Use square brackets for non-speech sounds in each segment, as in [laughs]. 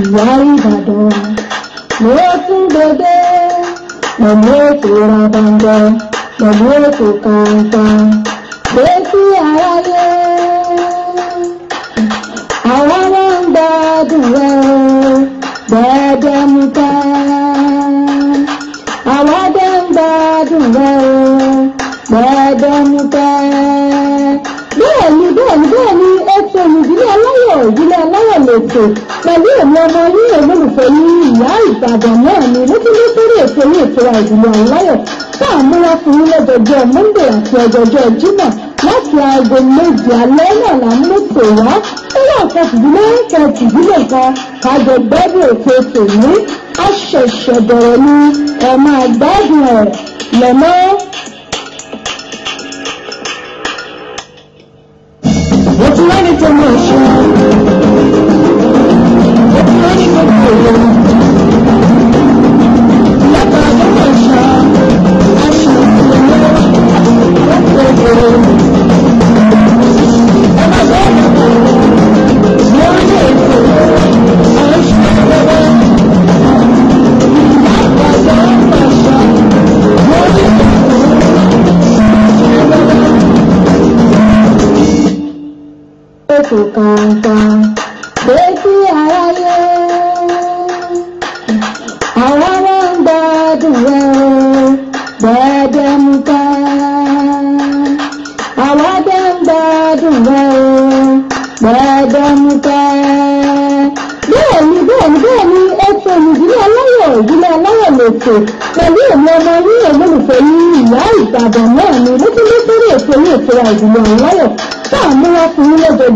ìwà ìbàdàn ló tún gbẹdẹ pẹ̀lú ètò rabandẹ pẹ̀lú ètò kàńtà pé aráyé àwọn máa ń gbádùn rẹ o gbẹdẹmú ká. ìdílé aláyọ̀lẹ̀tẹ̀ pẹ̀lú èmi ọmọ yín olólùfẹ́ ní ìyá ìbàdàn náà ni lókùnrin sórí ètò ní ìtura ìdílé aláyọ̀ tá à múra fún yín lọ́jọ́jọ́ monday àti ọjọ́jọ́ jímọ̀ láti aago méje alẹ́ náà là ń mú tò wá ó yà kọ́ kan kájọ gbẹ́dùn ètò tèmi á ṣẹ̀ṣẹ̀ bẹ̀rẹ̀ ni ẹ̀ máa gbádùn ẹ̀ lẹ́mọ́. What do I need to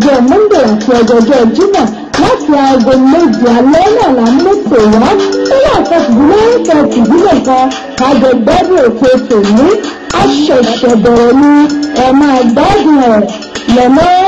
ọjọ́ monday àti ọjọ́jọ́ jímọ̀ láti aago méje alẹ́ náà la mú pè wá nílẹ̀ àtọ́kùnrin lórúkọ tìbílẹ̀ kan kájọ gbẹ́dùn òkè tòní àṣẹ̀ṣẹ̀ bẹ̀rẹ̀ ni ẹ̀ máa gbádùn ẹ̀ lẹ́mọ́ọ́.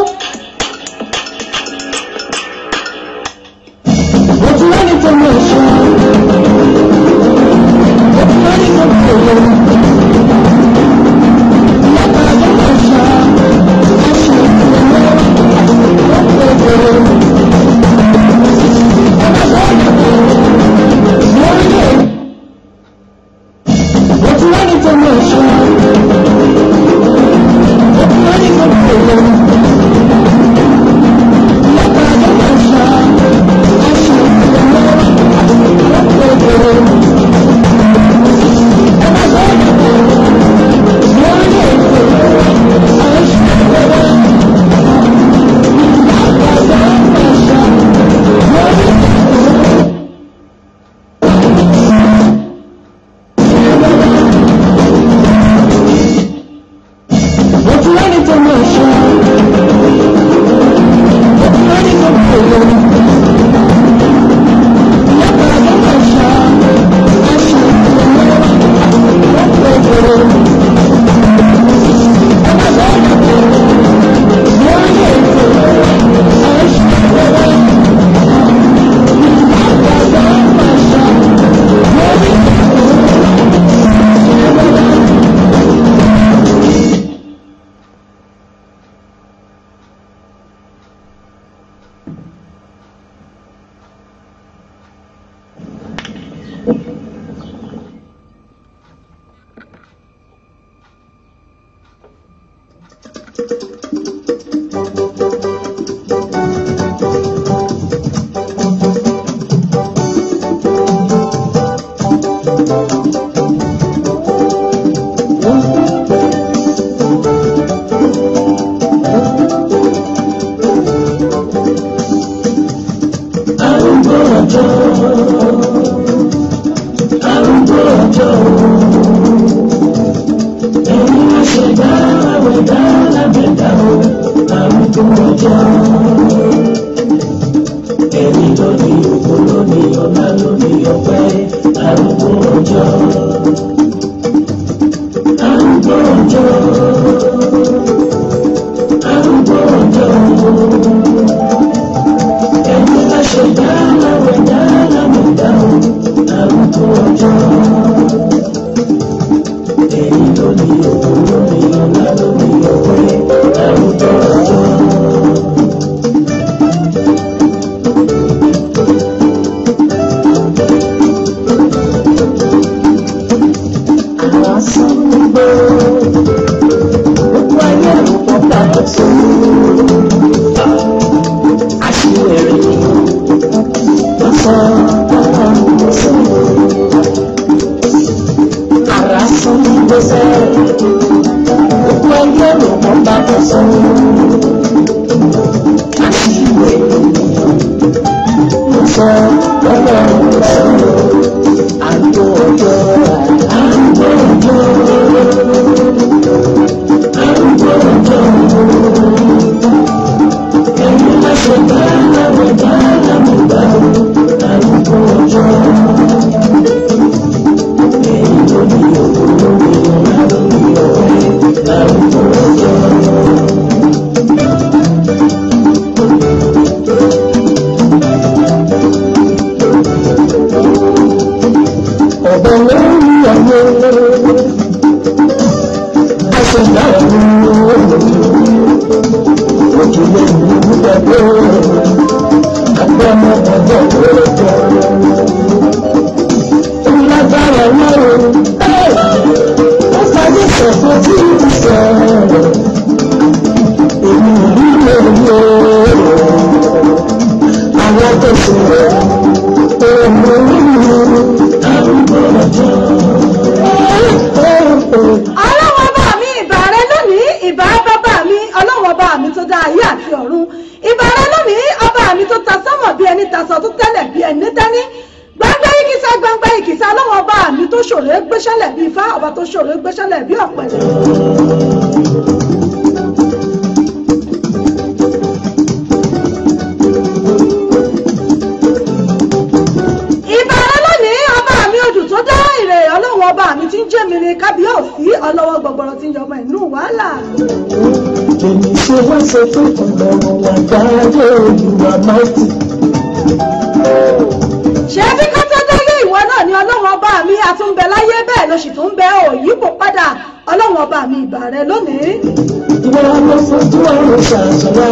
I'm gonna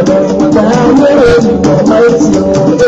ìwọ̀n tá a mẹ́rẹ̀ẹ́rì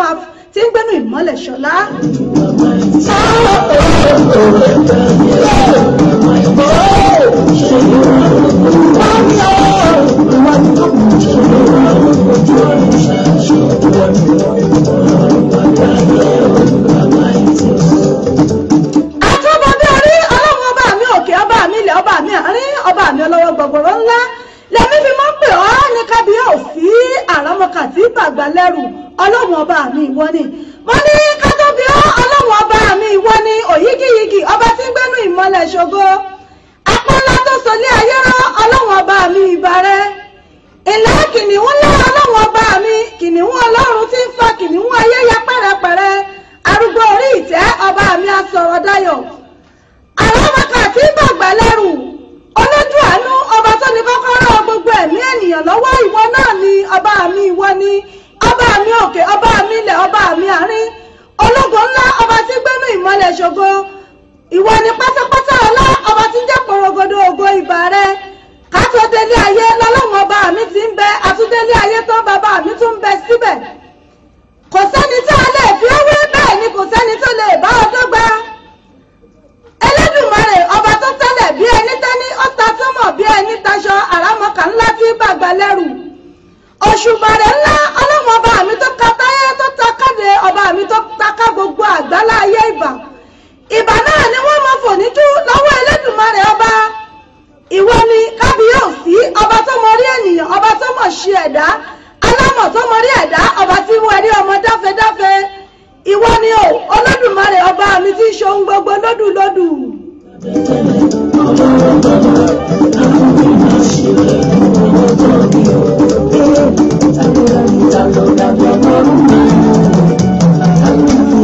máa ti ń gbẹ́nu ìmọ́lẹ̀ ṣọlá. lè ṣògo ìwọ ni pátápátá ọlá ọba tí jẹ́ porogodo ògo ìbà rẹ ká ayé lọ́lọ́wọ́n ọba mi ti ń bẹ àtúndélé ayé tó bàbá mi tún ń bẹ síbẹ̀ kò sẹ́ni tí a lè fi owó bẹ́ẹ̀ ni kò sẹ́ni tó lè bá ọ dọ́gba Elédùmarè ọba tó tẹ́lẹ̀ bí ẹni tẹ́ni ó ta sọ́mọ̀ bí ẹni taṣọ àràmọ̀kà ńlá tí bàgbà lẹ́rù òṣùbà rẹ̀ ńlá ọlọ́wọ́n ọba mi tó ka táyé tó ta káde ọba mi tó ta ká gbogbo àgbálá ayé ìbà ìbà náà ni wọ́n mọ fòníjú lọ́wọ́ Elédùmarè ọba ìwọ ni kábíyèsí ọba tó mọ rí ènìyàn ọba tó mọ̀ ṣe ẹ̀dá alámọ̀ tó mọ rí ẹ̀dá ọba tí mú ẹrí ọmọ dáfẹ́dáfẹ́ ìwọ ni o Olódùmarè ọba mi ti ń ṣe ohun gbogbo lódùlódù. Thank you.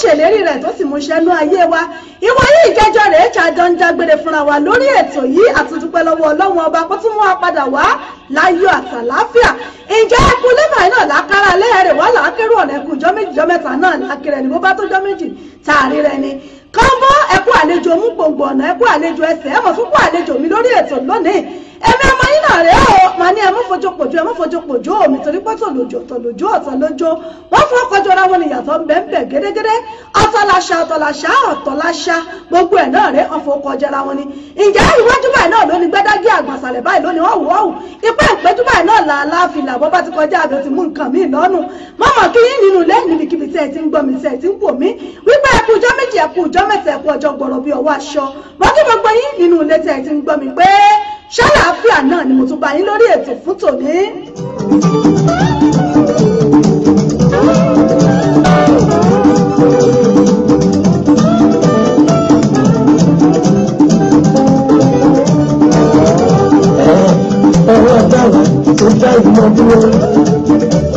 ṣèlérí rẹ̀ tó sì múṣẹ́ nú ayé wa ìwọ yìí ìkẹjọ rẹ̀ ṣe àjọǹdágbére fúnra wa lórí ètò yìí àtúndúpẹ́ lọ́wọ́ ọlọ́run ọba kó tún mú wa padà wá láyọ̀ àtàláfíà ǹjẹ́ ẹkú lẹ́mọ̀ iná làákàrà lẹ́ẹ̀rẹ̀ wà láàkérò ọ̀nà ẹkùn jọ́ méjì jọ́ mẹ́ta náà láàkérè ni bó bá tó jọ́ méjì tààrí rẹ ni kọ́ńbọ́ ẹkú àlejò mú gbòǹgbò ọ̀nà ẹkú àlejò ẹsẹ̀ ẹ̀mọ̀ fún àlejò mi lórí ètò lónìí ẹ̀mí ọmọ yín náà rèé o màá ní ẹ̀mú fojú pòjú ẹ̀mú fojú pòjú omi torí pé tòlójó tòlójó ọ̀tọ̀ lójó wọ́n fún ọkọ̀jọ́ ra wọn ìyàtọ̀ ń bẹ ń bẹ gédégédé ọ̀tọ̀làṣà ọ̀tọ̀làṣà ọ̀tọ̀làṣà gbogbo ẹ̀ náà rèé ọ̀fọ̀ ọkọ̀jọ́ ra wọn ni ǹjẹ́ ìwájú báyìí náà ló ní gbẹ́dágí àgbàsàlẹ̀ báyìí ló ní ọ̀wù ọ̀wù ipá ìpẹ́jú báyìí náà là á láàfin làbọ́ bá ti kọjá àbẹ̀ ti mú nǹkan míì lọ́nu mọ́mọ́ kí yín nínú ilé níbikíbi tẹ́ ẹ ti ń gbọ́ mi tẹ́ ẹ ti ń wò mí wípé ẹ kú ọjọ́ méjì ẹ kú ọjọ́ mẹ́ta ṣáláàfíà náà ni mo tún bá yín lórí ètò fún tòní. ọwọ́ dáhùn tó dá ìmọ̀ dúró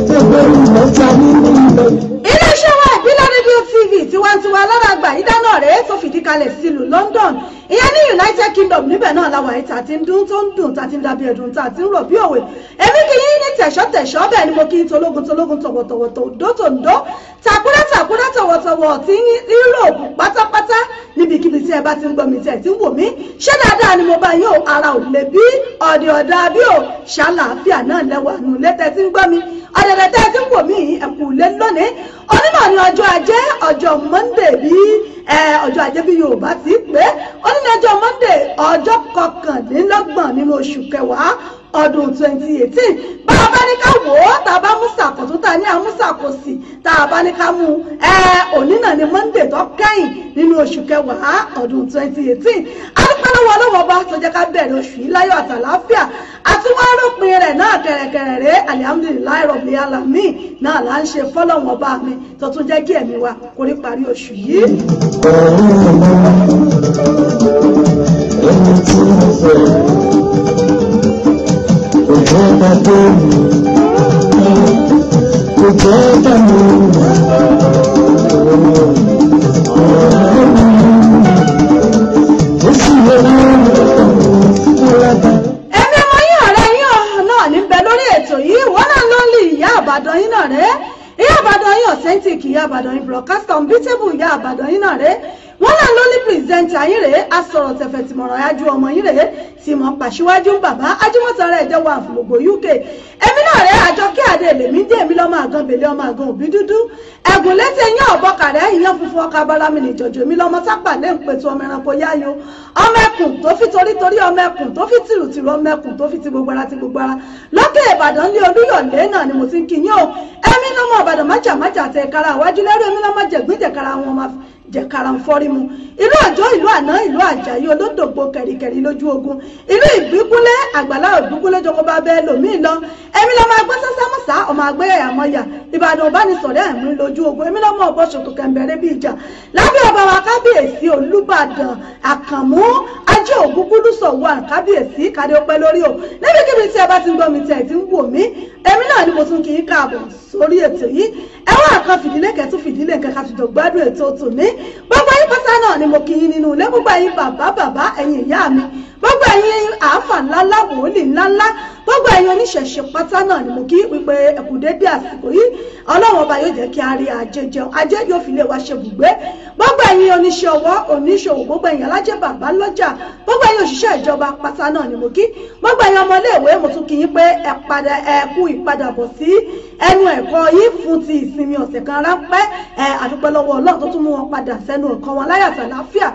tó gbé ìmọ̀ ta nínú ilẹ̀. iléeṣẹ́ wa ìbílẹ̀ rédíò tv tiwantiwa lára bàyídá náà rèé tó fìdí kalẹ̀ sílùú London ìyẹn ní United Kingdom níbẹ̀ náà làwọn àyè tà ti ń dún tó ń dùn tà ti ń dàbí ẹ̀dùn tà ti ń rọ̀ bí òwe èmi kì í ní tẹ̀ṣọ́tẹ̀ṣọ́ bẹ́ẹ̀ ni mo kí n tológun tológun tọ̀wọ̀tọ̀wọ̀ tòǹdó tòǹdó tàkúrẹ́ tàkúrẹ́ tọ̀wọ̀tọ̀wọ̀ ti ń Europe pátápátá níbikíbi tí ẹ bá ti ń gbọ́ mi tí ẹ ti ń wò mí ṣé dáadáa ni mo bá yín o ara ò lè bí ọ̀dẹ̀ ọ̀dà bí o ṣàlàáfíà náà lẹ́wà nù lẹ́tẹ̀ tí ń gbọ́ mi ọ̀dẹ̀dẹ̀ tẹ́ ẹ ti ń wò mí ẹ̀kú lé lónìí onímọ̀ ni ọjọ́ ajé ọjọ́ Monday bíi ọjọ́ ajé bí yorùbá ti pé ó ní lọ́jọ́ monday ọjọ́ kọkànlélọ́gbọ̀n nínú oṣù kẹwàá ọdún 2018, eighteen bá a bá ní ká wò ó tá a bá mú sàkóso tá a ní àmúsàkó tá a bá ní ká mú ẹ òní náà ni monday tó kẹ́yìn nínú oṣù kẹwàá ọdún twenty eighteen alúpàlọ́wọ́ ọlọ́wọ́ bá tó jẹ́ ká bẹ̀rẹ̀ oṣù yìí láyọ̀ àtàláfíà àtúwárọ̀pin rẹ̀ náà kẹ̀rẹ̀kẹ̀rẹ̀ rẹ̀ alihamudulilayi rọ̀bì alami náà là ń ṣe fọ́lọ́wọ́n bá mi tó tún jẹ́ kí ẹ̀mí wa kórí parí oṣù yìí. ẹni tí mo fẹ́ jọba tó wù kò jẹ́ ọmọ yín ọ̀rẹ́ yín náà níbẹ̀ lórí ètò yìí ìwọ náà ló lè ìyá àbàdàn yín náà rẹ̀ ìyá àbàdàn yín authentic ìyá àbàdàn yín broadcast unbeatable ìyá àbàdàn yín náà rẹ̀ wọ́n náà ló ní pírẹsidẹ́ǹtì ayín rèé asọ̀rọ̀ tẹ̀fẹ̀ tìmọ̀ràn ajú ọmọ yín rèé tìmọ̀ pàṣíwájú bàbá ajímọ̀tara ẹ̀jẹ̀ wà fún gbogbo UK èmi náà rẹ̀ àjọ kí adé lèmi dé èmi lọ́mọ àgàn bèlè ọmọ àgàn òbí dúdú ẹ̀gùn létí ẹ̀yìn ọ̀bọ kàrẹ́ ìyàn funfun ọkà balami ní ìjọ̀jọ̀ mi lọ́mọ sápà lé ń pètò ọmọ ẹranko yáyo ọmọ ẹkùn tó fi torítorí ọmọ ẹkùn tó fi tìrùtìrù ọmọ ẹkùn tó fi ti gbogbo ara ti gbogbo ara lókè Ìbàdàn ní Olúyọ̀lé náà ni mo ti ń kí yín o ẹ̀mí lọ́mọ Ìbàdàn májàmájà tẹ̀ kára àwájú lẹ́rú ẹ̀mí lọ́mọ jẹ̀gbín jẹ̀kára wọn máa jẹ̀kara ń fọ́rí mu ìlú àjọ ìlú àná ìlú àjàyí olódògbò kẹ̀rìkẹ̀rì lójú ogun ìlú ìgbígúnlẹ̀ àgbàlá ògbígúnlẹ̀ jọmọ bá bẹ́ẹ̀ lòmíì lọ èmi lọ́mọ agbẹ́ sásámọ́sá ọmọ agbẹ́ àmọ́yà ìbàdàn ọba ní sọ̀rẹ́ ẹ̀mí lójú ogun èmi lọ́mọ ọ̀bọ ṣòkò kẹ̀mbẹ̀rẹ̀ bí ìjà lábẹ́ ọba wa kábíyèsí olúbàdàn àkànmú ajé ògúngúdú sọ̀wọ́ àkábíyèsí kàdé ọpẹ́ lórí o níbikíbi tí ẹ bá ti gbogbo yín pátá náà ni mo kì í nínú ilé gbogbo yín bàbá bàbá ẹ̀yin ìyá mi gbogbo ẹ̀yin àáfà ńláńlá wòlíì ńláńlá gbogbo ẹ̀yin oníṣẹ̀ṣe pátá náà ni mo kí wípé ẹ̀kú dédé àsìkò yìí ọlọ́run ọba yóò jẹ́ kí a rí ajé jẹun ajé yóò fi lè wá ṣe bùgbé gbogbo ẹ̀yin oníṣẹ́ ọwọ́ oníṣòwò gbogbo ẹ̀yin alájẹ́ bàbá lọ́jà gbogbo ẹ̀yin òṣìṣẹ́ ìjọba pátá náà ni mo kí gbogbo ẹ̀yin ọmọléèwé mo tún kí yín pé ẹ kú ìpadàbọ̀ sí ẹnu ẹ̀kọ́ yín fún ti ìsinmi ọ̀sẹ̀ kan ráńpẹ́ ẹ àdúpẹ́ lọ́wọ́ ọlọ́run tó tún mú wọn padà sẹ́nu ọ̀kan wọn láyàtọ̀ láfíà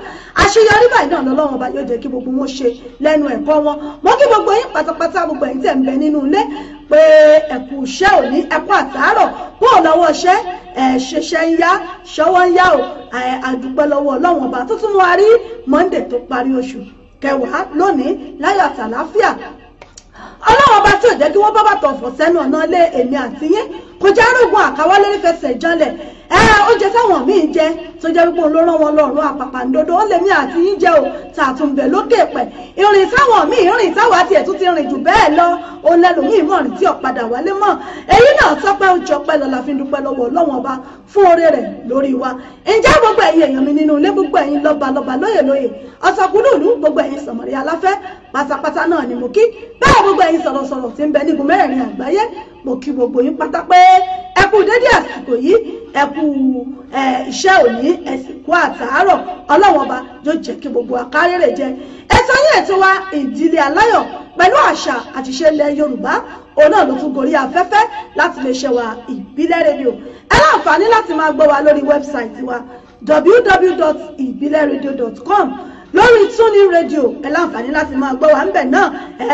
àṣeyọrí báyìí náà lọ́lọ́run ọba yóò jẹ́ kí gbogbo wọn ṣe lẹ́nu ẹ̀kọ́ wọn mo kí gbogbo yín pátápátá gbogbo ẹ̀yin tẹ̀ ń bẹ nínú ilé pé ẹ̀kú iṣẹ́ òní ẹ̀kú àtàárọ̀ kó o lọ́wọ́ iṣẹ́ ẹ̀ ṣiṣẹ́ ń yá ṣọwọ́ ń yá o àdúpẹ́ lọ́wọ́ ọlọ́wọ́n ọba tó tún wá rí Monday tó parí oṣù kẹwàá lónìí láyọ̀ àtàláfíà ọlọ́wọ́n ọba tí ò jẹ́ kí wọ́n bá bàtọ̀ ọ̀fọ̀ sẹ́nu ọ̀nà ilé èmi àti kò já rògùn àkáwá lórí fẹsẹ̀ ìjọlẹ̀ ẹ oúnjẹ táwọn míì jẹ tó jẹ́ wípé olóró wọn lọ́rùn àpàpàǹdodo ó lèmi àti yín jẹ o tààtúnbẹ̀ lókè pẹ̀ ìrìn táwọn míì ìrìn táwọn àti ẹ̀tún ti rìn jù bẹ́ẹ̀ lọ òun lẹ́lòmíì mọ̀ rìn tí ọ̀padà wálé mọ̀ èyí náà tọ́pẹ́ ojú ọpẹ́ lọ́la fi dúpẹ́ lọ́wọ́ ọlọ́wọ́n ọba fún oore rẹ̀ lórí wa ǹjẹ́ gbogbo ẹ̀yin èèyàn mi nínú ilé gbogbo ẹ̀yin lọ́balọ́ba lóyè lóyè ọ̀sọ̀kúlùlù gbogbo ẹ̀yin sọ̀mọ̀rí aláfẹ́ pátápátá náà ni mo kí bẹ́ẹ̀ gbogbo ẹ̀yin sọ̀rọ̀sọ̀rọ̀ ti ń bẹ nígun mẹ́rẹ̀ẹ̀rin àgbáyé mo kí gbogbo yín pátá pé ẹ kú dédé àsìkò yìí ẹ kú iṣẹ́ òní ẹ̀sìnkú àtàárọ̀ ọlọ́wọ́n ọba yóò jẹ́ kí gbogbo akárèrè jẹ ẹ̀tọ́ yín ètò wa ìdílé aláyọ̀ pẹ̀lú àṣà àtiṣe ilẹ̀ Yorùbá òun náà ló tún gorí afẹ́fẹ́ láti lè ṣe wa ìbílẹ̀ rédíò ẹ láǹfààní láti máa gbọ́ wa lórí wẹ́bsáìtì wa www.ibileradio.com lórí túnì rédíò ẹ láǹfààní láti máa gbọ́ wa ńbẹ̀ náà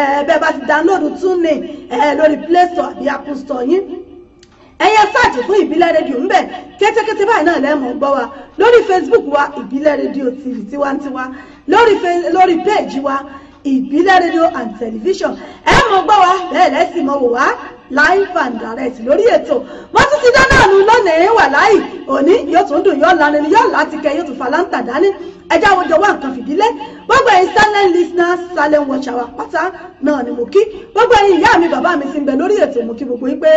ẹ bẹ́ẹ̀ bá ti dáńlódù túnì ẹ lórí play store àbí apple store yín ẹyẹ sáàtì fún ìbílẹ̀ rédíò ńbẹ̀ kétékété báyìí náà lẹ́mọ̀ gbọ́ wa lórí facebook wa ìbílẹ̀ rédíò tv tiwantiwa lórí lórí page wa ìbílẹ̀ rédíò and television ẹ mọ̀ gbọ́ wa bẹ́ẹ̀ lẹ́sìn mọ̀ wò wá live and direct lórí ètò wọ́n tún ti dáná àánú lónìí wà láì òní yóò tún dùn yóò lanu yóò láti kẹ yóò tún fa láǹtà dání ẹ já wọn jọ wá nǹkan fìdílé gbogbo ẹ̀yin silent listeners silent watch our pátá náà ni mo kí gbogbo ẹ̀yin ìyá mi bàbá mi ti ń bẹ lórí ètò mo kí gbogbo yín pé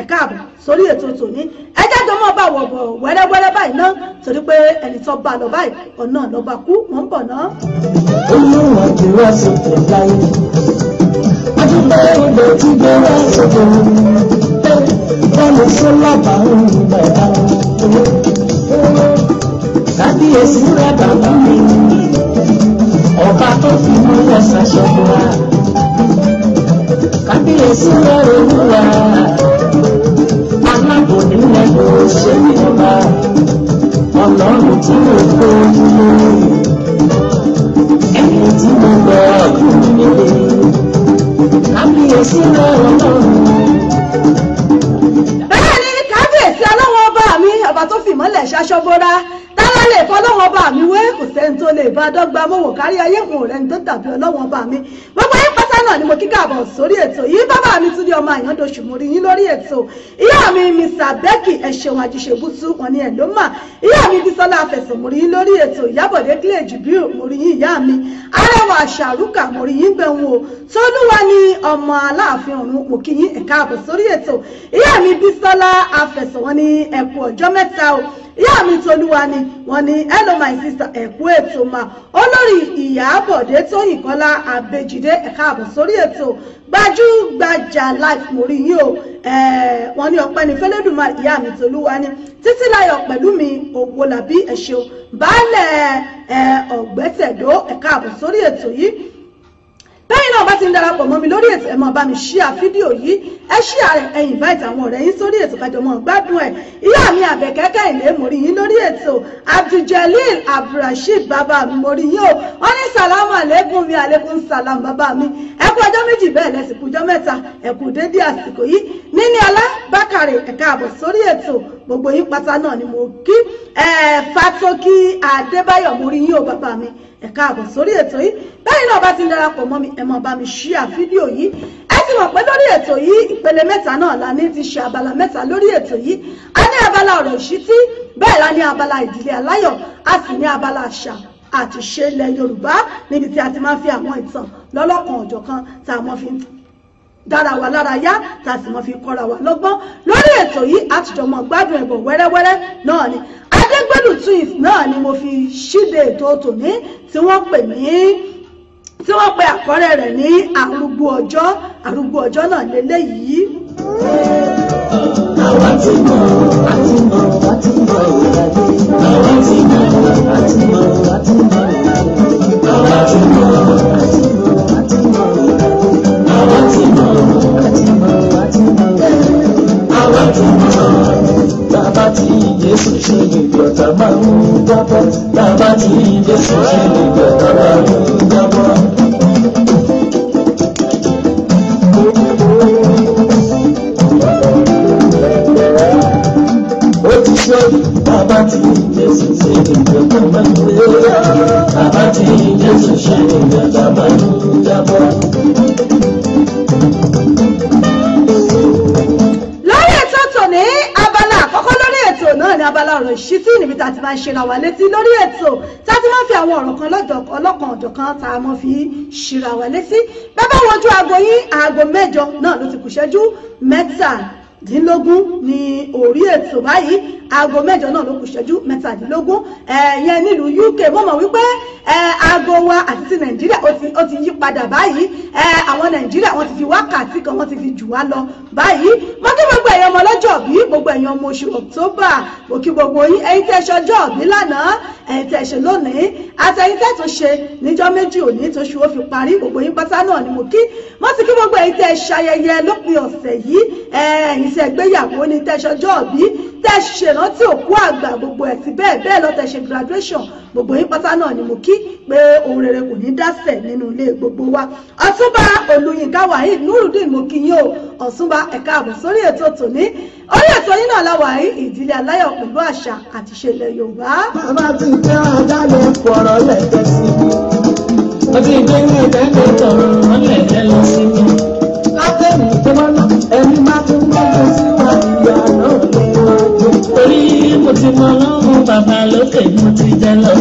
ẹ káàbọ̀ sórí ètò tòní ẹ já jọ mọ́ bá wọ̀ bọ̀ wẹ́rẹ́wẹ́rẹ́ báyìí ná torí pé ẹni tó bá lọ báyìí ọ̀nà lọ́ba kú wọ́n ń bọ̀ ná. olùwà ti wá sókè láyé adúgbò ẹgbẹ́ tí gbé wá sókè pé wọ́n lè fún lábàá ń bẹ̀rẹ̀ kábíyèsí rẹ bàbá méjì ọba tó fi múlẹ̀ ṣàṣọ̀bùrà kábíyèsí rẹ olúwa aláàbò nílẹ̀ ló ṣe ní ọba ọlọ́run tí mo kó dúró ẹni tí mo gbọ́ ọdún nílé kábíyèsí rẹ ọlọ́run. bẹ́ẹ̀ ni kábíyèsí ọlọ́wọ́ ọba mi ọba tó fìmọ́lẹ̀ ṣàṣọ̀bùrà bá lè fọ lọ́wọ́ bá mi wé kò sẹ́ni tó lè bá dọ́gba mọ́wọ́ kárí ayé wọn ò rẹni tó dàbí ọlọ́wọ́ bá mi gbogbo yín pátá náà ni mo kí káàbọ̀ sórí ètò yìí bàbá mi tún ní ọmọ àyàndòṣù mo rí yín lórí ètò ìyá mi mr becky ẹ̀ṣẹ̀wọ̀n àjùṣebútú wọn ni ẹ̀ ló mà ìyá mi bisola afẹ̀sẹ̀ mo rí yín lórí ètò ìyábọ̀dé clay jubil mo rí yín ìyá mi arẹwà àṣàrúkà mo rí yín gbẹ̀hùn o tóluwa ni ọmọ aláàfin ọ̀run mo kí yín ẹ̀ka àbọ̀ sórí ètò ìyá mi bisola afẹ̀sẹ̀ wọn ni ẹ̀kú ọjọ́ mẹ́ta o ìyá mi tolúwa ni wọ́n ní hello my sister ẹ̀kú ètò mà olórí ìyábọ̀dé tóyìn kọ́lá àbèjìdé ẹ̀ka àbọ̀ sórí ètò gbajúgbajà life mori rí yín o wọ́n ní ọpẹ́ ní fẹ́lẹ́dùnmá ìyá mi tolúwa ni títí láyọ̀ pẹ̀lú mi ògbólàbí ẹ̀ṣẹ̀ baálẹ̀ ọ̀gbẹ́tẹ̀dó ẹ̀ka àbọ̀ sórí ètò yìí lẹ́yìn náà bá ti ń darapọ̀ mọ́ mi lórí ètò ẹ máa bá mi ṣíà fídíò yìí ẹ ṣíà rẹ̀ ẹ invite àwọn ọ̀rẹ́ yín sórí ètò kájọ mọ́ gbádùn ẹ̀ ìyá mi àbẹ̀kẹ́kẹ́ ìlé mórí yín lórí ètò abdulgelil abdulrasheed bàbá mi mórí yín o wọ́n ní sàlámù àlékún mi àlékún sàlám bàbá mi ẹ kú ọjọ́ méjì bẹ́ẹ̀ lẹ́sìn kú ọjọ́ mẹ́ta ẹ kú dédé àsìkò yìí níní ọlá bákàrẹ̀ ẹ̀ka àbọ̀ sórí ètò gbogbo yín pátá náà ni mo kí fatoki adébáyọ̀ mo rí yín o bàbá mi ẹ káàbọ̀ sórí ètò yìí bẹ́ẹ̀ náà bá ti ń darapọ̀ mọ́ mi ẹ máa bá mi ṣíà fídíò yìí ẹ ti mọ̀ pé lórí ètò yìí ìpele mẹ́ta náà la ní ti ṣe abala mẹ́ta lórí ètò yìí a ní abala ọ̀rọ̀ ìṣítí bẹ́ẹ̀ la ní abala ìdílé aláyọ̀ a sì ní abala àṣà àti ṣe yorùbá níbi tí a ti máa ń fi àwọn ìtàn lọ́lọ́kan ọ̀jọ̀kan tá a mọ́ fi ń dára wa lára yá tá a sì mọ fi kọ́ra wa lọ́gbọ́n lórí ètò yìí àtijọ́mọ gbádùn ẹ̀bùn wẹ́rẹ́wẹ́rẹ́ náà ni adégbèlú twins náà ni mo fi ṣíde ètò tòní tí wọ́n pè ní tí wọ́n pe àkọ́rẹ́ rẹ̀ ní arúgbó ọjọ́ arúgbó ọjọ́ náà lélẹ́yìí. àwa ti mọ̀ àti mọ̀ àti mọ̀ ìyàgbé àwa ti mọ̀ àti mọ̀ àti mọ̀ ìyàgbé àwa ti mọ̀ àti mọ̀. Jésù ṣe ìgbẹ́ ọ̀tá máa ń jábọ́. Bàbá tí Jésù ṣe ìgbẹ́ ọ̀tá máa ń jábọ́. ṣe bàbá tí Jésù ṣe nìkan tó máa ń lé bàbá tí Jésù ṣe nìkan tó máa ń jábọ́. lórí ètò tòní abala àkọ́kọ́ lórí ètò náà ni abala ọ̀rọ̀ ìṣítí níbi tá a ti máa ń ṣe ra létí lórí ètò tá a ti máa ń fi àwọn ọ̀rọ̀ kan ọlọ́kan ọ̀jọ̀kan tá a máa fi ṣíra wa létí bẹ́ẹ̀ bá wọn ju aago yín aago mẹ́jọ náà ló ti kù ṣẹ́jú mẹ́ta dínlógún ní orí ètò báyìí aago mẹ́jọ náà ló kù ṣẹ́jú mẹ́tàdínlógún ẹ̀yẹn nílùú UK wọ́n mọ̀ wípé aago wa àti ti nàìjíríà ó ti yí padà báyìí àwọn nàìjíríà wọ́n ti fi wákàtí kan wọ́n ti fi jù wá lọ báyìí mo kí gbogbo ẹ̀yàn ọmọ lọ́jọ́ bí gbogbo ẹ̀yàn ọmọ oṣù October mo kí gbogbo yín ẹ̀yin tẹ́ ṣe ọjọ́ bí lánàá ẹ̀yin tẹ́ ṣe lónìí àtẹ̀yin tẹ́ tó ṣe níjọ́ méjì òní tó ṣù ó fi parí gbogbo yín pátá náà ni mo kí mo ti kí gbogbo ẹ̀yin tẹ́ ṣayẹyẹ lópin tẹ́gbéyàwó ni tẹ́ṣọjọ́ òbí tẹ́ṣèrántí òkú àgbà gbogbo ẹ̀ sí bẹ́ẹ̀ bẹ́ẹ̀ lọ tẹ́ṣe graduation gbogbo yín pátá náà ni mo kí pé ohun rere kò ní dásẹ̀ nínú ilé gbogbo wa ọ̀túnba olùyìnká wahid nurudeen mo kí yín o ọ̀túnba ẹ̀ka àbọ̀ sórí ètò tòní orí ètò yín náà láwàá yìí ìdílé aláyọ̀ pẹ̀lú àṣà àti ìṣẹ̀lẹ̀ yorùbá. bàbá ti jẹ́ ọ̀dàlẹ̀ pọ̀rọ̀ lẹ́tẹ̀ sí mi ó ti gbé ní ẹ̀jẹ̀ tó tọrọ mọ́lẹ̀ lọ sí mi látẹ̀mí tó bá náà ẹni bá ti ń gbọ́dọ̀ sí wa ìyá náà lè rojú. torí mo ti mọ lọ́rùn bàbá lókè mo ti jẹ́ lọ.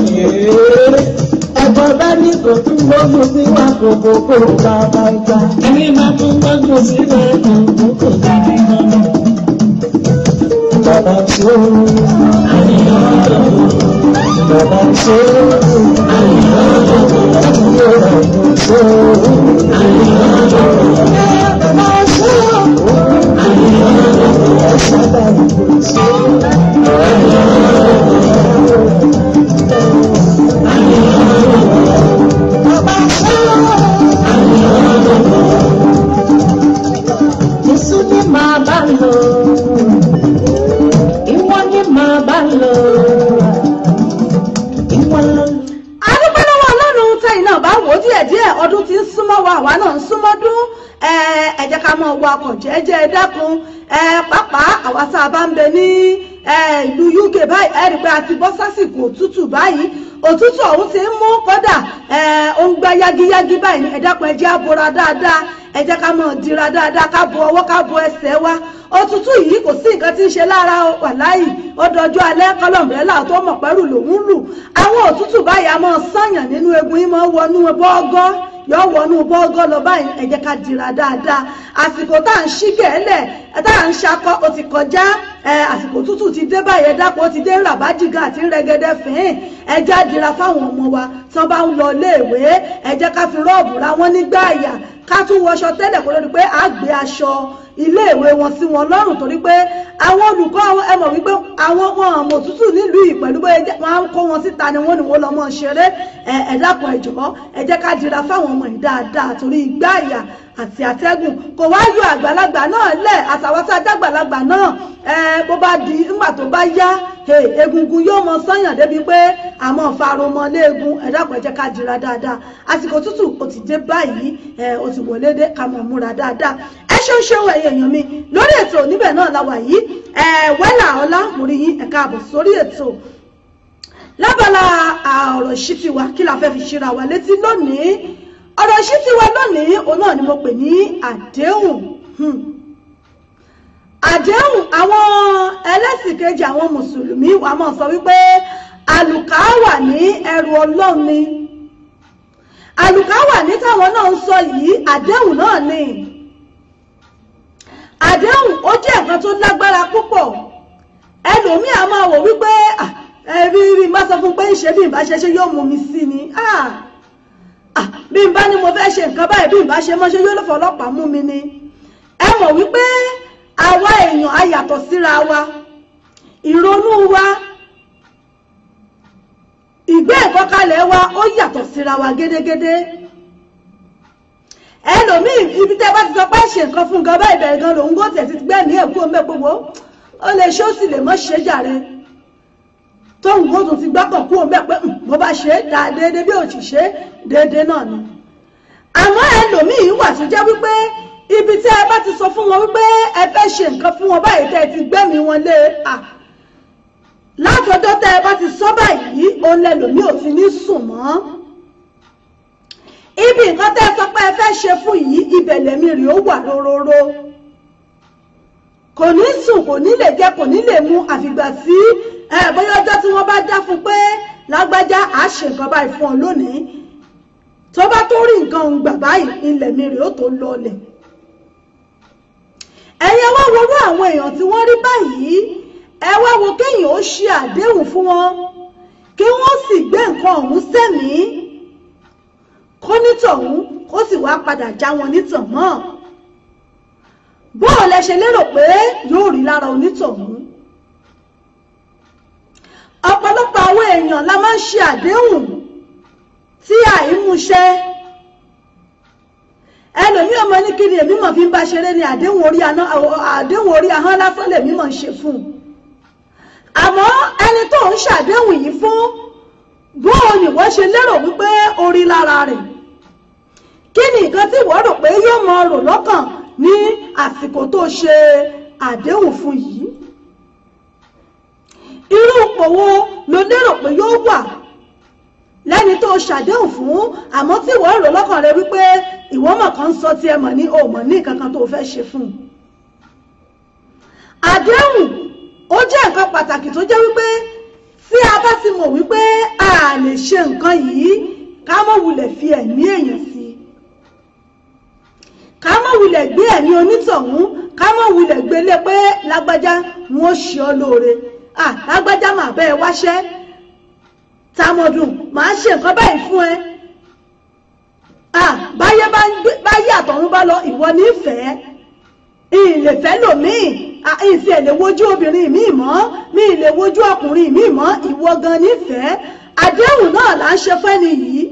ẹ̀gbọ́n bá ní kò tún gbógun sí wa kò kò kò bàbá ìgbà. ẹni bá tún gbógun sí wa kò kò kò bàbá ìgbà. Bàbá tó àyàn bàbá tó àyàn bàbá tó àyàn. àdúpẹ́ lọ́wọ́ ọlọ́run tẹ̀yìn náà bá wò ó díẹ̀díẹ̀ ọdún ti ń súnmọ́ wa àwa náà ń súnmọ́ dún ẹ jẹ́ ká máa wọ akọ̀jẹ́ ẹ jẹ́ ẹ dákun pàápàá àwa bá ń ní ìlú UK báyìí ẹ rí i pé a ti bọ́ sásìkò òtútù báyìí òtútù ọ̀hún ti ń mú kódà ó ń gbá yágiyági báyìí ẹ dákun dira dáadáa ká ọwọ́ ká ẹsẹ̀ wa òtútù yìí kò sí nǹkan tí ń ṣe lára ó alẹ́ kọlọ̀mùrẹ́là tó mọ̀ pẹ́rù lòún lù àwọn òtútù a sànyàn nínú egun yìí yọ wọnú bọ́gọ́ lọ báyìí ẹ jẹ́ ká dìrà dáadáa àsìkò tá à ń ṣí gẹ̀ẹ́lẹ̀ tá à ń ṣakọ ó ti kọjá àsìkò tútù ti dé báyẹn dápọ̀ ti dé ràbájìgà àti rẹ̀gẹ̀dẹ̀ fìn ẹ jẹ́ àdìra fáwọn ọmọ wa tí wọ́n bá ń lọ iléèwé ẹ jẹ́ ká fi rọ́ọ̀bù ra wọ́n nígbà àyà ká tún wọṣọ tẹ́lẹ̀ kó lórí pé a gbé aṣọ iléèwé wọn sí wọn lọ́rùn torí pé àwọn olùkọ́ ẹ mọ̀ wípé àwọn wọn àmọ̀ òtútù nílùú yìí pẹ̀lú wọn á kó wọn síta ni wọn nìwó lọ́mọ ṣeré ẹ dákun ẹ jọ̀ọ́ ẹ jẹ́ ká dira fáwọn ọmọ yìí dáadáa torí ìgbà àyà àti àtẹ́gùn kò wá yọ àgbàlagbà náà lẹ̀ àtàwọn tá a dàgbàlagbà náà bó bá di ńgbà tó bá yá egungun yóò mọ sọ́yàn débi pé àmọ́ faromọ léegun ẹ̀dàpọ̀ ẹ̀jẹ̀ ká jìra dáadáa àsìkò tútù ó ti dé báyìí ó ti wọlé dé ká mọ̀ múra dáadáa ẹ ṣeun ṣeun ẹ̀yẹ èèyàn mi lórí ètò níbẹ̀ náà la wà yìí wẹ́là ọlá mo rí yín ẹ̀ka àbọ̀ sórí ètò lábala ọ̀rọ̀ ṣí ti kí la fẹ́ fi ṣíra wa létí lónìí ọ̀rọ̀ sí tiwa lónìí òun náà ni mo pè ní àdéhùn hmm. àdéhùn àwọn ẹlẹ́sìn kejì àwọn mùsùlùmí wàá máa sọ wípé àlùkàá wà ní ẹrù ọlọ́run ni àlùkàá wà ní táwọn náà ń sọ yìí àdéhùn náà ni àdéhùn ó jẹ́ nǹkan tó lágbára púpọ̀ ẹlòmíì a máa wò wípé ah, ẹ̀rí rí má sọ fún pé ìṣèlú ìbáṣẹṣe yóò mú mi sí ni. Ah. Ah, bí n bá ní mo fẹ́ ṣe nǹkan báyìí bí n bá ṣe mọ́ṣẹ́ yóò lọ́fọ̀ ọlọ́pàá mú mi ni ẹ mọ̀ wípé àwa èèyàn a yàtọ̀ síra wa ìrònú wa ìgbé ìkọkalẹ̀ wa ó yàtọ̀ síra wa gédégédé ẹlòmíì ibi tẹ́ bá ti sọ pé ṣe nǹkan fún nǹkan báyìí bẹ̀rẹ̀ gan lòun gòtẹ̀ ti gbẹ̀mí ẹ̀kú omi ẹ̀ gbogbo ó lè ṣó sì lè mọ́ ṣe jàre tóun ó tún fi gbọ́kàn kúrò bẹ́ẹ̀ pé hmm, mo bá ṣe é dáadéé bí ò sì ṣe é déédéé náà ni àmọ́ ẹlòmíín wà tó jẹ́ wípé ibi tí ẹ bá ti sọ fún wọn wípé ẹ fẹ́ ṣe nǹkan fún wọn báyìí tẹ́ ẹ ti gbẹ́mí wọn lé à látọjọ́ tẹ́ ẹ bá ti sọ báyìí òun lẹlòmíín ò fi ní sùn mọ́ ibi nǹkan tẹ́ ẹ sọ pé ẹ fẹ́ ṣe fún yìí ibẹ̀ lẹ́mí rẹ̀ ó wà lóróró kò ní sùn kò ní lè jẹ kò ní lè mu àfìgbà tí ẹ bóyá ọjọ́ tí wọ́n bá dá fún pé lágbájá á ṣe nǹkan báyìí fún ọ lónìí tó bá tó rí nǹkan òun gbà báyìí ilẹ̀ mi rèé ó tó lọlẹ̀ ẹ̀yin wá worú àwọn èèyàn tí wọ́n rí báyìí ẹ wá wo kéèyàn ó ṣe àdéhùn fún wọn kí wọ́n sì gbé nǹkan ọ̀hún sẹ́mìí kó nítọ̀hún kó sì wá padà já wọn nítàn mọ́ bóò lẹ ṣe lérò pé yóò rí lára onítọ̀hún ọ̀pọ̀lọpọ̀ àwọn èèyàn la máa ń ṣe àdéhùn tí àìmúṣẹ ẹlòmí ọmọ ní kiri èmi mọ̀ fi ń bá ṣeré ni àdéhùn orí ahọ́n lásán lèmi mọ̀ ń ṣe fún un àmọ́ ẹni tó ń ṣàdéhùn yìí fún bó òyìnbó ṣe lérò wípé orí lára rẹ̀ kí ni nǹkan tí wọ́n rò pé yóò mọ rò lọ́kàn ní àsìkò tó ṣe àdéhùn fún yìí irú ipò wo ló lérò pé yóò wà lẹ́ni tó ṣàdéhùn fún àmọ́ tí ìwọ rò lọ́kàn rẹ wípé ìwọ mọ̀ kan sọ tí ẹ mọ̀ ní o mọ̀ ní nǹkan kan tó fẹ́ ṣe fún un àdéhùn ó jẹ́ nǹkan pàtàkì tó jẹ́ wípé tí a bá ti mọ̀ wípé a lè ṣe nǹkan yìí ká mọ̀ wulẹ̀ fi ẹ̀mí èèyàn sí i ká mọ̀ wulẹ̀ gbé ẹ̀mí onítọ̀hún ká mọ̀ wulẹ̀ gbélé pé lágbájá wọn ó ṣe ọ lóore ah lágbájá mà bẹ́ẹ̀ wáṣẹ́ tamọ̀dùn màá ṣe nǹkan báyìí fún ẹ ah báyé báyé àtọ̀run bá lọ ìwọ nífẹ̀ẹ́ ìlèfẹ́ lòmíì ìfẹ́ lè wojú obìnrin mi mọ́ mi lè wojú ọkùnrin mi mọ́ ìwọ gan nífẹ̀ẹ́ àdéhùn náà là ń ṣe fẹ́ni yìí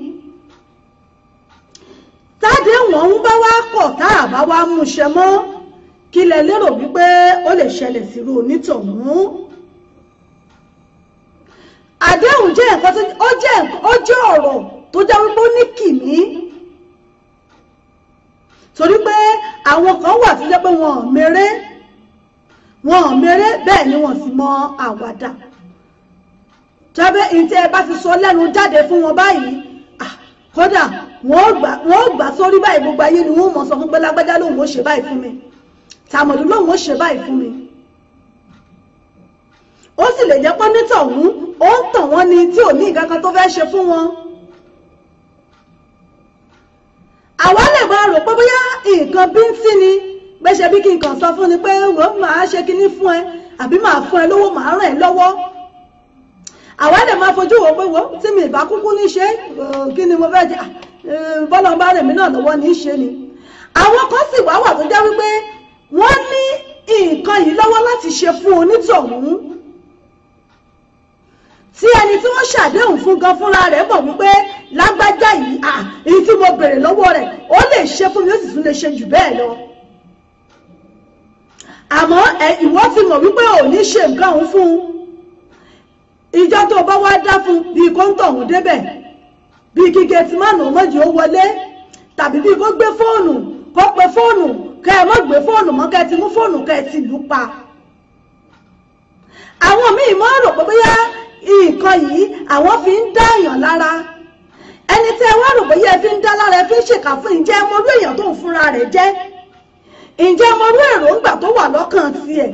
táde wọn ń bá wá kọ̀ tá a bá wá mú ṣe mọ́ kí lẹ lérò wípé ó lè ṣẹlẹ̀ sírú onítọ̀hún àdéhùn jẹ́ nǹkan tó ó jẹ́ ó jẹ́ ọ̀rọ̀ tó jẹ́ wípé ó ní kìmí torí pé àwọn kan wà tó jẹ́ pé wọn ò méré wọn ò méré bẹ́ẹ̀ ni wọn sì mọ àwàdà jábẹ́ ìtẹ́ ẹ bá ti sọ lẹ́nu jáde fún wọn báyìí kódà wọn ò gbà sórí báyìí gbogbo ayé ni wọn ò mọ̀ sọ fún pé lágbájá lòun ò ṣe báyìí fún mi tàmọ̀dún lòun ò ṣe báyìí fún mi ó sì lè jẹ́ pọ́nítọ̀ ọ̀hún ó ń tàn wọ́n ni tí ò ní nǹkan kan tó fẹ́ ṣe fún wọn. àwa lè máa rò pé bóyá nǹkan bíntín ni pé ṣe bí kí n kàn sọ fún ni pé wò ó máa ṣe kinní fún ẹ àbí máa fún ẹ lówó máa ràn ẹ́ lọ́wọ́. àwa lè máa fojú wo pé wò ó tí mi ìbá kúkú ní ṣe kí ni mo fẹ́ jẹ bọ́lá bá rẹ̀ mí náà lọ́wọ́ ní í ṣe ni. àwọn kan sì wá wà tó jẹ́ wípé wọ́n ní nǹkan yìí lọ́wọ́ láti ṣe fún onítọ̀hún tí ẹni tí wọ́n ṣàdéhùn fún gan fúnra rẹ̀ mọ̀ wípé lágbájá yìí à èyí tí mo béèrè lọ́wọ́ rẹ̀ ó lè ṣe fún mi ó sì tún lè ṣe jù bẹ́ẹ̀ lọ. àmọ́ ìwọ ti mọ̀ wípé ò ní ṣe nǹkan òun fún un ìjọ tó bá wá dá fún bí kò ń tọ̀hún débẹ̀ bí kí gẹ̀tìmánù ọmọdé ó wọlé tàbí bí kò gbé fóònù kò pe fóònù kẹ́ ẹ mọ̀ gbé fóònù mọ́ kẹ́ ẹ ti mú fóònù kẹ́ ẹ ti lù pa. àwọn míì máa rò pé bóyá nǹkan yìí àwọn fi ń dá èèyàn lára ẹni tí ẹ wá rò bóyá ẹ fi ń dá lára ẹ fi ń ṣèkà fún ǹjẹ́ ẹ mọrú èèyàn tó ń fúnra rẹ̀ jẹ́ ǹjẹ́ ẹ mọrú èròǹgbà tó wà lọ́kàn tiẹ̀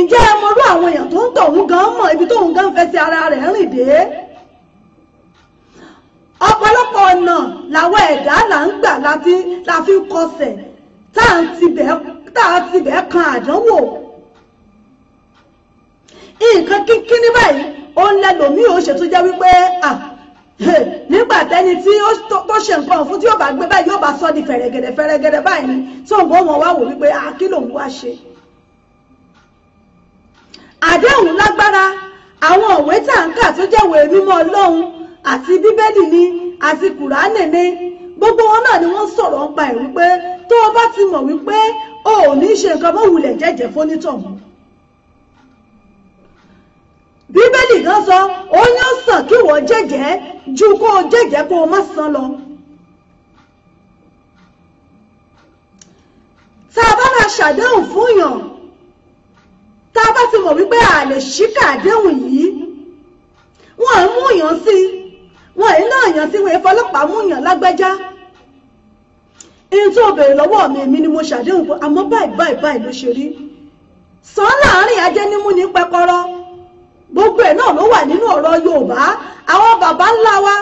ǹjẹ́ ẹ mọrú àwọn èèyàn tó ń tọ̀hún gan mọ̀ ibi tóun gan fẹsẹ̀ ara rẹ̀ rìn dé ọ̀pọ̀lọpọ̀ ọ̀nà làwọn ẹ̀dá là ń gbà la fi kọsẹ̀ tá à ń tibẹ̀ kan àdánwò nǹkan kínkín ní báyìí ó ń lẹ́lòmíì ó ṣe tó jẹ́ wípé nígbà tẹ́ni tí tó ṣe nǹkan fún tí yóò bá gbé báyìí yóò bá sọ di fẹ̀rẹ̀gẹ̀dẹ̀ fẹ̀rẹ̀gẹ̀dẹ̀ báyìí ni tó ń bọ́ wọn wá wò wípé kí lòun wá ṣe. àdéhùn lágbára àwọn òwe tá à ń kà tó jẹ́ ìwé mímọ́ Ọlọ́run àti bíbélì ni àti kùránì ni gbogbo wọn náà ni wọ́n sọ̀rọ̀ ń pa ẹ̀ wípé tó o bá ti mọ̀ wípé o ò ní ṣe nǹkan mọ́ wulẹ̀ jẹ́jẹ́ fónítọ̀hún bíbélì gan sọ ó yàn sàn kí wọ́n jẹ́jẹ́ ju kó o jẹ́jẹ́ kó o má san lọ. tá a bá máa ṣàdéhùn fún yàn tá a bá ti mọ̀ wípé a lè ṣíkà àdéhùn yìí wọ́n ń mú yàn sí wọ́n èyí náà yàn sí wọ́n ìfọlọ́pàá mú yàn lágbẹ́já ihun tó bèrè lọ́wọ́ mi èmi ni mo ṣàdéhùn fún àmọ́ báyìí báyìí báyìí ló ṣe rí sàn láàrin ajé nímú ní pẹ́kọ́rọ́ gbogbo ẹ̀ náà ló wà nínú ọ̀rọ̀ Yorùbá àwọn bàbá ńlá wa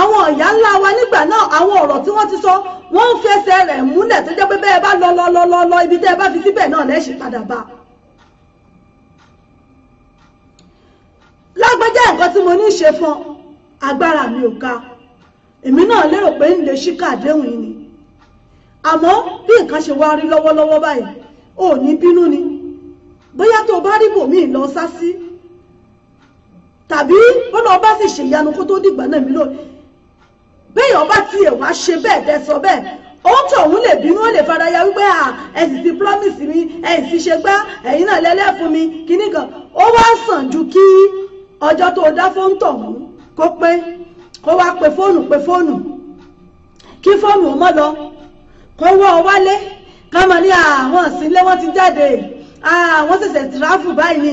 àwọn ọ̀yà ńlá wa nígbà náà àwọn ọ̀rọ̀ tí wọ́n ti sọ wọ́n ń fẹsẹ̀ rẹ̀ múlẹ̀ tó jẹ́ pé bẹ́ẹ̀ bá lọ lọ lọ lọ ibi tẹ́ ẹ bá fi síbẹ̀ náà lẹ́sìn padà bá. lágbájá nǹkan tí mo ní í ṣe fún agbára mi ò ka èmi náà lérò pé ń lè ṣíkà àdéhùn yìí ni àmọ́ bí nǹkan ṣe wá rí lọ́wọ́lọ́wọ́ báyìí ò ní bínú ni bóyá tó o bá rí bòmíì lọ sá tàbí bọ́lá ọba sì ṣèyanu kó tó dìgbà náà mi lónìí béèyàn bá tiẹ̀ wá ṣe bẹ́ẹ̀ tẹ́ sọ bẹ́ẹ̀ ó tọ̀hún lè bínú ó lè faraya wípé à ẹ sì ti promise mi ẹ sì ṣe gbá ẹ̀yin náà lẹ́lẹ́ fún mi kíní kan ó wá sàn ju kí ọjọ́ tó dá fóònù tọ̀hún kó pé kó wá pe fóònù pe fóònù kí fóònù ó mọ́ lọ kó wọ́ ọ wálé ká mọ̀ ní àwọn ìsìnlẹ̀ wọ́n ti jáde àwọn ṣẹ̀ṣẹ̀ tìráfù báyìí ni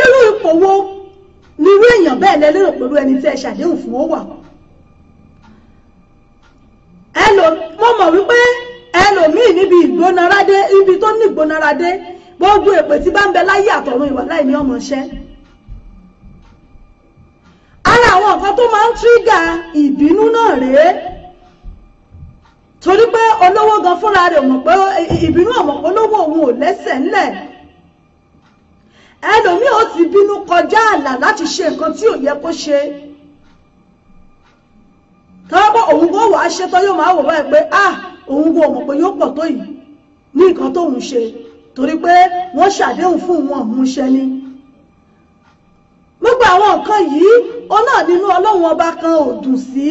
irú ipò wo nírú èèyàn bẹ́ẹ̀ lẹ lérò pẹ̀lú ẹni tí ẹ ṣàdéhùn fún ó wà mo mọ̀ wípé ẹ lò míì níbi ìgbónaradé ibi tó ní ìgbónaradé gbogbo èpè tí bá ń bẹ láyé àtọ̀run ìwà láì ní ọmọọṣẹ́ ara àwọn nǹkan tó máa ń tírígà ìbínú náà rèé torí pé olówó gan fúnra rẹ̀ mọ̀ pé ìbínú ọ̀mọ̀ olówó òun ò lẹ́sẹ̀ ńlẹ̀ ẹlòmíì ó ti bínú kọjá ààlà láti ṣe nǹkan tí ò yẹ kó ṣe tọ́wọ́ òun kò wàá ṣe yóò máa wò báyìí pé ah òun kò mọ̀ pé yóò pọ̀ tó yìí ní nǹkan tóun ṣe torí pé wọ́n ṣàdéhùn fún wọn múṣẹ ni gbogbo àwọn nǹkan yìí ọ̀nà nínú ọlọ́run ọba kan ò dùn sí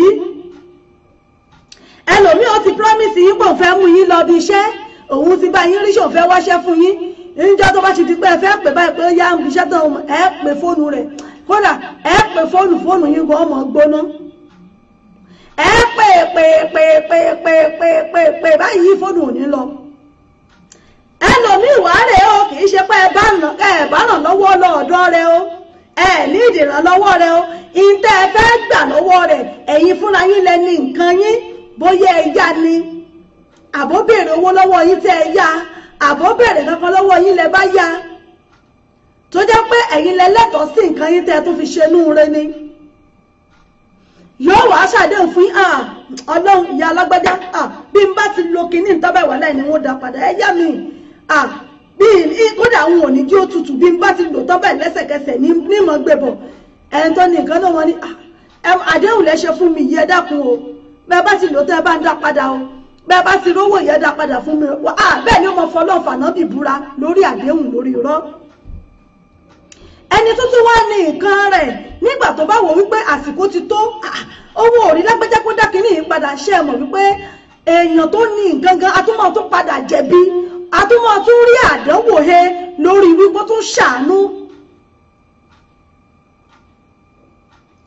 ẹlòmíì ó ti promise yín pé òun fẹ́ mú yín lọ bí iṣẹ́ òun ti bá yín ríṣẹ́ fẹ́ wáṣẹ́ fún yín níjọ́ tó bá ti di pé ẹ fẹ́ pè báyìí pé yá iṣẹ́ tó ẹ pè fóònù rẹ̀ kódà ẹ pè fóònù fóònù yín gan ọmọ gbóná ẹ pè pè pè pè pè pè pè pè báyìí yí fóònù ò ní lọ ẹlòmíì wà rè o kì í ṣe pé ẹ bá ràn lọ́wọ́ lọ́ọ̀dọ́ rẹ o ẹ ní ìdìrànlọ́wọ́ rẹ o ìtẹ́ ẹ fẹ́ gbà lọ́wọ́ rẹ ẹ̀yin fúnra yín lẹ ní nǹkan yín bóyá ẹ yá ni àbóbèrè owó lọ́wọ́ yín tẹ́ ẹ yá àbó bèrè kankan lọ́wọ́ yín lẹ bá yá tó jẹ́ pé ẹ̀yin lẹ lẹ́tọ̀ọ́ sí nǹkan yín tẹ́ ẹ tún fi ṣe inú re ni yóò wá ṣàdéhùn fún ah, ọlọ́run ìyá alágbájá ah, bí n bá ti lo kinní tọ́bẹ̀ wà láì ní wọ́n dá padà ẹ mi ah, bí kódà àwọn òní kí ó tutù bí n bá ti lò tọ́bẹ̀ lẹ́sẹ̀kẹsẹ̀ ní ìmọ̀ gbẹ̀bọ̀ ẹni tó ní nǹkan náà wọ́n ní àdéhùn lẹ ṣe fún mi yìí ẹ dákun o bẹ́ẹ̀ bá ti lò tẹ́ ẹ bá ń dá padà o bẹ́ẹ̀ bá ti rówó yẹn dá padà fún mi wá á bẹ́ẹ̀ ni ọmọ fọlọ́ọ̀fà náà bì búra lórí àdéhùn lórí irọ́ ẹni tó tún wá ní nǹkan rẹ̀ nígbà tó bá wò wípé àsìkò ti tó owó òrí lágbájá kó dá kínní yìí padà ṣe é mọ̀ wípé èèyàn tó ní nǹkan gan atúmọ̀ tó padà jẹ̀bi atúmọ̀ tó rí àdánwò he lórí wípé tó ṣàánú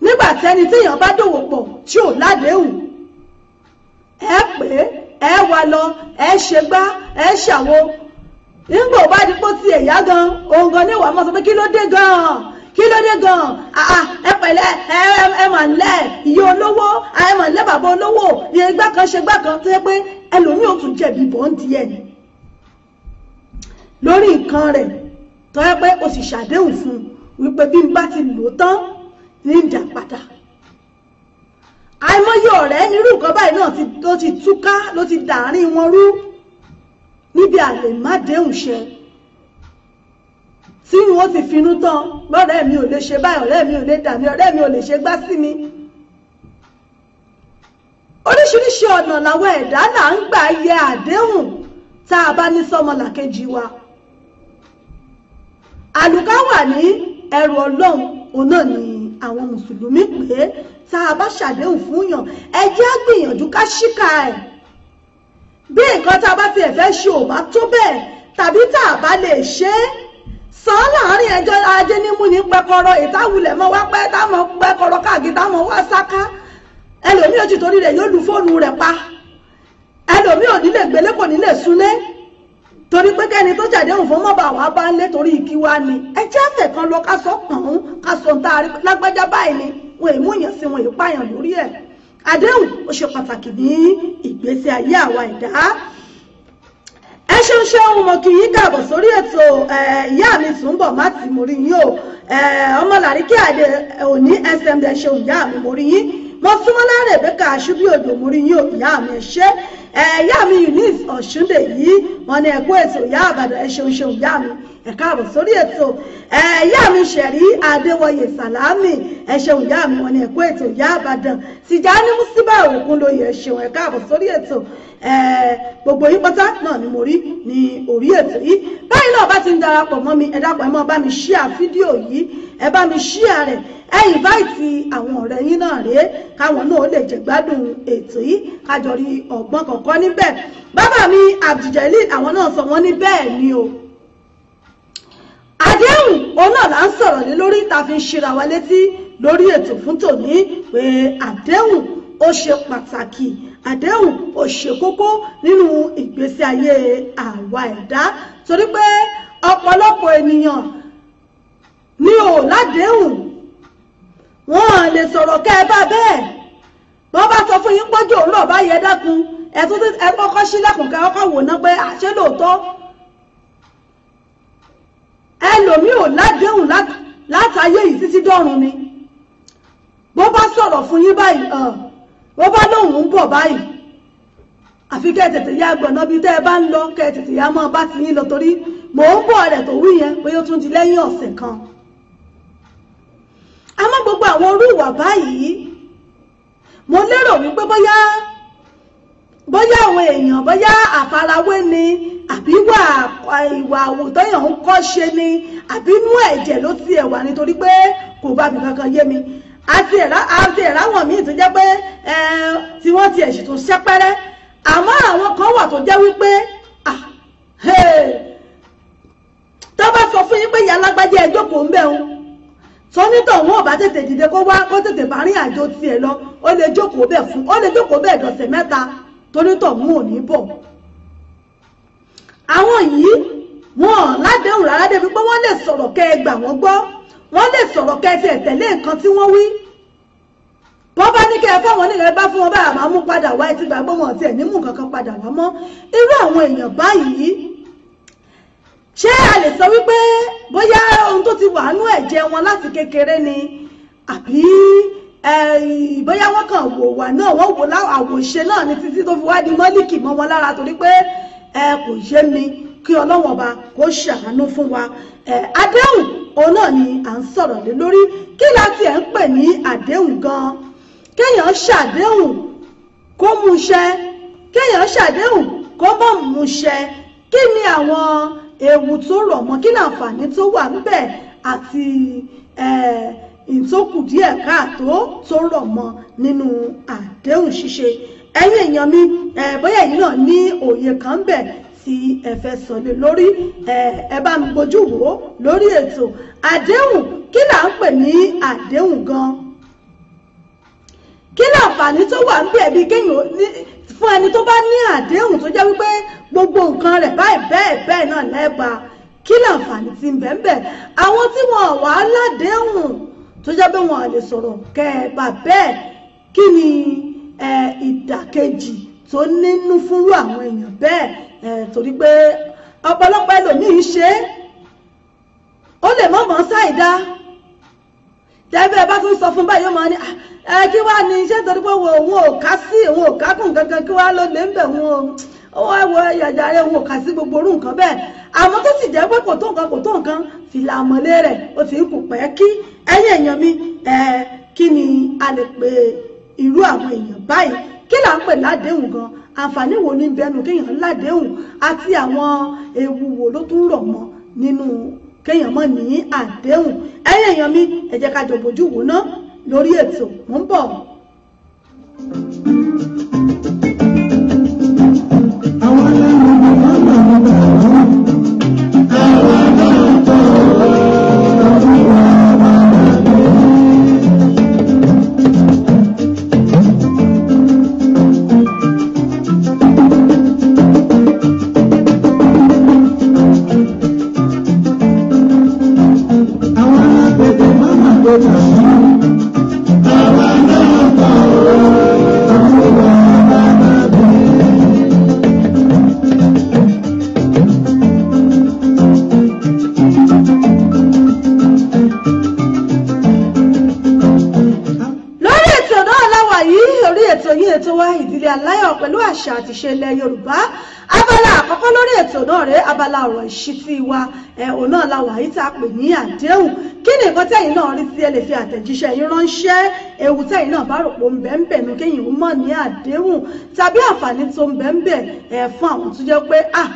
nígbà tí ẹni tí èèyàn bá dòwò pọ̀ tí ò ládéhùn ẹ pé ẹ wà lọ ẹ ṣe gbá ẹ ṣàwo nígbà ò bá di pọ́ ti ẹ̀yá gan òun gan ní ìwà mọ́ sọ pé kí ló dé gan kí ló dé gan ẹ pẹ̀lẹ́ ẹ mà ńlẹ̀ ìyá olówó ẹ mà ńlẹ̀ bàbá olówó ìyẹn gbá kan ṣe gbá kan tó yẹ pé ẹlòmíì ò tún jẹ̀bi bọ́ǹdì ẹ̀ lórí nǹkan rẹ̀ tó yẹ pé o sì ṣàdéhùn fún wípé bí n bá ti lò tán ní ìdá padà àìmọye ọ̀rẹ́ nírú nǹkan báyìí náà ló ti túká ló ti dàárín wọn rú níbi àlè má déhùn ṣe tí wọn ti finú tán lọ́rẹ́ mi ò lè ṣe báyìí ọ̀rẹ́ mi ò lè dà mí ọ̀rẹ́ mi ò lè ṣe gbá sí mi oríṣiríṣi ọ̀nà làwọn ẹ̀dá là ń gbà yẹ àdéhùn tá a bá ní sọ́mọlàkejì wa àlùká wà ní ẹrù ọlọ́run òun náà ni àwọn mùsùlùmí pé tá a bá ṣàdéhùn fún yàn ẹ jẹ́ á gbìyànjú ká ṣíkà ẹ̀ bí nǹkan tá a bá tiẹ̀ fẹ́ ṣe ò bá tó bẹ́ẹ̀ tàbí tá a bá lè ṣe é sàn án láàrin ẹjọ́ ajé nímú ní pẹkọrọ ìtawulẹ̀ mọ́ wá pẹ́ táwọn pẹkọrọ káàkiri táwọn wá sáká ẹlòmíì ojú torí rẹ̀ yóò lu fóònù rẹ̀ pa ẹlòmíì ò ní lè gbélé kò ní lè súnlé torí pé kẹ́ni tó ṣàdéhùn fún mọ́bà wá bá ń lé torí ìkí wa ni ẹ jẹ́ àfẹ̀kan lọ ká sọ kàn ká sọ ń tá a lágbájá báyìí ni wọn èmú èèyàn sí wọn ìpààyàn lórí ẹ̀ àdéhùn ó ṣe pàtàkì ní ìgbésí ayé àwa ẹ̀dá ẹ ṣeun ṣeun mo kì í kàbọ̀ sórí ètò ìyá mi túnbọ̀ má ti mo rí yín o ọmọ làríkí àdé òní sm dẹ ṣeun ìyá mi mo rí yín mo súnmọ́ lára Rèbékà Àṣúbí Òjó rí yín o ìyá mi ẹ ṣé ẹ̀yà mi Eunice Ọ̀ṣúndè yìí wọn ni ẹ̀kọ́ ètò ìyá àbàdàn ẹ̀ ṣeun ṣeun ìyá mi ẹ káàbọ̀ sórí ètò ẹ̀yà mi ṣẹ̀rí Adéwọyè Sàlámì ẹ̀ ṣeun ìyá mi wọn ni ẹ̀kọ́ ètò ìyá àbàdàn Tìjání Músíbà Òkúnlóyè ẹ̀ ṣeun ẹ káàbọ̀ sórí ètò gbogbo yín pátá náà ni mo rí ní orí ètò yìí báyìí náà bá ti ń darapọ̀ mọ́ mi ẹ dápọ̀ ẹ mọ́ bá mi ṣíà fídíò yìí ẹ bá mi ṣíà rẹ̀ ẹ ìváìtì àwọn ọ̀rẹ́ yín náà rèé káwọn náà lè jẹ ètò yìí kájọ rí ọgbọ́n kan kọ́ níbẹ̀ bàbá mi abduljalil àwọn náà sọ wọ́n ní bẹ́ẹ̀ ni o àdéhùn òun náà là ń sọ̀rọ̀ lé lórí tá fi ń ṣera wa létí lórí ètò fún tòní pé àdéhùn ó ṣe pàtàkì àdéhùn ó ṣe kókó nínú ìgbésí ayé àwa ẹ̀dá torí pé ọ̀pọ̀lọpọ̀ ènìyàn ni ò ládéhùn wọn lè sọ̀rọ̀ kẹ́ ẹ bá bẹ́ẹ̀ wọ́n bá sọ fún yín pọ́jọ́ òun náà bá yẹ dákun ẹ tó ẹ kọ́kọ́ sílẹ̀kùn ká kọ́kọ́ wò ná pé àṣẹ lóòótọ́ ẹlòmíì ò ládéhùn látàyè yìí títí dọ́run ni bó bá sọ̀rọ̀ fún yín báyìí bó bá lóun ń bọ̀ báyìí àfi kẹ́ ẹ tètè yá gbọ̀nà bíi tẹ́ ẹ bá ń lọ kẹ́ ẹ tètè yá mọ́ bá ti yín lọ torí mò ń bọ̀ rẹ̀ tó wí yẹn pé ó tún di lẹ́yìn ọ̀sẹ̀ kan àmọ́ gbogbo àwọn orú ìwà báyìí mo lérò wípé bóyá bóyá àwọn èèyàn bóyá àfarawé ni àbí ìwà àwòtọ́yàn ń kọ́ ṣe ni àbí inú ẹ̀jẹ̀ ló ti ẹ̀wà nítorí pé kò bá mi kankan yé mi àti ẹ̀rá wọn míì tó jẹ́ pé tí wọ́n ti ẹ̀sìn tó ṣẹ́pẹ́rẹ́ àmọ́ àwọn kan wà tó jẹ́ wípé tó bá sọ fún yín pé ìyá alágbájá ẹ jókòó ń bẹ̀ ń sọ́nítọ̀ wọn ò bá tètè dìde kó wá kó tètè bá rìn àjò tiẹ̀ lọ ó lè jókòó bẹ̀ fún ó lè jókòó bẹ̀ dọ̀sẹ̀ mẹ́ta tónítọ̀hún ò ní bọ̀ àwọn yìí wọn ládéhùn rárá débi pé wọ́n lè sọ̀rọ̀ kẹ́ ẹ gbà wọ́n gbọ́ wọ́n lè sọ̀rọ̀ kẹ́ ẹ tiẹ̀ tẹ̀lé nǹkan tí wọ́n wí bọ́ bá ní kí ẹ fáwọn onílẹ̀ bá fún wọn báyà máa mú padà wá ẹ ti gbàgbọ́ wọn àti ẹ̀mí mú kankan padà wá mọ́ irú àwọn èèyàn báyìí ṣé a lè sọ wípé bóyá ohun tó ti wà nú ẹ̀jẹ̀ wọn láti kékeré ni àbí bóyá wọ́n kàn wò wá náà wọ́n wò àwòṣe náà ní títí tó fi wá di mọ́líkì mọ́ wọn lára torí pé ẹ kò yé mi kí ọlọ́wọ́n ọba kó ṣàánú fún wa àdéhùn òun náà ni à ń sọ̀rọ̀ lé lórí kí láti ẹ̀ ń pè ní àdéhùn gan kéèyàn ṣàdéhùn kó mú ṣẹ kéèyàn ṣàdéhùn kó bọ̀ mú ṣẹ kí ni àwọn ewu tó rọ̀ mọ́ kí ni àǹfààní tó wà níbẹ̀ àti ìtókù díẹ̀ káàtó tó rọ̀ mọ́ nínú àdéhùn ṣíṣe ẹ̀yin èèyàn mi bóyá ẹ̀yin náà ní òye kan bẹ̀ tí ẹ fẹ́ sọ lé lórí ẹ bá mi gbójú wò ó lórí ètò àdéhùn kí là ń pè ní àdéhùn gan kí láǹfààní tó wà ń bẹ̀ bí kéèyàn fún ẹni tó bá ní àdéhùn tó jẹ́ wípé gbogbo nǹkan rẹ̀ báyìí bẹ́ẹ̀ bẹ́ẹ̀ náà lẹ́ẹ̀bà kí láǹfààní ti ń bẹ̀ ń àwọn tí wọn wà á ládéhùn tó jẹ́ pé wọn à lè sọ̀rọ̀ kẹẹ̀bà bẹ́ẹ̀ kí ni ìdàkejì tó nínú fúnrú àwọn èèyàn bẹ́ẹ̀ torí pé ọ̀pọ̀lọpọ̀ ẹlòmíì ṣe é ó lè mọ̀ mọ́ ṣàìdá tẹ́bẹ́ bá tún sọ fún báyìí ó máa ní ah, ẹ kí wàá ní iṣẹ́ torí pé òun ò ká sí òun ò kákùn kankan kí wàá ló lè ń bẹ̀ wọn ó wá wo ẹ̀yàjà rẹ̀ òun ò ká sí gbogbo orú nǹkan bẹ́ẹ̀ àmọ́ tó sì jẹ́ pé kò tó nǹkan kò tó nǹkan fìlà àmọ́lé rẹ̀ ó ti ń kù pẹ́ kí ẹ̀yin èèyàn mi kí ni a lè pe irú àwọn èèyàn báyìí kí là ń pè ládéhùn gan àǹfààní wo ní bẹnu kéèyàn ládéhùn àti àwọn ewu wo ló tún rọ̀ mọ́ nínú kéèyàn mọ́ ní àdéhùn ẹ̀yin èèyàn mi ẹ jẹ́ ká jọ bójú wò ná lórí ètò mò ń bọ̀. àwọn ẹlẹ́nu àṣìṣe ilẹ̀ yorùbá abala àkọ́kọ́ lórí ètò náà rẹ abala ọ̀rọ̀ ìṣítí wa òun náà la wàyí pè ní àdéhùn kí ni nǹkan tẹ̀yin náà rí tí ẹ àtẹ̀jíṣẹ́ yín ránṣẹ́ ewu tẹ̀yin náà bá rò pé ń bẹ́ẹ̀ ń bẹ̀ nù kéyìn ń mọ̀ ní àdéhùn tàbí àǹfààní tó ń bẹ́ẹ̀ ń bẹ̀ fún àwọn tó jẹ́ pé ah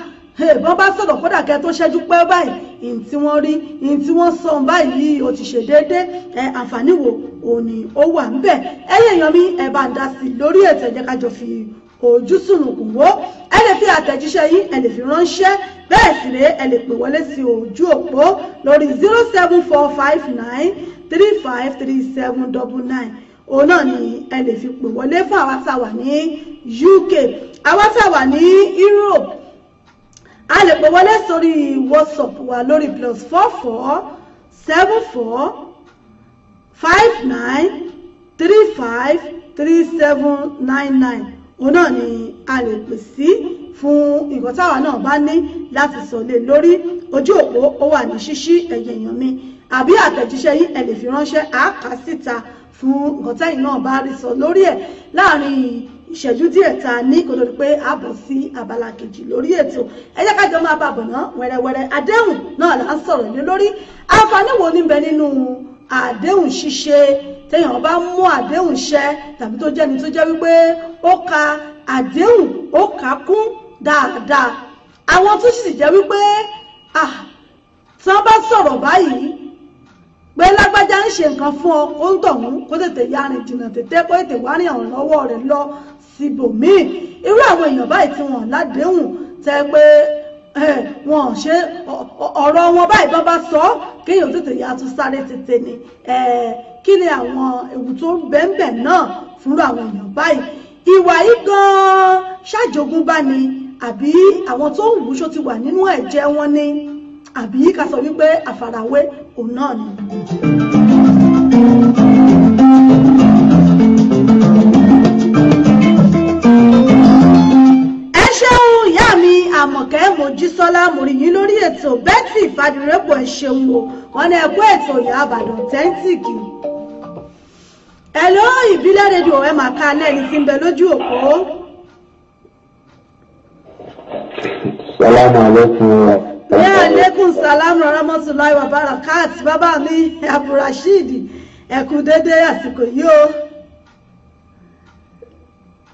bọ́n bá sọ̀rọ̀ kódà kẹ́ tó ṣẹ́jú pẹ́ báyìí ìyìn tí wọ́n rí ìyìn tí wọ́n sọ báyìí ó ti ṣe déédé àǹfààní wo òní ó wà ń bẹ̀ ẹ̀yẹ̀ yan ẹ̀ bá ń dá sí lórí ètò ẹ̀jẹ̀ fi ojú sùnùkùn wó fi àtẹ̀jíṣẹ́ yín ẹ fi ránṣẹ́ bẹ́ẹ̀ sì rèé ẹ lè pè wọlé sí ojú òpó lórí zero seven four five nine three five three seven double nine òun náà ni ẹ fi pè wọlé fún àwa tá a wà ní UK àwa tá a wà ní Europe a lè pè wọlé sórí WhatsApp wa lórí plus four four seven four five nine three five three seven nine nine òun náà ni a lè pè sí fún nǹkan táwa náà bá ní láti sọ lé lórí ojú òpó ó wà ní ṣíṣí ẹ̀yẹ̀ èèyàn mi àbí àtẹ̀jíṣẹ́ yìí ẹ lè fi ránṣẹ́ àáká síta fún nǹkan tẹ́yìn náà bá rí sọ lórí ẹ̀ láàrin ìṣẹ́jú díẹ̀ ta ní kó lórí pé a bọ̀ sí abala kejì lórí ètò ẹ jẹ́ máa bá bọ̀ wẹ́rẹ́wẹ́rẹ́ àdéhùn náà là ń sọ̀rọ̀ lé lórí àǹfààní wo níbẹ̀ nínú àdéhùn ṣíṣe téèyàn bá mú àdéhùn ṣẹ tàbí tó jẹ́ni tó jẹ́ wípé ó ka àdéhùn ó kà kún dáadáa àwọn tó sì jẹ́ wípé ah tí wọ́n bá sọ̀rọ̀ báyìí pé lágbájá ń ṣe nǹkan fún ọ ó ń tọ̀hún kó tètè ya rìn jìnnà tètè kó tètè wá rìn ọ̀ràn lọ́wọ́ rẹ̀ lọ síbòmíì irú àwọn èèyàn báyìí tí wọ́n ládéhùn tẹ́ pé Eh, wọn ṣe ọ̀rọ̀ wọn báyìí bá bá sọ ọ́ kéèyàn tètè yá tún sáré tètè ni eh, kí ni àwọn ewu tó ń bẹ́ẹ̀nbẹ́ẹ̀ náà fúnra àwọn èèyàn báyìí ìwà yìí gan-an ṣàjogúnbá ni àbí àwọn tó ń wù ú ṣó ti wà nínú ẹ̀jẹ̀ wọn ni àbí ká sọ wípé àfarawé òun náà ni. Mojísọ́lá Mòríyìn lórí ètò Betty Fàdírẹ́pọ̀ ẹ wọn ní ètò ìyá àbàdàn tẹ́ńtìkì. Hello ìbílẹ̀ rédíò ẹ̀ máa ká lẹ́ni tí ń bẹ lójú òpó. Salamu alaikum. Yẹ́ alaikum salamu rahmatulahi wa barakat bàbá mi Abdulrasheed ẹ̀kú dédé àsìkò yìí o.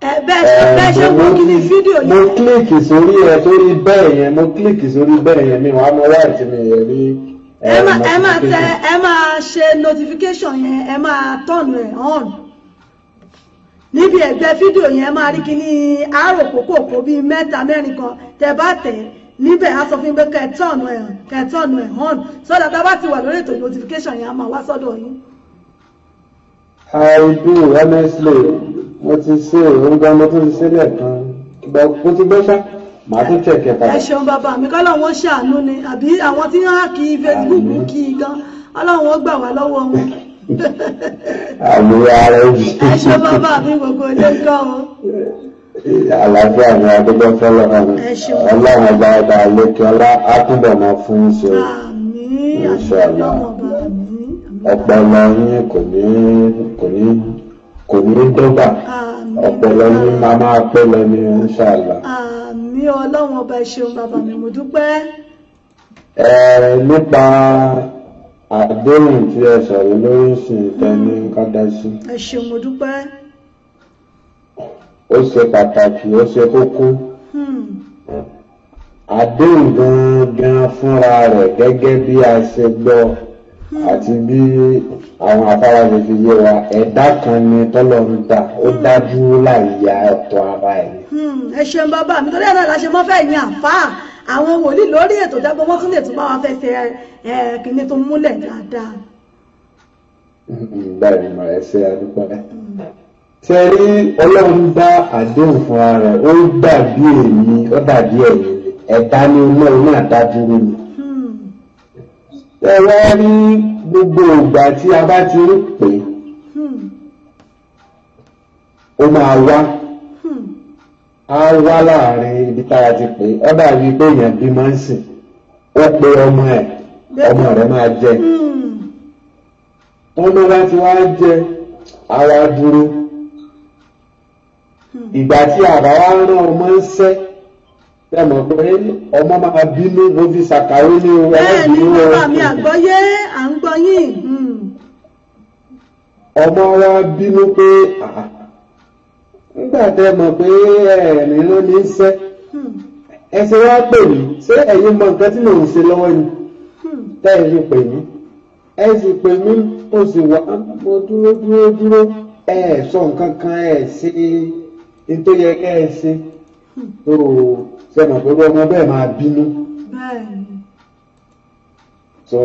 mo kílíkì sórí ẹ sórí bẹ́ẹ̀ yẹn mo kílíkì sórí bẹ́ẹ̀ yẹn mi wàá mọ wáìtì mi yẹn ní. ẹ máa tẹ ẹ máa ṣe notification yẹn ẹ máa tọ̀nù ẹ̀ hàn níbi ẹ̀gbẹ́ fídíò yẹn máa rí kíní àárò kókòkò bíi mẹ́ta mẹ́rin kan tẹ bá tẹ̀ níbẹ̀ á sọ fún mi pé kẹ́ ẹ tọ̀nù ẹ̀ hàn kẹ́ ẹ tọ̀nù ẹ̀ hàn sọ́dọ̀ tá a bá ti wà lórí ètò notification yẹn á máa wá sọ́dọ̀ yín. I do honestly mo ti ṣe òrùngbà mo tún ti ṣe lẹ́ẹ̀kan mo ti gbọ́ ṣá màá tún tẹ̀ kẹta. ẹ ṣeun bàbá mi kọ́lọ́ wọn ṣàánú ni àbí àwọn tí wọ́n á kí Facebook kí i gan ọlọ́run ó gbà wá lọ́wọ́ wọn. àmì ara ẹbí. ẹ ṣe bàbá mi gbogbo ilé ńkọ́ wọn. àlàáfíà ni adébọ́ fẹ́lọ́ ọlọ́run ọba ọba àlékè ọlá á túbọ̀ máa fún un ṣe. àmì àṣẹ ọlọ́run ọba àmì. yín kò ní kò ní kò ní dọ́gba ọ̀pọ̀lọ ní máa máa pẹ́ lọ ní ṣáàlà. àmì ọlọ́run ọba ìṣeun bàbá mi mo dúpẹ́. ẹ nípa àdéhùn tí ẹ sọ̀rọ̀ lórí ìsìn tẹ̀lé hmm. ká dá sí. ẹ ṣeun mo dúpẹ́. ó ṣe pàtàkì ó ṣe kókó. Hmm. àdéhùn gan-an fúnra rẹ̀ gẹ́gẹ́ bí a ṣe gbọ́ àti bí àwọn afárá ṣe fi yé wa ẹ̀dá kan ni tọ́lọ̀ ń dà ó dájú láì ya ọ̀tọ̀ ara ẹ̀. Hmm, ẹ ṣeun bàbá mi torí ẹ̀rọ ìlàṣẹ mọ́fẹ́ ìyìn àǹfààní àwọn wòlíì lórí ètò ìdágbọ́n wọ́n tún lè tún bá wa fẹ́ fẹ́ ẹ kìíní tó múlẹ̀ dáadáa. báyìí mo rẹ̀ ṣe àdúgbò rẹ̀ ṣe rí ọlọ́run dá àdéhùn fúnra rẹ̀ ó dàbí èmi ó dàbí ẹ̀yìn ẹ̀dá ni ọlọ́run náà dájú rí ẹ wá rí gbogbo ìgbà tí a bá ti ń pè é ó máa wá á wá láàrin ibi tá a ti pè é ó dàbí pé èèyàn bí máa ń sìn ó pe ọmọ ẹ̀ ọmọ rẹ̀ máa jẹ hmm. ọmọ láti wá jẹ ara dúró hmm. ìgbà tí àbá wa rán ọmọ ń sẹ́ ẹ mọ̀ pé ọmọ máa bínú mo fi ṣàkàwé ní o ẹlẹ́bìnrin o. bẹ́ẹ̀ ni bàbá mi àgbọ́yé à ń gbọ́ yín. ọmọ wa bínú pé nígbà tẹ mọ̀ pé ẹ̀rín ló ní í sẹ́ ẹ ṣe wá pè mí ṣé ẹ̀yin mọ nǹkan tí mò ń ṣe lọ́wọ́ ni tẹ́ ẹ fi pè mí ẹ sì pè mí mo sì wá mo dúró dúró dúró ẹ sọ nǹkan kan ẹ ṣe ní yẹ kẹ́ ẹ ṣe sẹ́nu pẹ̀lú ọmọ bẹ́ẹ̀ máa bínú. so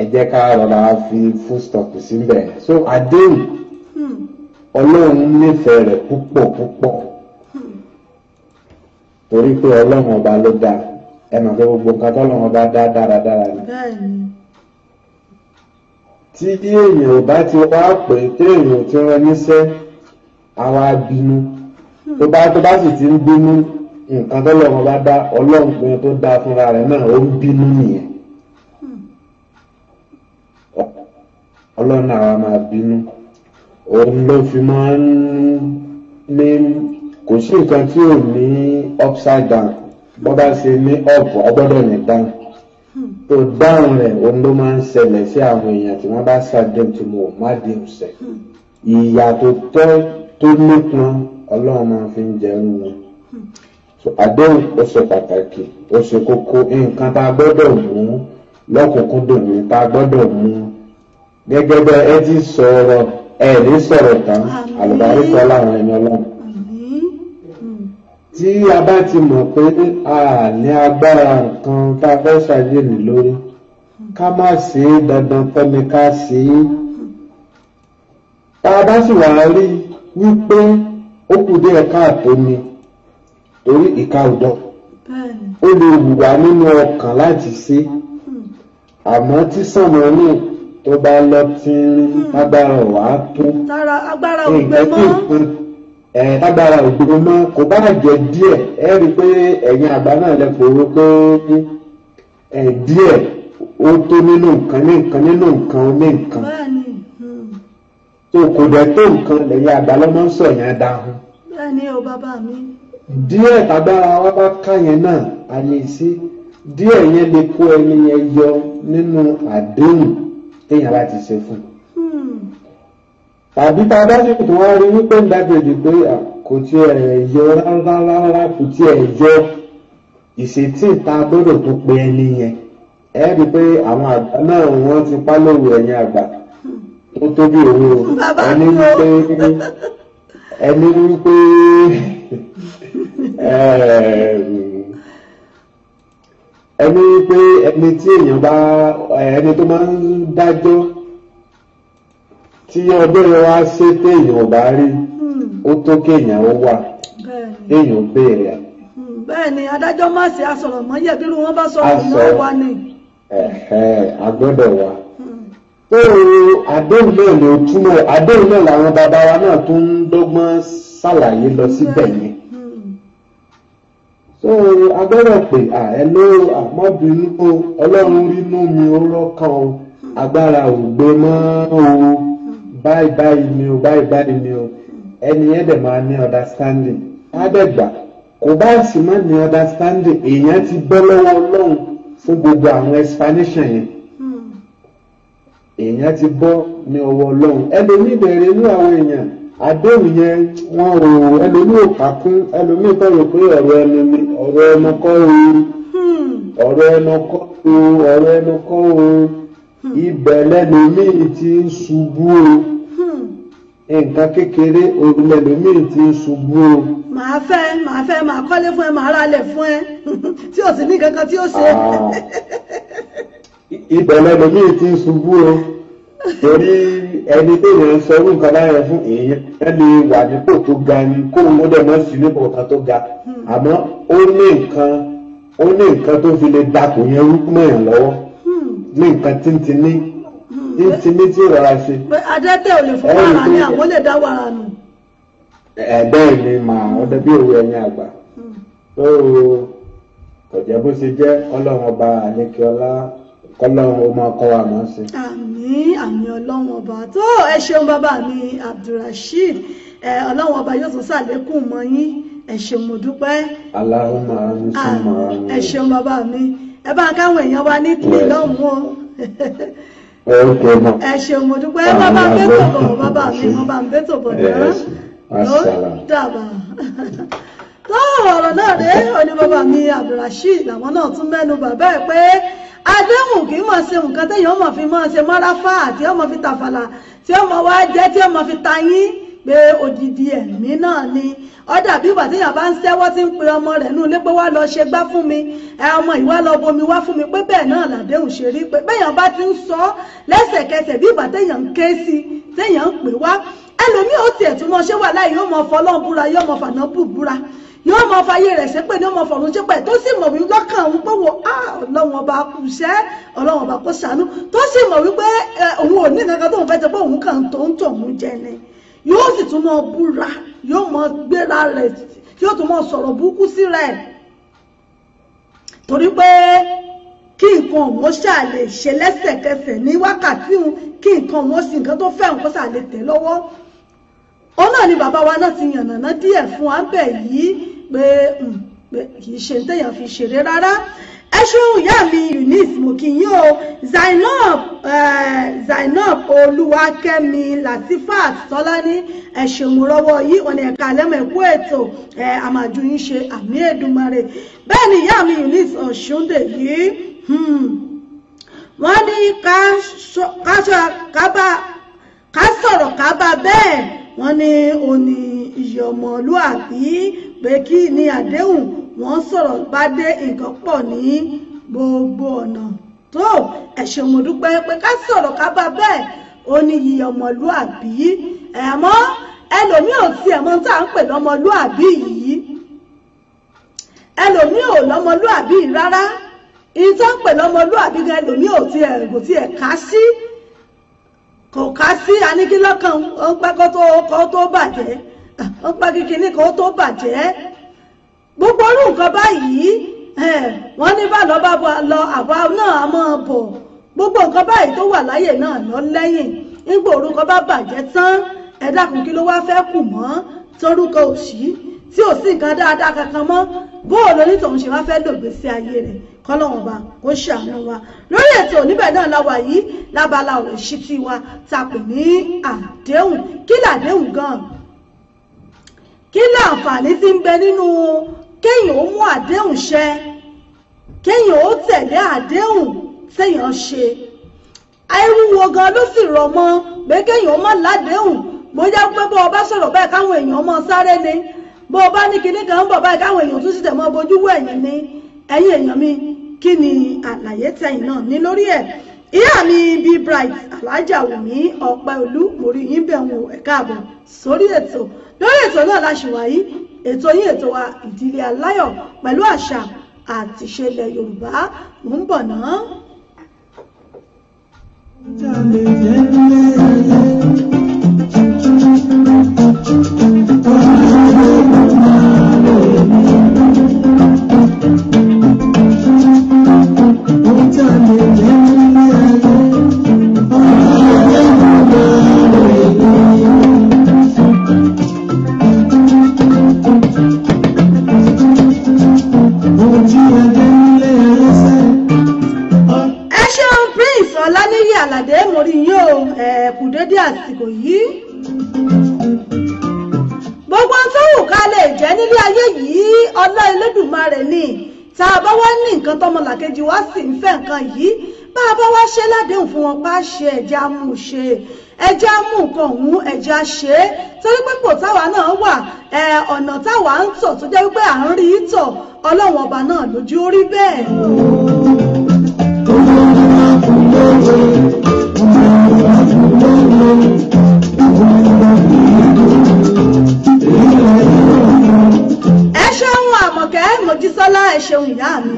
ẹ jẹ́ ká rọra fi full stop síbẹ̀ so àdéhùn hmm. ọlọ́run nífẹ̀ẹ́ rẹ̀ púpọ̀ púpọ̀ hmm. torí pé ọlọ́run ọba ló dáa ẹ mọ̀ pé gbogbo nǹkan tọ́lọ́run ọba dá dáradára ni. tí èèyàn ò bá ti wá pé téèyàn ti rán níṣẹ́ àwa bínú hmm. tó bá tó bá sì ti ń bínú nǹkan tó lọ́wọ́ bá dá ọlọ́run pé tó dá fúnra rẹ̀ náà ó ń bínú nìyẹn ọlọ́run àwa máa bínú òun ló fi máa ń ní kò sí nǹkan tí ò ní upside down bó bá ṣe ní up ọgbọ́dọ̀ ní down tó dáhùn rẹ̀ òun ló máa ń ṣẹlẹ̀ sí àwọn èèyàn tí wọ́n bá ṣàdéhùn tí mo má dìhùn sẹ̀ ìyà tó tọ́ tó nípọn ọlọ́run máa fi ń jẹun wọn àdéhùn ó ṣe pàtàkì ó ṣe kókó nǹkan tá a gbọ́dọ̀ mú lọ́kùnkúndùn ní tá a gbọ́dọ̀ mú gẹ́gẹ́ bẹ́ ẹ ti sọ̀rọ̀ ẹ ní sọ̀rọ̀ tán àlùbáríkọ láwọn ẹni ọlọ́run hmm. tí a bá ti mọ̀ pé a ní agbára nǹkan tá a fẹ́ ṣàyè ní lórí ká má ṣe é dandan fẹ́mi ká ṣe é tá a bá sì wà rí wípé ó kù díẹ̀ káàtó ni torí ìka ọ̀dọ̀ ó lè wù wá nínú ọkàn láti ṣe hmm. àmọ́ tí sànmọ́nì tó bá lọ tínrín lágbára hmm. wà á tó nǹkan tí nǹkan lágbára ògbóná mọ́ kò bá jẹ́ díẹ̀ ẹ rí i pé ẹ̀yin àgbà náà lè fòrò pé ẹ̀ díẹ̀ ó tó nínú nǹkan ní nǹkan nínú nǹkan ní nǹkan tó kò dẹ̀ tó nǹkan lẹ́yìn àgbà lọ́mọ́ sọ̀yàn dáhùn. bẹ́ẹ̀ ni o bàbá mi díẹ̀ tágbára wa bá ká yẹn náà a lè ṣe díẹ̀ yẹn lè kó ẹni yẹn yọ nínú àdéhùn téèyàn bá ti ṣe fún un. tàbí tá a bá sì tún wá rí wípé ńlájèjì pé kò tiẹ̀ yọ rárá rárá kò tiẹ̀ yọ ìṣètì ìta gbọ́dọ̀ tó pe ẹni yẹn ẹ rí i pé àwọn àgbà náà wọ́n ti pálọ̀wọ̀ ẹ̀yìn àgbà tó tóbi òun o ẹni wípé ẹni wípé ẹni pé ẹni tí èèyàn bá ẹni tó máa ń dájọ́ tí ọjọ́ yẹn wá ṣe pé èèyàn ò bá rí ó tó kéèyàn ó wà kéèyàn ó béèrè. Hmm, bẹ́ẹ̀ ni adájọ́ má ṣe asọ̀rọ̀ mọ́yẹ̀ bí wọ́n bá sọ ọ̀rọ̀ náà wá ni. a gbọ́dọ̀ wà hmm. tó àdéhùn náà ló túmọ̀ àdéhùn náà làwọn bàbá wa náà tó ń dọ́gbọ́n ṣàlàyé lọ síbẹ̀ yẹn so agbọ́dọ̀ pé àẹ́lò àmọ́bìnú o ọlọ́run rínú mi ó rọ́kàn o agbára ò gbé mọ́ o báyìí báyìí ni o báyìí báyìí ni o ẹni yẹn dẹ̀ máa ní understanding á dẹ̀ gbà kò bá sì má ní understanding èèyàn ti bọ́ lọ́wọ́ ọlọ́run fún gbogbo àwọn explanation yẹn hmm. èèyàn ti bọ́ ní ọwọ́ ọlọ́run ẹlòmíì bẹ̀rẹ̀ inú àwọn èèyàn àdéhùn yẹn wọn ò ẹlòmíì ò kàkún ẹlòmíì bẹ̀rù pé ọ̀rọ̀ ẹnu ni ọ̀rọ̀ ẹnu kọ́ o ọ̀rọ̀ ẹnu kọ́ o ọ̀rọ̀ ẹnu kọ́ o ibẹ̀ lẹ́lòmíì ti ń ṣubú o nǹkan kékeré lẹ́lòmíì ti ń ṣubú o. màá fẹ́ màá fẹ́ màá kọ́lé fún ẹ màá ralẹ̀ fún ẹ [laughs] tí ò sì ní kankan tí ó ṣe. Ah. ibẹ̀ lẹ́lòmíì ti ń ṣubú o torí ẹni tó yẹn ń sọ irú nǹkan báyẹn fún èèyàn ẹ lè wà nípò tó ga ni kó o mọ́dọ̀ mọ́ sí nípò kan tó ga àmọ́ ó ní nǹkan ó ní nǹkan tó fi lè dapò yẹn rú mọ́ ẹ̀ lọ́wọ́ ní nǹkan tíntìní tíntìní tí rọra ṣe. adẹ́tẹ̀ ò lè fún wàrà ní àwọn lè dá wàrà nù. ẹ̀ẹ́dẹ́ mi mà ọdẹ bí òwe ẹ̀yìn àgbà tó hmm. kò jẹ́ bó ṣe jẹ́ ọlọ́run ọba àníkíọ́lá kọlọ́run ó máa kọ́ wa máa ṣe. àmín àmín ọlọ́run ọba tó ẹ ṣeun bàbá mi abdulrasheed ọlọ́run ọba yóò tún ṣàlékún mọ́ yín ẹ ṣeun mo dúpẹ́. Allahumma àmín sọ́mọ àmín. ẹ ṣeun bàbá mi ẹ bá káwọn èèyàn wa ní tí lọ́hùn-ún o. ẹ ṣeun mo dúpẹ́ bàbá ń bẹ́tò bọ̀ bàbá mi mo bá ń bẹ́tò bọ̀ náà ló dàbà [laughs] tó ọ̀rọ̀ náà rèé oní bàbá mi abdulrasheed làwọn náà tún mẹ́nu bàbá ẹ̀ pé àdéhùn kì í mọ̀ ṣe nǹkan téèyàn mọ̀ fi mọ̀ ṣe mọ́ráfà tí ọmọ fi tàfàlà tí ọmọ wá jẹ́ tí ọmọ fi ta yín pé odidi ẹ̀mí náà ni ọ̀dà bí ìgbà téèyàn bá ń sẹ́wọ́ tí ń pe ọmọ rẹ̀ nù lé pé wá lọ ṣe gbá fún mi ẹ ọmọ ìwá lọ bomi wá fún mi pé bẹ́ẹ̀ náà làdéhùn ṣe rí pé béèyàn bá ti ń sọ lẹ́sẹ̀kẹsẹ̀ bí ìgbà téèyàn ń ké sí téèyàn ń pè wá ẹlòmíì ó tiẹ̀ tún mọ ṣé wà láì yóò mọ fọlọ́ọ̀búra yóò mọ fànà búbúra ni wọ́n mọ fàyè rẹ̀ ṣépè ni wọ́n mọ fọ̀run ṣépè tó sì mọ̀ wípé lọ́kàn òun pé wò á ah, ọlọ́wọ́n ọba kù sẹ́ ọlọ́wọ́n ọba kò sànú tó sì mọ̀ wípé eh, òun ò ní kankan tóun fẹ́ jẹ pé òun kàn tó ń tọ̀ òun jẹ ni yóò sì tún mọ búra yóò mọ gbéra rẹ̀ yóò tún mọ sọ̀rọ̀ burúkú sí rẹ̀ torí pé kí nǹkan wọn ṣáà lè ṣe lẹ́sẹ̀kẹsẹ̀ ní wákàtí òun kí nǹkan wọn sì nǹkan tó fẹ́ nǹkan ṣáà lè tẹ̀ lọ́wọ́ òun náà ni bàbá wa náà ti yànnàná díẹ̀ fún abẹ́ yìí Hmm, pé kì í ṣe téèyàn fi ṣeré rárá ẹ ṣeun ìyá mi eunice mo kì í yín o zainab eh, zainab olúwakẹ́mi latifat tọ́lání ẹ ṣeun rọ́wọ́ yìí ọ̀nà ẹ̀ka alẹ́mọ̀ ẹ̀kú ètò àmàjù yín ṣe àmì èdùmarè bẹ́ẹ̀ ni ìyá mi eunice ọ̀ṣúndè yìí hmm, wọ́n ní ká sọ̀rọ̀ ká bá bẹ́ẹ̀ wọ́n ní òní ìyọ̀mọ̀lúàbí pé kí ni àdéhùn wọn sọ̀rọ̀ bá dé nǹkan pọ̀ ní gbogbo ọ̀nà tó ẹ̀ṣẹ̀ mo dúpẹ́ pé ká sọ̀rọ̀ ká bá bẹ́ẹ̀ ó ní iye ọmọlúàbí ẹ̀mọ́ ẹlòmíì ò tiẹ̀ mọ tá à ń pè lọ́mọlúàbí yìí ẹlòmíì ò lọ́mọlúàbí rárá ìtọ́ ń pè lọ́mọlúàbí gan ẹlòmíì ò tiẹ̀ kò tiẹ̀ ká sí kò ká sí aníkílọ́kàn ó pẹ́ kó tó bàjẹ́ ọgbà kìkìnní kan ó tó bàjẹ́ gbogbo orú nǹkan báyìí eh, wọ́n ní bá lọ́ bá lọ àwa náà á máa bọ̀ gbogbo nǹkan báyìí tó wà láyè náà lọ lẹ́yìn nígbà orúkọ bá bàjẹ́ tán ẹ dákun kí ló wá fẹ́ kù mọ́ torúkọ òṣì tí ò sí nǹkan dáadáa kankan mọ́ bóò lóní ṣe wá fẹ́ lògbèsè ayé rẹ̀ kọ́lọ́wọ́n bá kó ṣàánú wa lórí ètò oníbẹ̀ náà la wà yìí lábala ọ̀rọ̀ ìṣítí wa ta pè ní àdéhùn kí làdéhùn gan-an kí ni àǹfààní tí ń bẹ nínú kéèyàn ó mú àdéhùn ṣẹ kéèyàn ó tẹ̀lé àdéhùn téèyàn ṣe irú wo gan ló sì rọ̀ mọ́ pé kéèyàn ó má ládéhùn bóyá pé bó o bá sọ̀rọ̀ báyìí káwọn èèyàn mọ sáré ni bó o bá ní kinní kan ń bọ̀ báyìí káwọn èèyàn tún sì tẹ̀ mọ́ bojú wò ẹ̀yìn ni ẹ̀yin èèyàn mi kí ni àlàyé tẹ̀yìn náà ní lórí ẹ̀ ìyá mi bí bright alájà wùmí ọ̀pẹ olú mo rí yín bẹ̀ wọ̀ ẹ̀ káàbọ̀ sórí ètò lórí ètò náà la ṣì wáyé ètò yín ètò wa ìdílé aláyọ̀ pẹ̀lú àṣà àti ìṣẹ̀lẹ̀ Yorùbá mò ń bọ̀ ná. Thank you. àlàdé mo rí yín o ẹ̀ẹ̀kù dédé àsìkò yìí gbogbo tó wù ká lè jẹ́ nílé ayé yìí ọlá Elédùmarè ni tá a bá wá ní nǹkan tọmọlàkejì wá sì ń fẹ́ nǹkan yìí bá a bá wá ṣe ládéhùn fún wọn pa á ṣe ẹ̀já mú un ṣe ẹjẹ́ á mú nǹkan ọ̀hún ẹjẹ́ á torí pé pò táwa náà wà ọ̀nà táwa ń tọ̀ tó jẹ́ wípé à ń rí tọ̀ ọlọ́run ọba náà lójú ó bẹ́ẹ̀. Mojísọ́lá ẹ ṣeun ìyá mi.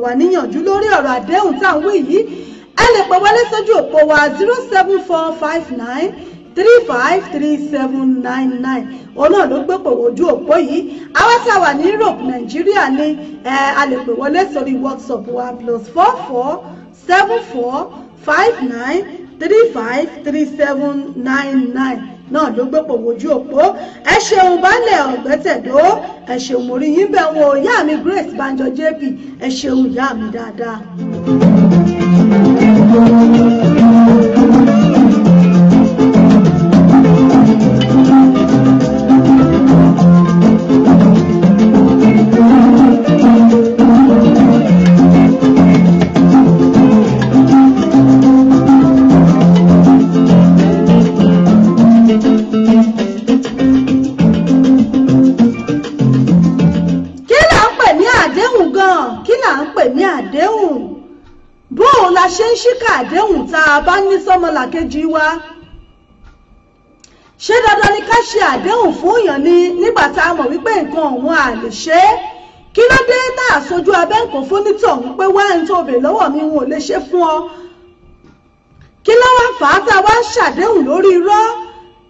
gbà wá níyànjú lórí ọ̀rọ̀ àdéhùn tá à ń wí yìí ẹ lè pè wọlé sójú òpó wa zero seven four five nine three five three seven nine nine òun náà ló gbé pò ojú òpó yìí àwa tá a wà ní Europe Nàìjíríà ni a lè pè wọlé sórí WhatsApp wa plus four four seven four five nine three five three seven nine nine náà ló gbé pòwò ojú òpó ẹ ṣeun baálẹ̀ ọ̀gbẹ́tẹ̀dó ẹ ṣeun mo rí yín bẹ́ẹ̀ wọn ìyá mi Grace Banjo JP ẹ ṣeun ìyá mi dáadáa. ọmọlàkejì wa ṣé dandan ni ká ṣe àdéhùn fún èèyàn ni nígbà tá a mọ̀ wípé nǹkan ọ̀hún à lè ṣe é kí ló dé tá a sojú abẹ́ nǹkan fún nítọ̀hún pé wá ń tóbi lọ́wọ́ mi wọn ò lè ṣe fún ọ kí ló wá fà á tá a wá ń ṣàdéhùn lórí irọ́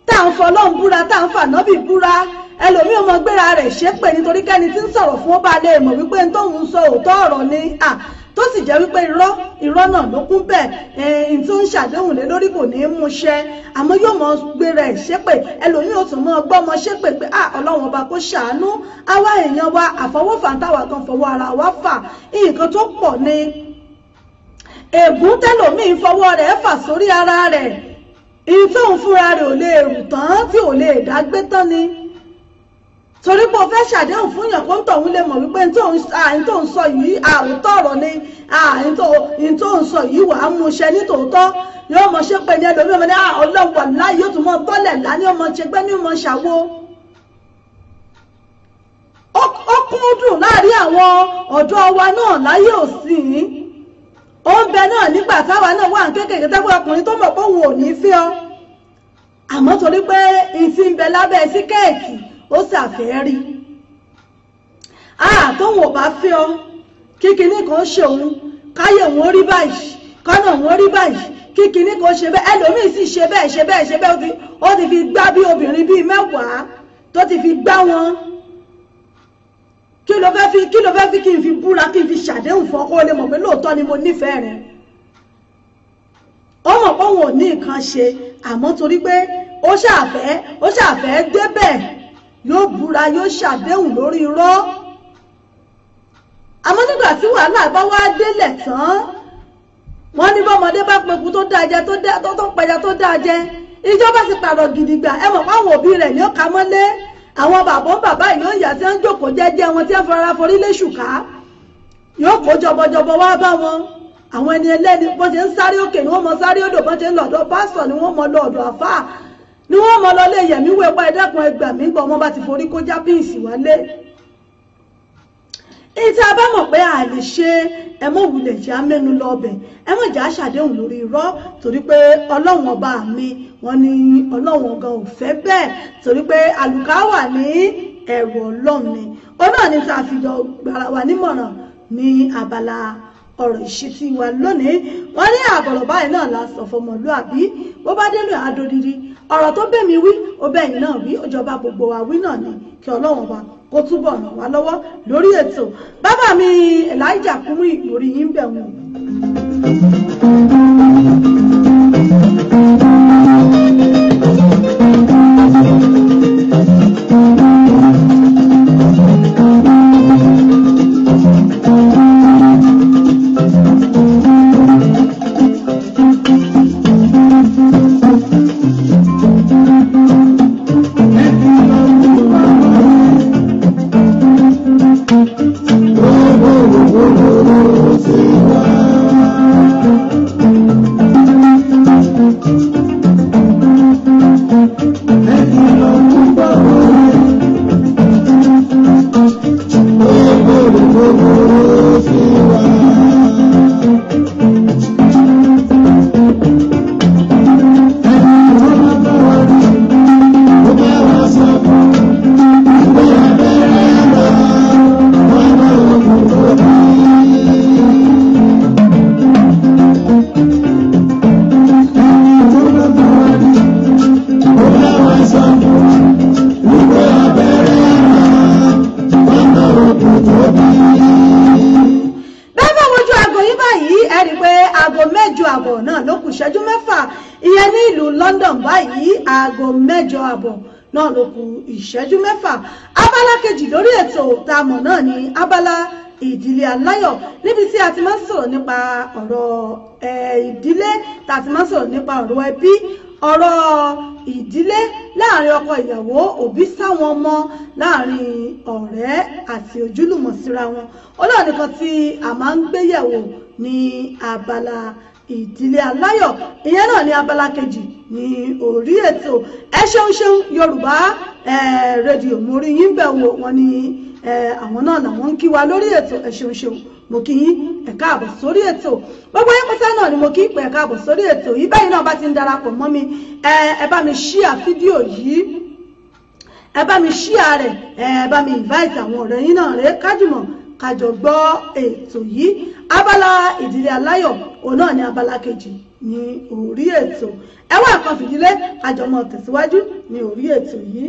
tá à ń fọlọ́run búra tá à ń fànábì búra ẹlòmíì ọmọ gbéra rẹ̀ ṣépè nítorí kẹ́ni tí ń sọ̀rọ̀ fún ọba lè mọ̀ wípé ń sọ òótọ́ ọ̀rọ̀ ni à tó sì jẹ́ wípé irọ́ irọ́ náà ló kún bẹ́ẹ̀ ẹ̀ẹ́n tó ń ṣàdéhùn lé lórí kò ní í mú ṣẹ àmọ́ yóò mọ gbéra ẹ̀ ṣépè ẹlòmíì ò tún mọ gbọ́mọ ṣépè pé à ọlọ́run ọba kò ṣàánú àwa èèyàn wa àfọwọ́fà kan fọwọ́ ara wa fà nǹkan tó pọ̀ ni ègún tẹlòmíì fọwọ́ rẹ̀ fà sórí ara rẹ̀ ìyí tóun fúnra rẹ̀ ò lè rù tán tí ò lè dágbé tán ni torí pé o fẹ́ ṣàdéhùn fún yàn kó ń tọ̀hún lè mọ̀ wípé àyìn tó ń sọ yìí àwòtọ́ ọ̀rọ̀ ni àyìn tó ń sọ yìí wàá mú ṣe ní tòótọ́ yóò mọ̀ ṣe pé ní ẹlòmíì ọmọdé ọlọ́wọ̀ láì yóò tún mọ tọ́lẹ̀ lá ní ọmọ ṣe pé ní ọmọ ṣàwo. ó kún dùn láàrin àwọn ọ̀dọ́ wa náà láyé òsín ó ń bẹ náà nígbà táwa náà wà kéékèèké tẹ́gbọ́n ọkùnrin tó mọ̀ pé òun ò ní fẹ́ ọ àmọ́ torí pé ìsìn ń bẹ lábẹ́ sí ó ṣàfẹ́ rí àtọ́wọ̀n ah, ò bá fẹ́ ọ kíkiní kan ṣe òun káyọ̀ wọn rí báyìí kọ́nà wọn rí báyìí kíkiní kan ṣe bẹ́ẹ̀ ẹlòmíì sì ṣe bẹ́ẹ̀ ṣe bẹ́ẹ̀ ṣe bẹ́ẹ̀ ó ti fi gbá bí obìnrin bíi mẹ́wàá tó ti fi gbá wọn kí ló fẹ́ fi kí ló fẹ́ fi kí n fi búra kí n fi ṣàdéhùn fún ọkọ lè mọ̀ pé lóòótọ́ ni mo nífẹ̀ẹ́ rẹ ó mọ̀ pé òun ò ní nǹkan ṣe àmọ́ torí pé ó ṣàfẹ́ ó ṣàfẹ́ débẹ̀ yóò búra yóò ṣàdéhùn lórí irọ́ àmọ́ nígbà tí wàhálà bá wá délẹ̀ tán wọ́n ní bọ́mọdé bá pẹ̀kú tó dáa jẹ tó tó pẹja tó dáa jẹ ìjọba sì pààrọ̀ gidigba ẹ mọ̀ fáwọn òbí rẹ̀ ní ó ka mọ́lé àwọn bàbá bàbá yóò yà tí wọ́n jòkó wọn tí wọ́n fara forí léṣùká yóò kó jọbọjọbọ wá bá wọn àwọn ẹni ẹlẹ́ni bọ́n ṣe ń sáré òkè ni wọ́n mọ sáré odò bọ́n ṣe ń lọ́dọ̀ pásítọ̀ ni wọ́n mọ lọ́dọ̀ àfáà ni wọ́n mọ̀ lọlé yẹ̀mí wẹ̀wá ẹ̀dẹ́kun ẹgbà mí gbọ́ ọmọ bá ti forí kó já píǹsì wálé ìta bá mọ̀ pé a lè ṣe ẹ mọ̀ wulẹ̀ jẹ́ amẹ́nu lọ ọbẹ̀ ẹ mọ̀ lórí irọ́ torí pé ọlọ́wọ̀n ọba mi wọ́n ní ọlọ́wọ̀n gan ò fẹ́ bẹ́ẹ̀ torí pé àlùkà wà ní ẹ̀rù ọlọ́run ni ó náà ní a fi jọ gbàrà wà nímọ̀ràn ní abala ọ̀rọ̀ ìṣítí wa lónìí wọ́n ní àgọ̀rọ̀ báyìí náà la sọ fọmọlúàbí bó bá délé àdòdìrí ọ̀rọ̀ tó bẹ́mi wí ó bẹ́yìn náà wí òjọba gbogbo wa wí náà ni kí ọlọ́run wa kó túbọ̀ ràn wá lọ́wọ́ lórí ètò bàbá mi Elijah Kúmú ìgbòrí yín bẹ̀ wọ́n. ìṣẹ́jú mẹ́fà abala kejì lórí ètò òtamọ̀ náà ni abala ìdílé aláyọ̀ níbi tí a ti máa ń sọ̀rọ̀ nípa ọ̀rọ̀ ìdílé tá a ti máa ń sọ̀rọ̀ nípa ọ̀rọ̀ ẹbí ọ̀rọ̀ ìdílé láàrin ọkọ ìyàwó òbí sáwọn ọmọ láàrin ọ̀rẹ́ àti ojúlùmọ̀ síra wọn ọlọ́ọ̀nìkan tí a máa ń gbéyẹ̀wò ní abala ìdílé ìdílé aláyọ̀ ìyẹn náà ní abala kejì ní orí ètò ẹ ṣeun ṣeun yorùbá rédíò mo rí yín bẹ̀ wò wọ́n ní àwọn náà làwọn ń kí wa lórí ètò ẹ ṣeun ṣeun mo kí yín ẹ káàbọ̀ sórí ètò gbogbo yín pátá náà ni mo kí pé ẹ káàbọ̀ sórí ètò yìí bẹ́ẹ̀ náà bá ti ń darapọ̀ mọ́ mi ẹ bá mi ṣíà fídíò yìí ẹ bá mi ṣíà rẹ̀ ẹ bá mi invite àwọn ọ̀rẹ́ yín náà rẹ̀ kájùmọ̀ kájọ gbọ́ ètò yìí abala ìdílé aláyọ̀ òun náà ni abala kejì ní orí ètò ẹ wá nǹkan fìdílé àjọmọ tẹ̀síwájú ní orí ètò yìí.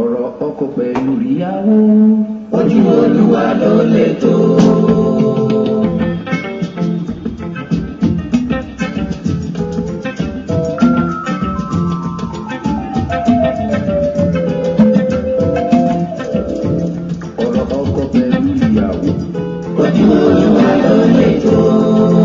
ọ̀rọ̀ ọkọ pẹ̀lú ìyàwó ojú olúwa ló lè tó. you are the little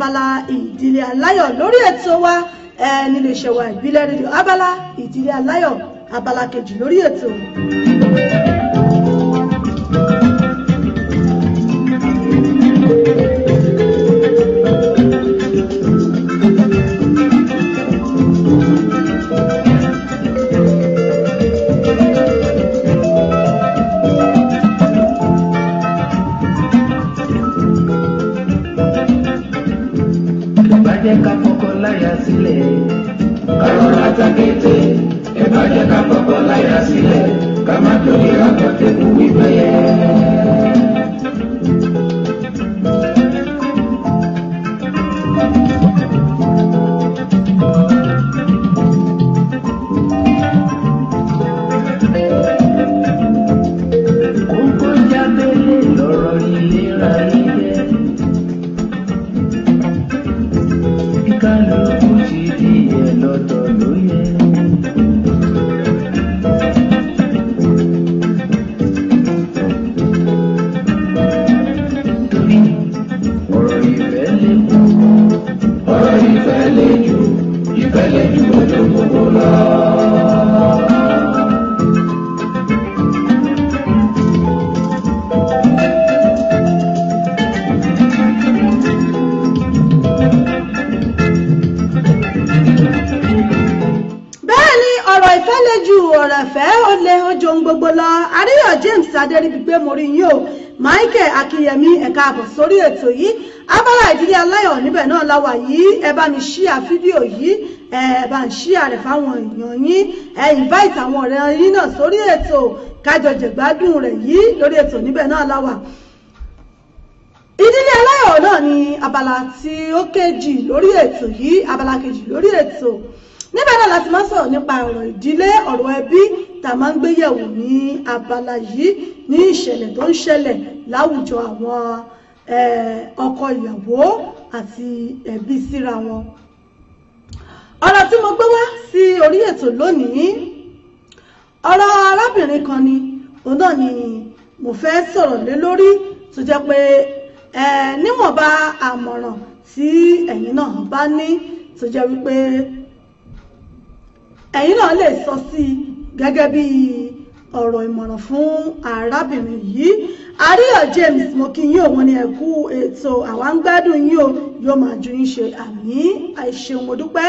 abala ìdílé aláyọ̀ lórí ètò wa ẹni lè ṣẹwà ìbílẹ̀ rédíò abala ìdílé aláyọ̀ abala kejì lórí ètò. ètò yìí abala ìdílé aláyọ̀ níbẹ̀ náà la wà yìí ẹ bá mi ṣíà fídíò yìí ẹ bá ń ṣíà rẹ̀ fáwọn èèyàn yín ẹ invite àwọn ọ̀rẹ́ yín náà sórí ètò kájọ jẹ̀gbádùn rẹ̀ yìí lórí ètò níbẹ̀ náà la wà ìdílé aláyọ̀ náà ni abala tí ó kejì lórí ètò yìí abala kejì lórí ètò níbẹ̀ náà láti máa sọ̀rọ̀ nípa ọ̀rọ̀ ìdílé ọ̀rọ̀ ẹbí tá a máa ń gbé ní abala yìí ní ìṣẹ̀lẹ̀ tó ń ṣẹlẹ̀ láwùjọ àwọn Eh, ọkọ ìyàwó àti ẹbí síra wọn ọ̀rọ̀ tí mo gbé wá sí orí ètò lónìí ọ̀rọ̀ arábìnrin kan ni òun náà ni mo fẹ́ sọ̀rọ̀ lé lórí tó jẹ́ pé níwọ̀nba àmọ̀ràn tí ẹ̀yin náà bá ní tó jẹ́ wípé ẹ̀yin náà lè sọ sí gẹ́gẹ́ bí ọ̀rọ̀ ìmọ̀ràn fún arábìnrin yìí àríyọ̀ James mo kí yín òun ni ẹ̀kú ètò àwa ń gbádùn yín o yóò máa ju yín ṣe àmì àìṣeun mo dúpẹ́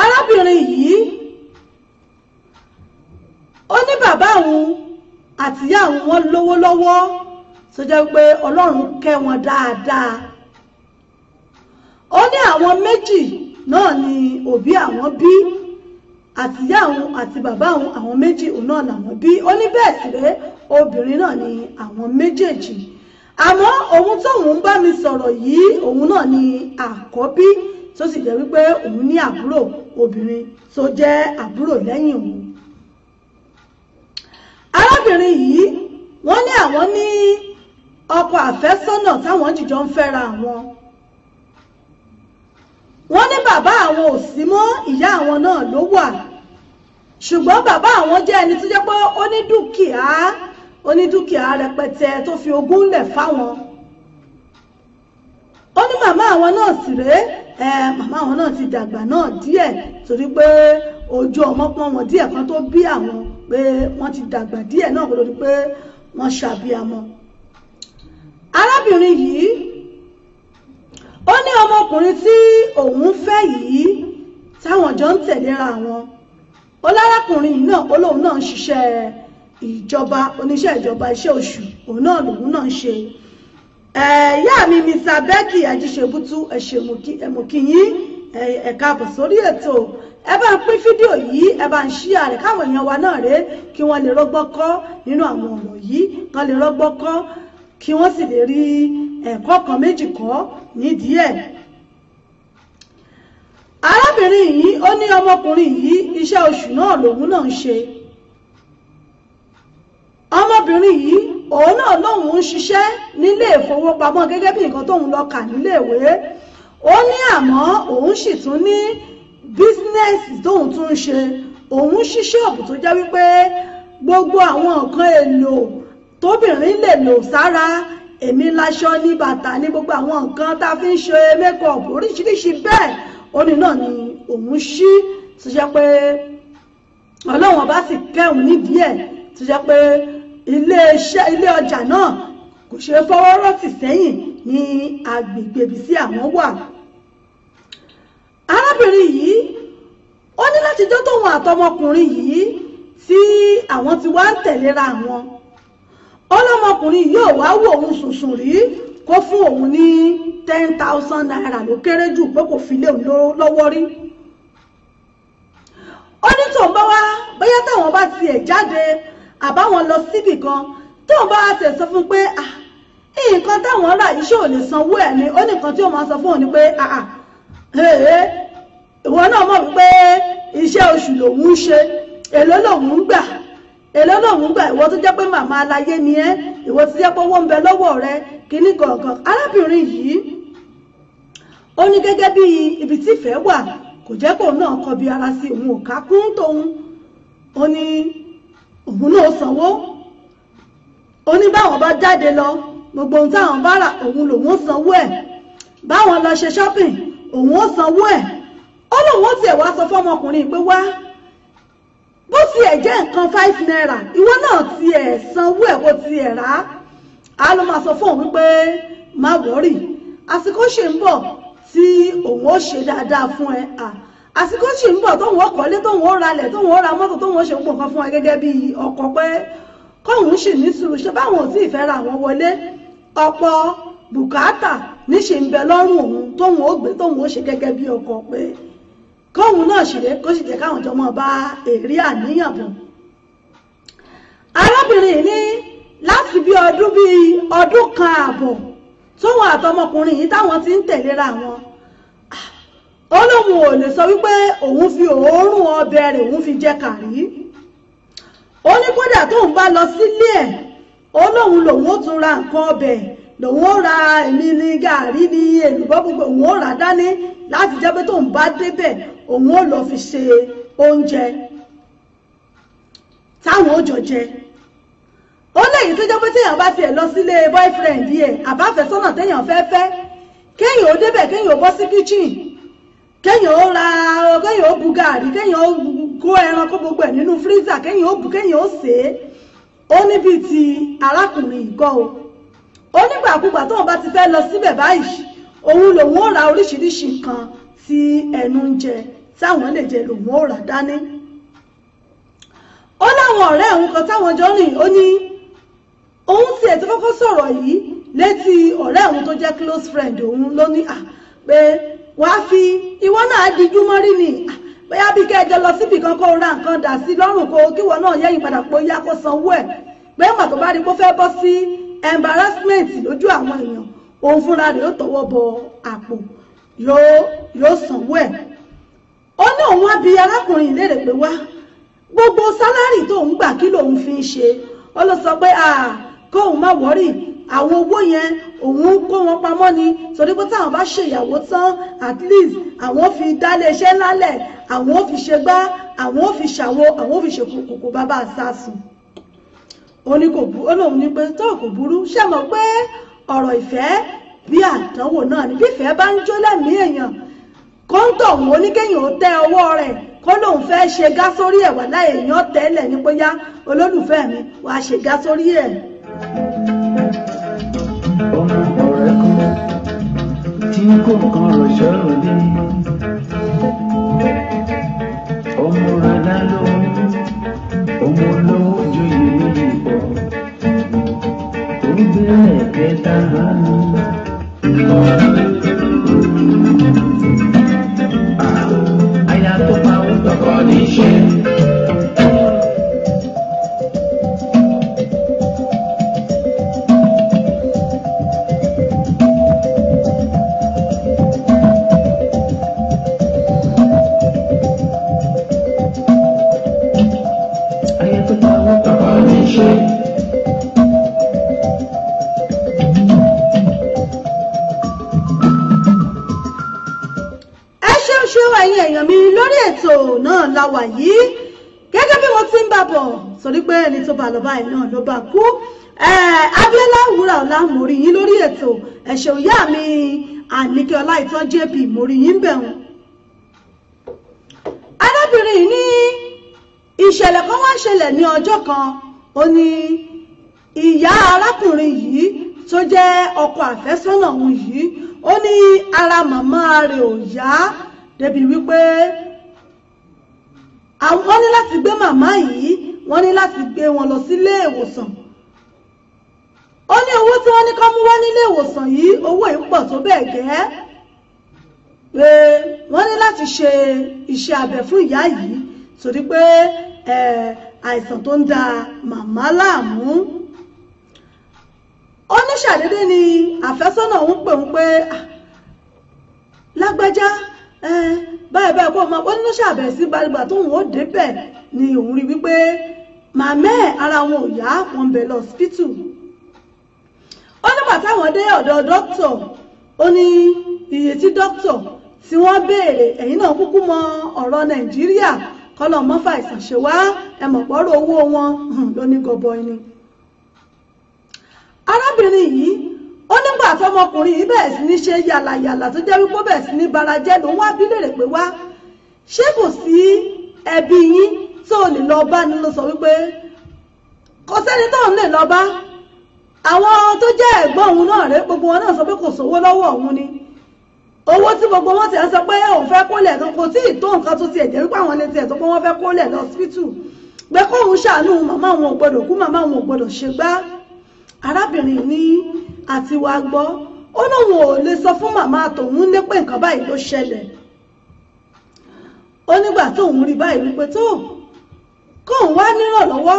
arábìnrin yìí ó ní bàbá òun àtìyá òun lówó lọ́wọ́ tó jẹ́ pé Ọlọ́run kẹ́ wọn dáadáa ó ní àwọn méjì náà ni òbí àwọn bí àtìyá àwọn àti bàbá àwọn àwọn méjì òun náà làwọn bí ó ní bẹ́ẹ̀ sì rẹ́ obìnrin náà ni àwọn méjèèjì àmọ́ òun tóun bá mi sọ̀rọ̀ yìí òun náà ni àkọ́bí tó sì jẹ́ wípé òun ní àbúrò obìnrin tó jẹ́ àbúrò lẹ́yìn òun arábìnrin yìí wọ́n ní àwọn ní ọkọ àfẹ́sọ́nà táwọn jìjọ ń fẹ́ra wọn wọ́n ní bàbá àwọn ò sí mọ́ ìyá àwọn náà ló wà ṣùgbọ́n bàbá àwọn jẹ́ ẹni tó jẹ́ pé ó ní dúkìá ó ní dúkìá rẹpẹtẹ tó fi ogún lẹ̀ fáwọn ó ní màmá àwọn náà sì rèé màmá àwọn náà ti dàgbà náà díẹ̀ torí pé ojú ọmọ pọ́n wọn díẹ̀ kan tó bí àwọn pé wọ́n ti dàgbà díẹ̀ náà kó lórí pé wọ́n ṣàbíamọ arábìnrin yìí ó ní ọmọkùnrin tí òun fẹ́ yìí táwọn jọ ń tẹ̀léra wọn ó lárákùnrin yìí náà ó lóun náà ń ṣiṣẹ́ ìjọba oníṣẹ́ ìjọba iṣẹ́ oṣù òun náà lòun náà ń ṣe ìyá mi mr becky ajíṣebútú ẹ̀ṣẹ̀mùkìyín ẹ̀ka àbọ̀ sórí ètò ẹ bá ń pín fídíò yìí ẹ bá ń ṣíà rẹ̀ káwọn èèyàn wa náà rèé kí wọ́n lè rọ́gbọ́n kọ́ nínú àwọn ọ̀rọ̀ yìí kán lè rọ́gbọ́n kọ́ kí wọ́n sì lè rí ẹ̀kọ́ kan méjì kọ́ nídìí ẹ̀ arábìnrin yìí ó ní ọmọkùnrin yìí iṣẹ́ oṣù náà lòun náà ń ṣe ọmọbìnrin yìí òun náà lòun ń ṣiṣẹ́ nílé ìfowópamọ́ gẹ́gẹ́ bí nǹkan tóun lọ kà níléèwé ó ní àmọ́ òun sì tún ní bísínẹ́sì tóun tún ń ṣe òun ṣí ṣọ́ọ̀bù tó jẹ́ wípé gbogbo àwọn nǹkan èlò tóbìnrin lè lò sára èmi láṣọ ní bàtà ní gbogbo àwọn nǹkan tá a fi ń ṣe mẹ́kọ̀ọ̀pù oríṣiríṣi bẹ́ẹ̀ ó ní náà ni òun ṣí tó jẹ́ pé ọlọ́run ọba sì kẹ́hùn nídìí ẹ̀ tó jẹ́ pé iléeṣẹ́ ilé ọjà náà kò ṣe fọwọ́ rọ́tì sẹ́yìn ní agbègbè ibi tí àwọn wà. arábìnrin yìí ó ní láti jọ́ tóun àtọmọkùnrin yìí tí àwọn ti wá ń tẹ̀léra àwọn ọlọ́mọkùnrin yóò wá wò òun sùnsùn rí kó fún òun ní ten thousand naira ló kéré jù pé kò fi lé òun lọ́wọ́ rí ó ní tóun bá wá bóyá táwọn bá tiẹ̀ jáde àbáwọn lọ síbì kan tóun bá wá tẹ̀ sọ fún pé nǹkan táwọn rà yìí ṣé ò lè sanwó ẹ̀ ni ó ní nǹkan tí ó máa sọ fún òun ni pé ìwọ náà mọ̀ wípé iṣẹ́ oṣù lòun ń ṣe èló lòun ń gbà èló lòun ń gbà ìwọ tó jẹ́ pé màmá aláyé ni ẹ́ ìwọ tó jẹ́ pé owó ń bẹ lọ́wọ́ rẹ kínní gọ̀ọ̀gàn arábìnrin yìí ó ní gẹ́gẹ́ bí ibi tí ìfẹ́ wà kò jẹ́ kóun náà kọbi ara sí òun ò ká kún tóun ó ní òun náà sanwó ó ní báwọn bá jáde lọ gbogbo ohun táwọn bá rà òun lòun sanwó ẹ̀ báwọn lọ ṣe shopping òun ó sanwó ẹ̀ ó lòun ó tiẹ̀ wá sọ fọ́mọkùnrin pé wá bó tiẹ̀ jẹ́ nǹkan five naira ìwọ náà tiẹ̀ sanwó ẹ̀ kó tiẹ̀ rà á a ló máa sọ fóun wípé má wọ́rì àsìkò ṣì ń bọ̀ tí òun ó ṣe dáadáa fún ẹ àsìkò ṣì ń bọ̀ tóun ó kọ́lé tóun ó ralẹ̀ tóun ó ra mọ́tò tóun ó ṣe gbọ̀ǹkan fún ẹ gẹ́gẹ́ bí ọkọ pé kóun ṣì ní sùúrù ṣe báwọn ò tí ì fẹ́ ra àwọn wọlé ọ̀pọ̀ bùkátà níṣe ń bẹ lọ́rùn òun tóun ó gbé tóun ó ṣe gẹ́gẹ́ bí ọkọ pé kóun náà ṣeré kó sì jẹ́ káwọn jọmọ bá èrè àníyàn bọ̀ arábìnrin ní láti bí ọdún bíi ọdún kan ààbọ̀ tóun àtọmọkùnrin yìí táwọn ti ń tẹ̀léra wọn ah, ó lóun ò lè sọ wípé òun fi òórùn ọbẹ̀ rẹ̀ òun fi jẹ kàrí ó ní kódà tóun bá lọ sílé ẹ̀ ó lóun lòun ó tún ra nǹkan ọbẹ̀ lòun ó ra èmi ní gàrí ní èlùbọ́ gbogbo òun ó rà dání láti jẹ́ pé tóun bá débẹ̀ òun ó lọ fi ṣe oúnjẹ táwọn ó jọ jẹ ó léyìí tó jẹ́ pé téèyàn bá tiẹ̀ lọ sílé boyfriend yẹ àbáfẹ́sọ́nà téèyàn fẹ́ fẹ́ kéèyàn ó débẹ̀ kéèyàn ó bọ́ sí kitchen kéèyàn ó ra kéèyàn ó bu gààrí kéèyàn ó kó ẹran kó gbogbo ẹ̀ nínú freezer kéèyàn ó bu kéèyàn ó sè é ó níbi ti arákùnrin ìgọ́ o ó nígbàkúgbà tóun bá ti fẹ́ lọ síbẹ̀ báyìí òun lòun ó ra oríṣiríṣi nǹkan tí ẹnu ń jẹ táwọn lè jẹ lòun ó rà dání ó láwọn ọ̀rẹ́ òun kan táwọn jọ rìn ó ní òun tiẹ̀ tó kọ́kọ́ sọ̀rọ̀ yìí létí ọ̀rẹ́ òun tó jẹ́ close friend òun ló ní à ah, pé wàá fi ìwọ náà dijú mọ́rí ni ah, bóyá bí kẹjọ lọ síbi kan kó ra nǹkan dà sí lọ́rùn kó kíwọ náà yẹ̀yìn padà pé ó yá kó sanwó ẹ̀ pé màá tó bá rí kó fẹ́ bọ́ sí embarrassment lójú àwọn èèyàn òun fúnra rẹ̀ yóò tọwọ́ bọ àpò yóò sanwó ẹ̀ ó ní òun wá bi arákùnrin ìlérè pé wá gbogbo sálárì tó ń gbà kí lòun fi ń ṣe ó lọ sọ pé ah kóun má wọ́rì àwọn owó yẹn òun kó wọn pamọ́ ni torí pé táwọn bá ṣèyàwó tán at least àwọn fi dálé iṣẹ́ lálẹ̀ àwọn ò fi ṣe gbá àwọn ò fi ṣàwo àwọn ò fi ṣe kòkò bàbá sásùn ó ní kò burú ó lóun ní pé tó kò burú ṣe mọ̀ pé ọ̀rọ̀ ìfẹ́ bí àdánwò náà ni bí ìfẹ́ bá ń jó lẹ́mìí èèyàn kóńtọ̀ òun oníkéèyàn ó tẹ ọwọ́ rẹ̀ kó lóun fẹ́ ṣe gá sórí ẹ̀ wà láì èèyàn tẹ́lẹ̀ ní bóyá olólùfẹ́ mi wàá ṣe gá sórí ẹ̀ ọmọ ọ̀rẹ́ kan tí kò kan rọ̀ṣọ́ òde ọmọ rádá lówó ọmọ lówó àbíkẹ́ ọláìtọ́ jp mórí yín bẹ̀rùn. arábìnrin ní ìṣẹ̀lẹ̀ kan wá ṣẹlẹ̀ ní ọjọ́ kan ó ní ìyá arákùnrin yìí tó jẹ́ ọkọ àfẹ́sọ́nà òun yìí ó ní ara màmá rẹ̀ ò yá débi wípé àwọn ní láti gbé màmá yìí wọ́n ní láti gbé wọn lọ sílé ìwòsàn ó ní owó tí wọ́n ní ká mú wá nílé ìwòsàn yìí owó yìí pọ̀ tó bẹ́ẹ̀ gẹ́ pé wọ́n ní láti ṣe iṣẹ́ abẹ fún ìyá yìí torí pé àìsàn tó ń da màmá láàmú ó ní ṣàdédé ni àfẹ́sọ́nà òun pè òun pé lágbájá báyìí báyìí kó máa ó ní ṣàbẹ̀ sí gbàgbà tóun ó débẹ̀ ni òun rí wípé màmá ara wọn ò yá wọn bẹ̀ lọ nígbà táwọn dé ọ̀dọ̀ dókítọ̀ ó ní iye tí dókítọ̀ tí wọ́n béèrè ẹ̀yin náà kúkú mọ ọ̀rọ̀ nàìjíríà kọ́lọ̀ mọ́fà ìsànṣe wá ẹ̀mọ̀pọ̀rọ̀ owó wọn ló ní gọbọi ni. arábìnrin yìí ó nígbà tọmọkùnrin yìí bẹ̀rẹ̀ sí ní ṣe yàlàyàlà tó jẹ́ wípé bẹ̀rẹ̀ sí ní barajẹ́ ló wá bí lèrè pé wá ṣé kò sí ẹbí yín tó lè lọ bá ni ló sọ wípé kò sẹ́ni tóun lè lọ bá àwọn tó jẹ́ ẹ̀gbọ́n òun náà rẹ gbogbo wọn náà sọ pé kò sówó lọ́wọ́ òun ni owó tí gbogbo wọn ti ń sọ pé òun fẹ́ kólẹ̀ tó kò tí ì tó nǹkan tó tiẹ̀ jẹ́ wípé àwọn létí ẹ̀ tó pé wọ́n fẹ́ kólẹ̀ lọ́sípítù pé kóun ṣàánú màmá òun ò gbọdọ̀ kú màmá òun ò gbọdọ̀ ṣe gbá arábìnrin ní àti wa gbọ́ ó lóun ò lè sọ fún màmá tòun ní pé nǹkan báyìí ló ṣẹlẹ̀ ó nígbà tóun rí báyìí wípé tó kóun wá nírànlọ́wọ́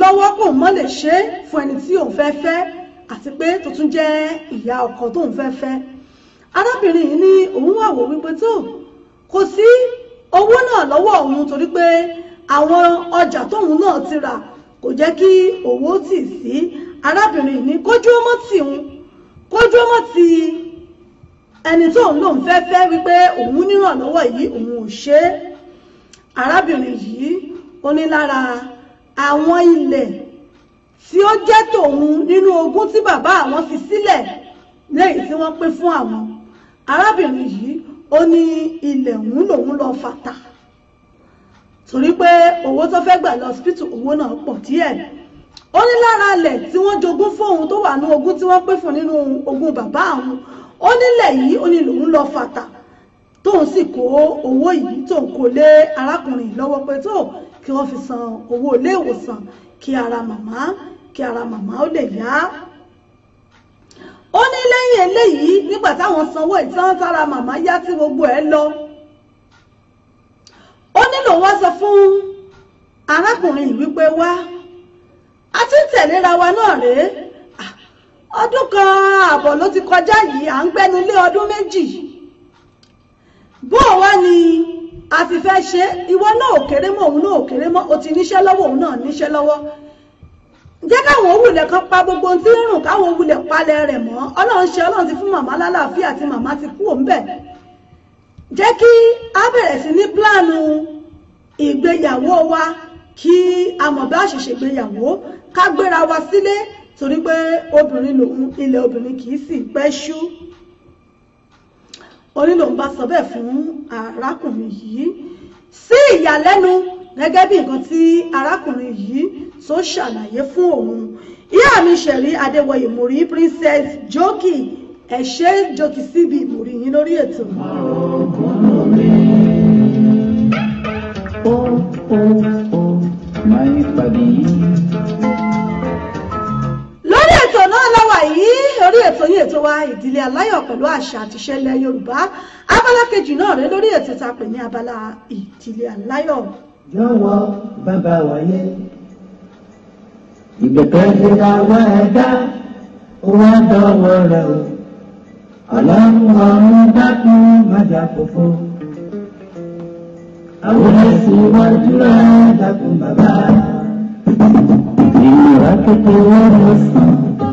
lọ́wọ́ kò mọ́ lè ṣe é fún ẹni tí òun fẹ́ fẹ́ àti pé tó tún jẹ́ ìyá ọkọ tóun fẹ́ fẹ́ arábìnrin yìí ní òun wà wò wípé tó kò sí owó náà lọ́wọ́ òun torí pé àwọn ọjà tóun náà ti rà kò jẹ́ kí owó tì sí arábìnrin yìí ní kójú ọmọ tì ń kójú ọmọ tì ẹni tóun lòun fẹ́ fẹ́ wípé òun nírànlọ́wọ́ yìí òun ò ṣe é arábìnrin yìí ó ní lára àwọn ilẹ̀ tí ó jẹ́ tòun nínú ogún tí bàbá àwọn fi sílẹ̀ lẹ́yìn tí wọ́n pín fún àwọn arábìnrin yìí ó ní ilẹ̀ òun lòun lọ fata torí pé owó tó fẹ́ gbà lọ hospital owó náà pọ̀ díẹ̀ ó ní lára ilẹ̀ tí wọ́n jogún fóun tó wà ní ogún tí wọ́n pín fún nínú ogún bàbá àwọn ó nílẹ̀ yìí ó ní lòun lọ fata tóun sì kó owó yìí tóun kò lé arákùnrin lọ́wọ́ pé tóun kí wọ́n fi san owó ilé ìwòsàn kí ara màmá kí ara màmá ó lè yá ó ní lẹ́yìn eléyìí nígbà táwọn sanwó ìtàn tára màmá yá tí gbogbo ẹ̀ lọ ó nílò wá sọ fún arákùnrin yìí wípé wá a ti ń tẹ̀léra wa náà rèé ọdún kan ààbọ̀ ló ti kọjá yìí à ń gbẹ́nu lé ọdún méjì bó o wá ni àfi fẹ́ ṣe ìwọ náà ò kéré mọ́ òun náà ò kéré mọ́ o ti níṣẹ́ lọ́wọ́ òun náà níṣẹ́ lọ́wọ́ jẹ́ káwọn òwúlẹ̀ kan pa gbogbo ohun tí ń rùn káwọn òwúlẹ̀ palẹ̀ rẹ̀ mọ́ ọlọ́run ṣe ọlọ́run ti fún màmá lálàáfíà tí màmá ti kú òun bẹ̀ jẹ́ kí a bẹ̀rẹ̀ sí ní pílánù ìgbéyàwó wa kí a mọ̀ bá ṣẹ̀ṣẹ̀ gbéyàwó ká gbéra wa sílé torí pé obìnrin lòun ilẹ̀ obìnrin kì í sì pẹ́ ṣú onílòun bá sọ bẹ́ẹ̀ fún arákùnrin yìí sí ìyàlẹ́nu gẹ́gẹ́ bí nǹkan tí arákùnrin yìí tó ṣàlàyé fún òun ìyá mi ṣẹ̀rí adéwọyè mórí princess jókì ẹ jókì síbi ìmórí yín lórí ètò. ó ó ó máa ń lọ́wọ́ lọ́wọ́ yìí orí ètò yín ètò wa ìdílé aláyọ̀ pẹ̀lú àṣà àti ìṣẹ̀lẹ̀ Yorùbá abala kejì náà rẹ lórí ètò tá pè ní abala ìdílé aláyọ̀. jọ̀wọ́ bàbá wáyé ìgbẹ́kẹ̀lé àwọn ẹ̀dá wá dọ̀wọ́ rẹ̀ o ọlọ́run ọ̀run dákun mọ́jà fòfò àwọn ẹ̀sìn rẹ̀ dákun bàbá ìrora kékeré wọn sàn.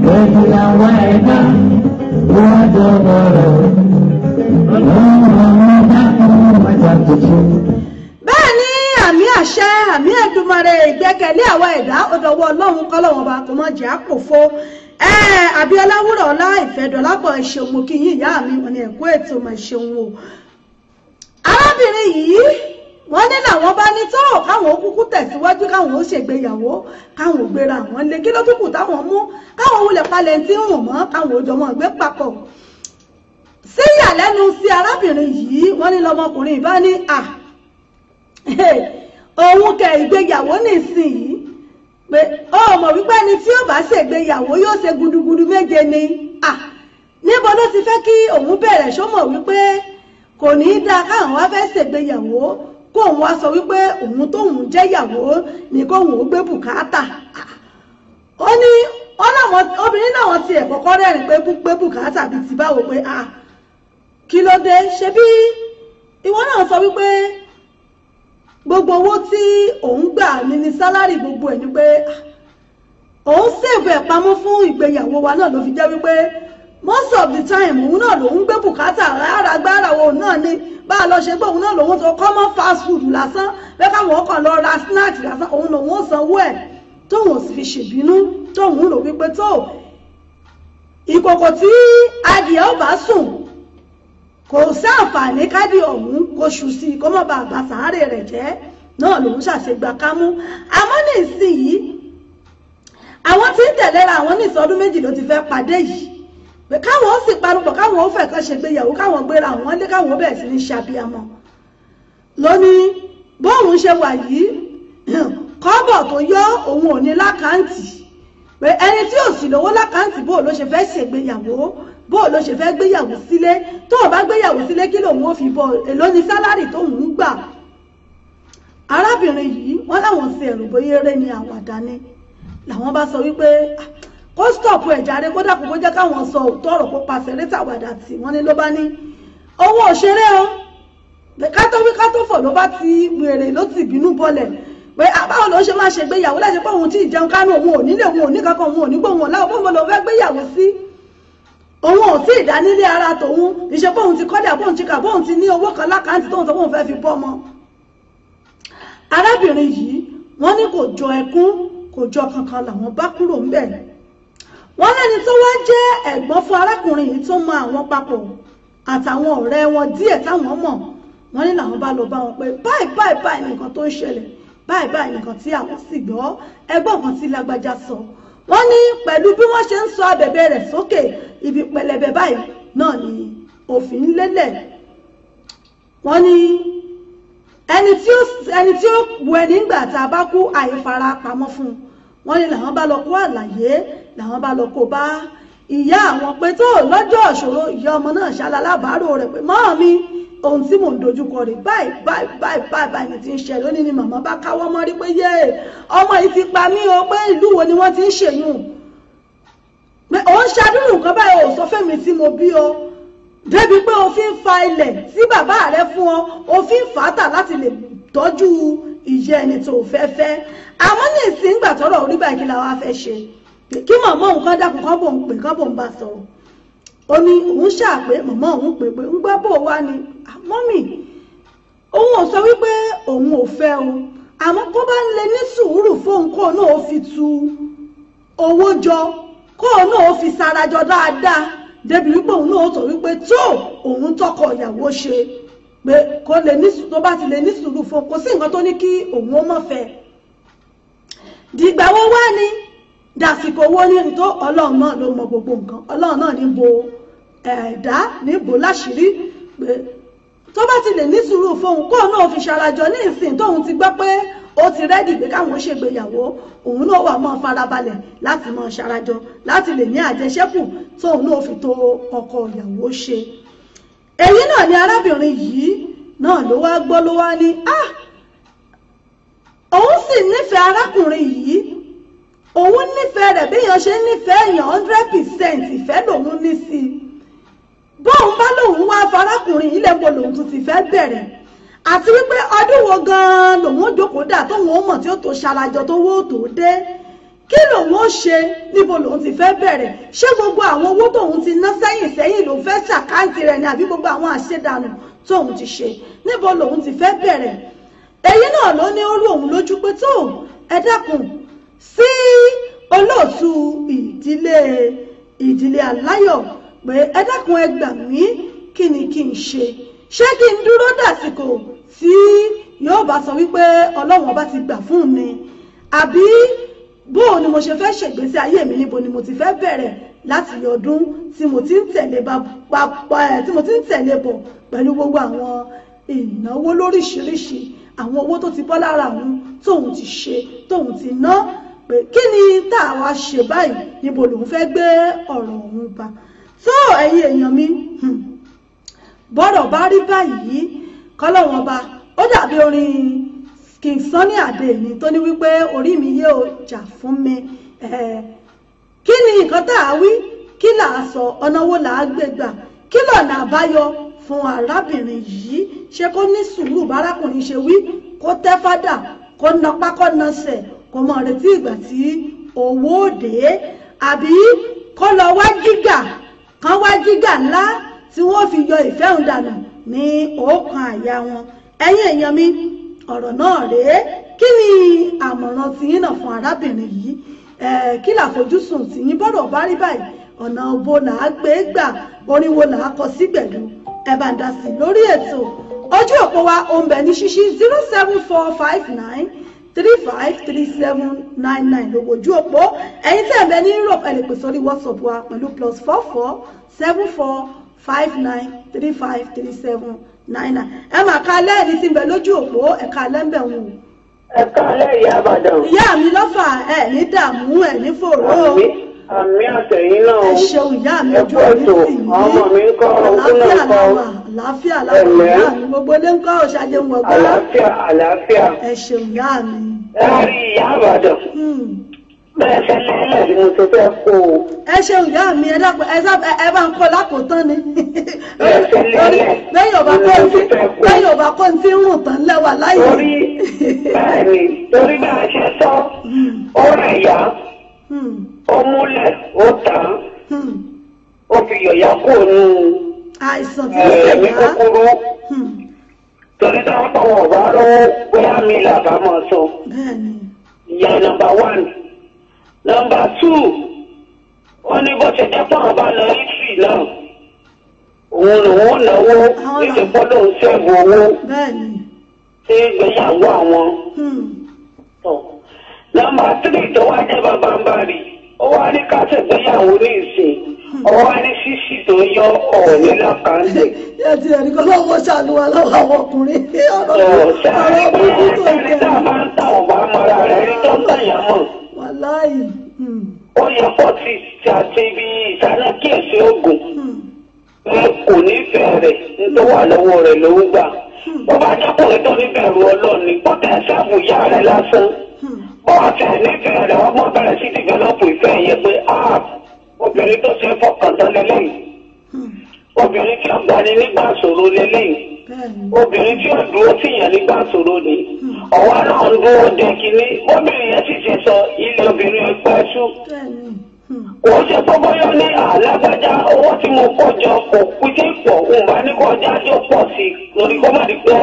Because la huelga, guardo moro. Bẹ́ẹ̀ ni àmì àṣẹ àmì Èdùmàrè ìgbẹ́kẹ̀lé àwa ẹ̀dá ọ̀dọ̀wọ́ ọlọ́run ọba kò jẹ́ ọlá kí yín ìyá mi ẹ̀kọ́ ètò ọmọ Arábìnrin wọ́n ní làwọn bá ní tó káwọn ó kúkú tẹ̀síwájú káwọn ó ṣègbéyàwó káwọn ò gbéra àwọn lé kí ló tún kù táwọn mú káwọn wulẹ̀ palẹ̀ tí ń rùn mọ́ káwọn ò jọmọ́ gbé papọ̀ sí ìyàlẹ́nu sí arábìnrin yìí wọ́n ní lọmọkùnrin ìbá ní à òun kẹ ìgbéyàwó nísìnyìí pé ó mọ̀ wípé ẹni tí ó bá ṣègbéyàwó yóò ṣe gudugudu méje ni à níbo ló ti fẹ́ kí òun bẹ̀rẹ̀ ṣó mọ̀ wípé kò ní í dáa káwọn wá fẹ́ ṣègbéyàwó kóun wá sọ wípé òun tóun jẹ́yàwó ni kóun ó gbé bùkátà ó ní obìnrin náà ti ẹ̀ kọ́kọ́ rẹ́rìn pé gbé bùkátà bíi ti báwo pé a kí ló dé ṣe bí ìwọ náà sọ wípé gbogbo owó tí òun gbà ní ní sálárì gbogbo ẹ̀ ni pé òun ṣèbù ẹ̀ pamọ́ fún ìgbéyàwó wa náà ló fi jẹ́ wípé most of the time òun náà lòun gbé bùkátà àràgbára òun náà ni bá a lọ ṣe pé òun náà lòun tó common fast food lásán bẹ́ẹ̀ káwọn ọkàn lọ ra snacks lásán òun lòun ó sanwó ẹ̀ tóun ò sì fi ṣèbínú tóun rò wípé tó ìkòkò tí adìẹ ò bá sùn kò sí àǹfààní kádì ọ̀hún kò ṣù sí i kó mọ̀ bá àgbà sàárè rẹ̀ jẹ́ náà lòun ṣàṣegbà kámú àmọ́ nísìnyí àwọn tí ń tẹ̀léra àwọn ní ìsọdún méjì ló ti fẹ́ pàdé yìí pé káwọn ó sì parúpọ̀ káwọn ó fẹ̀kan ṣe gbéyàwó káwọn gbéra wọn lé káwọn bẹ̀rẹ̀ sí ní ṣàbíamọ lónìí bóun ṣe wà yìí kọ́bọ̀ tó yọ òun ò ní lákàntì pé ẹni tí ò sì lówó lákàntì bó ló ṣe fẹ́ ṣègbéyàwó bó ló ṣe fẹ́ gbéyàwó sílé tó o bá gbéyàwó sílé kí lòun ó fi bọ èló ni sálárì tóun ń gbà arábìnrin yìí wọ́n láwọn ṣe ẹ̀rù bóyá eré ni àwàdà ni làwọn bá sọ wípé ah, kó stọ̀pù ẹ̀jáde kó dàpọ̀ kó jẹ́ káwọn sọ òótọ́ ọ̀rọ̀ kó pa sẹ̀rẹ́tà wàdà tí wọ́n ní ló bá ní owó òṣèré o kátó wí kátó fọ̀ ló bá ti wèrè ló ti bínú bọ́lẹ̀ pé báwo ló ṣe máa ṣe gbéyàwó láti pé òun tí ì jẹun kánú òun ò nílé òun ò ní kankan òun ò ní gbóhùn ọ̀la òun ló fẹ́ gbéyàwó sí òun ò tí ì dá nílé ara tòun ìṣe bóun ti kọ́dà bóun ti kà bóun ti ní owó kan lákàntì tóun sọ bóun fẹ́ fi bọ́ ọmọ arábìnrin yìí wọ́n ní kò jọ ẹkún kò jọ kankan làwọn bá kúrò ńbẹ̀ wọ́n lẹ́ni tó wá jẹ́ ẹ̀gbọ́n fún arákùnrin yìí tó mọ àwọn papọ̀ àtàwọn ọ̀rẹ́ wọn díẹ̀ táwọn mọ̀ wọ́n ní làwọn bá lọ bá wọn pé báyìí báyìí báyìí nìkan tó ń ṣẹlẹ̀ báyìí báyìí nìkan tí àwọn sì gbọ́ ẹgbọ́n kan tí lágbájá sọ wọ́n ní pẹ̀lú bí wọ́n ṣe ń sọ abẹ̀bẹ̀ rẹ̀ sókè ibi pẹlẹbẹ báyìí náà ni òfin lélẹ̀ wọ́n ní ẹni tí ó wù ẹni ńgbà tá a bá kú àyè fara pamọ́ fún un ní làwọn bá lọ kó àlàyé làwọn bá lọ kó bá ìyá àwọn pé tó lọ́jọ́ ìṣòro ìyá ọmọ náà ṣalálábàárò rẹ̀ pé mọ́ mi ohun tí mò ń dojúkọ rẹ̀ báyìí báyìí báyìí báyìí báyìí ni ti ń ṣẹlẹ̀ ó ní ni màmá bá káwọ́ mọ́ rí pé yé ọmọ yìí ti pa mí o pé ìlú wo ni wọ́n ti ń ṣèyún ò ń ṣàdúrù nǹkan báyìí ò sọ fẹ́mi tí mo bí o débi pé o fa ilẹ̀ tí bàbá rẹ fún ọ o fà á tà láti lè tọ́jú ìyá ẹni tó fẹ́ fẹ́ àwọn ní ìsìn ìgbà orí báyìí kí la wá fẹ́ ṣe kí màmá òun kán dákun kán bò ń pè kán bò ń bá sọ̀rọ̀ ó ní òun ṣàpè màmá òun pè pé ń gbá bò wá ni mọ́mì òun ò sọ wípé òun ò fẹ́ o àmọ́ kó bá ń lè ní sùúrù fóun kó náà ó fi tu owó jọ kó náà ó fi sarajọ dáadáa débi wípé òun náà ó sọ wípé tó òun tọkọ ìyàwó ṣe pé kó lè ní tó bá ti lè ní sùúrù fóun kò sí nǹkan tó ní kí òun ó mọ̀ fẹ́ dìgbà wo wá ni dàsìkò owó ní ẹni tó ọlọ́run náà ló mọ gbogbo nǹkan ọlọ́run náà ní bo ẹ̀dá ní bo láṣìírí pé tó bá ti lè ní sùúrù fóun kóun náà fi ṣarajọ ní ìsìn tóun ti gbọ́ pé ó ti rẹ́dì pé káwọn ṣègbéyàwó òun náà wà máa farabalẹ̀ láti máa ṣarajọ láti lè ní àjẹṣẹ́kù tóun náà fi tó ọkọ ìyàwó ṣe èyí náà ni arábìnrin yìí náà ló wá gbọ́ ló wá ní ah òun sì nífẹ̀ẹ́ arákùnrin yìí òun nífẹ̀ẹ́ rẹ̀ béèyàn ṣe nífẹ̀ẹ́ èèyàn hundred percent ìfẹ́ lòun ní sí i bóun bá lòun wá farákùnrin ilẹ̀ wo lòun tún ti fẹ́ bẹ̀rẹ̀ àti wípé ọdún wo gan-an lòun jókòó dà tóun ó mọ̀ tí ó tó ṣarajọ tó wó tó dé kí lòun ó ṣe níbo lòun ti fẹ́ bẹ̀rẹ̀ ṣé gbogbo àwọn owó tóun ti ná sẹ́yìn sẹ́yìn ló fẹ́ ṣàkáǹtì rẹ̀ ni àbí gbogbo àwọn àṣedànù tóun ti ṣe níbo lòun ti fẹ́ bẹ̀rẹ̀ èyí náà ló ní ó rú òun lójú pé tóun ẹ dákun sí olóòtú ìdílé ìdílé aláyọ̀ pé ẹ dákun ẹ gbà mí kí ni kí n ṣe ṣé kí n dúró dàsìkò tí yóò bá sọ wípé ọlọ́run ọba ti gbà fún mi àbí bóò ni mo ṣe fẹ́ ṣègbésí ayé mi níbo ni mo ti fẹ́ bẹ̀rẹ̀ láti yọdún tí mo ti ń tẹ̀lé bọ̀ pẹ̀lú gbogbo àwọn ìnáwó lóríṣiríṣi àwọn owó tó ti bọ́ lára òun tóun ti ṣe tóun ti ná pé kí ni tá a wá ṣe báyìí níbo lòun fẹ́ gbé ọ̀rọ̀ ọ̀hún bá tó ẹ̀yin èèyàn mi hmm, bọ́rọ̀ bá rí báyìí kọ́lọ́wọ́n ọba ó dàbí orin King Sunny Adé ni tó ní wípé orí mi yóò jà fún mi kí ni nǹkan tá a wí kí là á sọ ọ̀nà wo là á gbé gbà kí lọ̀nà àbáyọ fún arábìnrin yìí ṣé kó ní sùúrù bárakùnrin ṣe wí kó tẹ́ fádà kó napá kó nasẹ̀ kò mọ̀ retí ìgbà tí owó òde àbí kó lọ wá jígà kan wá jígà ńlá tí wọ́n fi yọ ìfẹ́ òun dànù ní ọkàn àyà wọn ẹ̀yin èèyàn mi ọ̀rọ̀ náà rèé kí ni àmọ̀ràn tiyín náà fún arábìnrin yìí kí làfojúsùn tiyín bọ́dọ̀ bá rí báyìí ọ̀nà òbo là á gbé gbà orin wo là á kọ sí gbẹ̀dú ẹ bá ń dá sí lórí ètò ojú òpó wa ó ní ṣíṣí zero seven four five nine three five three seven nine nine ló wojú òpó ẹ̀yin tẹ̀ bẹ ní Europe ẹ̀ lè pè sórí WhatsApp wa pẹ̀lú plus four four seven four five nine three five three seven nine nine ẹ máa ka lẹ́ẹ̀ni tí ń bẹ lójú òpó ẹ̀ka lẹ́ńbẹ̀ ń wò. ẹ̀ka lẹ́yìn abàdàn. ìyá mi lọ́fà ẹ̀ ní dààmú ẹ̀ ní fòró àmì àtẹ̀yìn náà o. ẹ ṣeun ìyá mi ojú orí sì yí. ọmọ mi ń kọ́ ogún náà kọ́. àlàáfíà làwọn àlàáfíà làwọn ìyá mi gbogbo lé ń kọ́ òṣàjẹ wọn gbọ́. àlàáfíà àlàáfíà. ẹ ṣeun ìyá mi. ẹ rí ìyá àbàdàn. Hmm. ẹ ṣeun ìyá mi ẹ dàpọ̀ ẹ bá ń kọ́ lákòótán ni. bẹ́ẹ̀ lẹ́yìn ọba kó ń fi lẹ́yìn ọba kó ń fi ń rùn tán lẹ́wà láyé. torí báyìí torí bá ṣe sọ hmm. ó rẹ̀ yá ó múlẹ̀ ó tàn án ó fi yọ̀yà kó nu ẹ̀mí kúkúrú torí táwọn tọwọ́ ọ̀bá lọ́wọ́ bóyá mi làbá máa sọ ìyá nọ́mbà one nọ́mbà two wọ́n ní bó ṣe jẹ́ pọ́n ọba lọ ìfì náà òun lòun náwó níbi gbọ́dọ̀ ń ṣẹ́gun owó sí ìgbéyàwó àwọn. Hmm nọmba three tó wá jẹ́ bàbàǹbarì ó wá ní kásẹ̀ tó yàwó ní ìsìn ọwọ́ ní ṣíṣì tó yọ ọ̀ọ́nì lọ́kàndé. yàtí ẹ̀rí kan lọ́wọ́ wọ́n ṣàánú wa lọ́wọ́ àwọn ọkùnrin. ọ̀sẹ̀ àríkú tó ń tẹ̀. ẹni tá a máa ń ta ọ̀bá mara rẹ̀ ẹni tó ń tàyà mọ̀. wàláì. ó yẹ fọ́ọ̀tì àti ibi ìsàlákìyèsí ogun. wọn kò nífẹ̀ẹ́ rẹ̀ nítorí wà lọ́wọ́ rẹ̀ ló ń gbà. bó bá jákòó rẹ̀ tó níbẹ̀rù ọlọ́ọ̀ni kó tẹ̀ sáàbù yá rẹ̀ lásán bọ́ọ̀tì nífẹ̀ẹ́ rẹ̀ wọ́n mọ̀ bẹ̀rẹ̀ sí dìgbẹ́lọ́pù ìfẹ́ yẹn pé obìnrin tó ṣe fọkàn tán lélẹ́yìn obìnrin tí ó gbani nígbà ṣòro lélẹ́yìn obìnrin tí ó dúró tìyàn nígbà ṣòro ni ọ̀wá náà ń dúró de kínní obìnrin yẹn sì ṣe sọ ilé obìnrin ẹgbẹ́ ṣú kò ṣe tó bóyá ní alágbájá owó tí mo kó jọ kò kú dé pọ̀ òun bá ní kọjá tó pọ̀ sí i lórí kó má di pé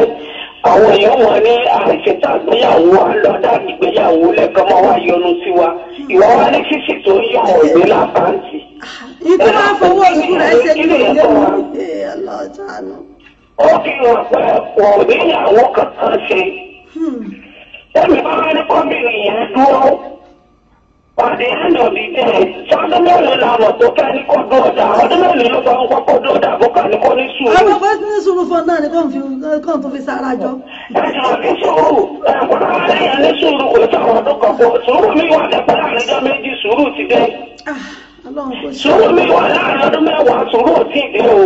àwọn èèyàn wọn ní àìṣètà ìgbéyàwó àlọ́dà ìgbéyàwó lẹ́ẹ̀kan máa wá yọnu sí wa ìwọ wa ní ṣíṣì tó yọ ìwé lápáǹtì. ìtọ́ máa fowó oṣù rẹ̀ ṣe kí lè lè wá. ó fi hàn pé wọ́n ní kankan ṣe. ó hmm. ní bá wá ní kọ́mìnì yẹn dúró pàdé ẹ̀nà dídé fọdún mẹ́rin làwọn tó ká ní kó dọ̀dà ọdún mẹ́rin ló fọwọ́n kó kó dọ̀dà bó ká ní kó ní sùúrù. àwọn bá ní sùúrù fún náà ni kò tún fi sára jọ. dájọ́ ní sùúrù ẹ̀kọ́ ẹ̀yà ní sùúrù kò sáwọn ọdún kan kó sùúrù mi wà dẹ́pẹ́ láàrin ọjọ́ méjì sùúrù ti dé. sùúrù mi wà láàrin ọdún mẹ́wàá sùúrù ò tí ì dé o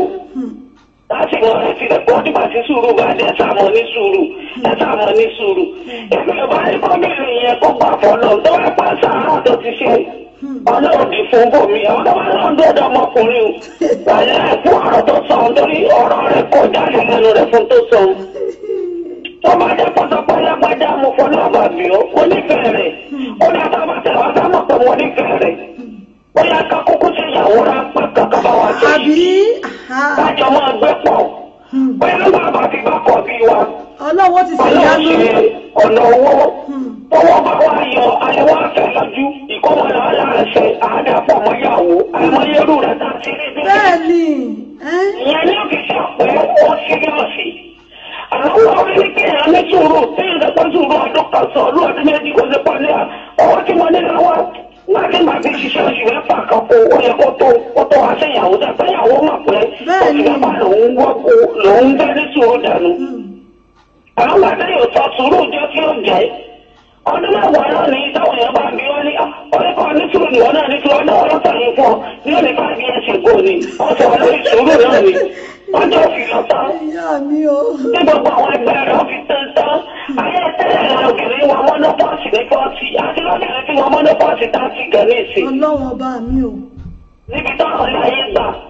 láti mọ rántí rẹ̀ pọ́n nígbà tí sùúrù wà ní ẹ̀ta mọ ní sùúrù ẹ̀ta mọ ní sùúrù ẹ̀mí ọba ìmọ̀bìnrin yẹn kó gbà fọlọ́ tó wà pa sàárà tó ti ṣe ọlọ́run ní fún bòmí ọlọ́run náà gbọ́dọ̀ ọmọkùnrin o wà ní ẹ̀kú ọ̀rọ̀ tó sọ ọ́n torí ọ̀rọ̀ rẹ̀ kò jáde lẹ́nu rẹ̀ fún tó sọ ọ́n ọba jẹ pátápátá lágbájá mo fọlọ́ àbàbí ó nífẹ̀ẹ́ rẹ̀ ó ní àtàwọn àtẹ̀wọ́ bóyá ká kúkú sí ìyàwó ráńpẹ́ kankan bá wa ṣe yìí kájọ máa gbé pọ̀ hmm. bóyá ló bá bá fi bá kọ̀ bí wa ọlọ́wọ́ ti sì yá lórí ọ̀nà owó owó hmm. bá wà yọ àyẹ̀wò àfẹ́ lọ́jú ìkọ́wọ́nà aláàṣẹ àádọ́pọ̀ mọ́yàwó àìmọyẹ́rù rẹ̀ náà ti rí bẹ́ẹ̀. bẹ́ẹ̀ni. ìyẹn ní òkè ṣàpẹ́ ó ṣíríọ̀sì àwọn orílẹ̀-èdè àmẹ́sòrò bẹ́ẹ̀ ń dẹ́gbẹ́sòrò àdókàsọ̀ lóòdì méjì kò sí pàdé ọ̀hún tí wọ́n ní lọ́wọ́ nígbà tí màbí ṣiṣẹ́ oṣù mẹ́fà kan kó ó yẹ kó tó kó tó wá sẹ́yàwó dá sẹ́yàwó mà pé oṣù mẹ́fà lòún wọ́ kó lòún bẹ́ ní sùúrù dànù. àwọn àti ìyòtọ̀ sùúrù jẹ́ kí ó jẹ́ ọdún mẹ́wàá náà ní táwọn èèyàn bá ń bí wọ́n ní ọlọ́kọ̀ ní sùúrù nìwọ́n náà ní sùúrù náà ọlọ́kọ̀ ní fún ọ ní ọ̀nà ìbá ọjọ́ òfin lọ tán. ní gbogbo àwọn ẹgbẹ́ rẹ̀ òfin tán tán ayé tẹ́lẹ̀ rẹ̀ obìnrin wọn mọ́nọ́pọ́ọ̀sì ní pọ́ọ̀sì àti lọ́bìnrin tí wọn mọ́nọ́pọ́ọ̀sì tá a ti gàn ní ìsìn. ọlọ́wọ́n bá mi o. níbi táwọn ilé ayé ni láti ti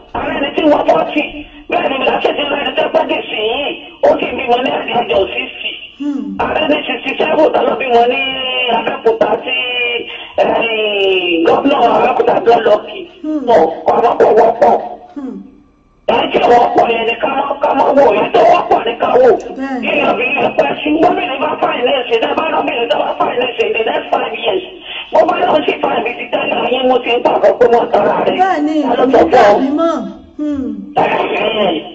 báyìí àwọn ọ̀pọ̀ yẹn ni máa wò yẹn tó wọ́pọ̀ ní wò. èèyàn bí ẹgbẹ́ sí gómìnà bá fà ẹ̀sìn náà bá gómìnà tó bá fà ẹ̀sìn the next five years. mo bá lọ sí five ti tẹ́lẹ̀ ayé mo ti ń pàgọ́ pé mo tọ́ra rẹ̀. bẹ́ẹ̀ ni ìlú ìjà mi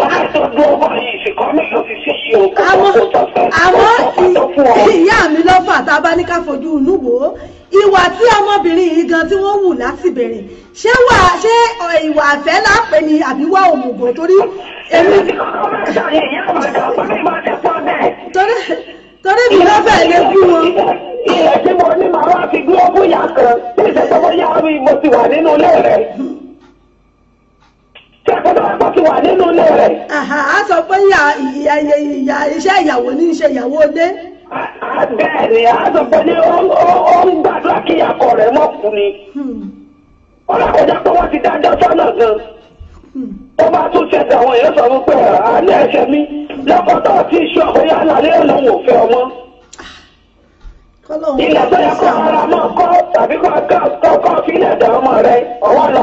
àmọ́ ìyá mi lọ́fà tá a bá ní ká fojú inú wò ó ìwà tí ọmọbìnrin yìí gan tí wọ́n wù láti bẹ̀rẹ̀ ṣé wà ṣé ìwà àfẹ́ láàpẹ́ ni àbí wà òmùgọ̀ torí èmi. torí torí mi ló fẹ́ lé fún wọn. ilẹ̀ tí mo ní màá wá fi gbé ọkùnrin yà kan tí ìṣẹ̀tọ́ bóyá mi mo ti wà nínú ilé rẹ̀ ṣàkóso àpò a sọ pé ìyá iṣẹ́ ìyàwó ní iṣẹ́ ìyàwó dé. bẹ́ẹ̀ ni a sọ pé ní ó ń gbàdúrà kí akọ rẹ̀ mọ̀ kú ni. ó hmm. lákòjá pé wọ́n ti dájọ́ sọ́nà gan. ó bá tún ṣẹ̀dá àwọn èèyàn sọ wípé àlẹ́ ẹ̀ṣẹ̀ mi lọ́kọ̀tọ̀ tí iṣu àkóyá lálẹ́ òun ò ọmọ. ilẹ̀ tó yẹ kó ara náà kọ́ tàbí kọ́ kọ́ fílẹ̀ dà ọmọ rẹ̀ ọwọ́ lọ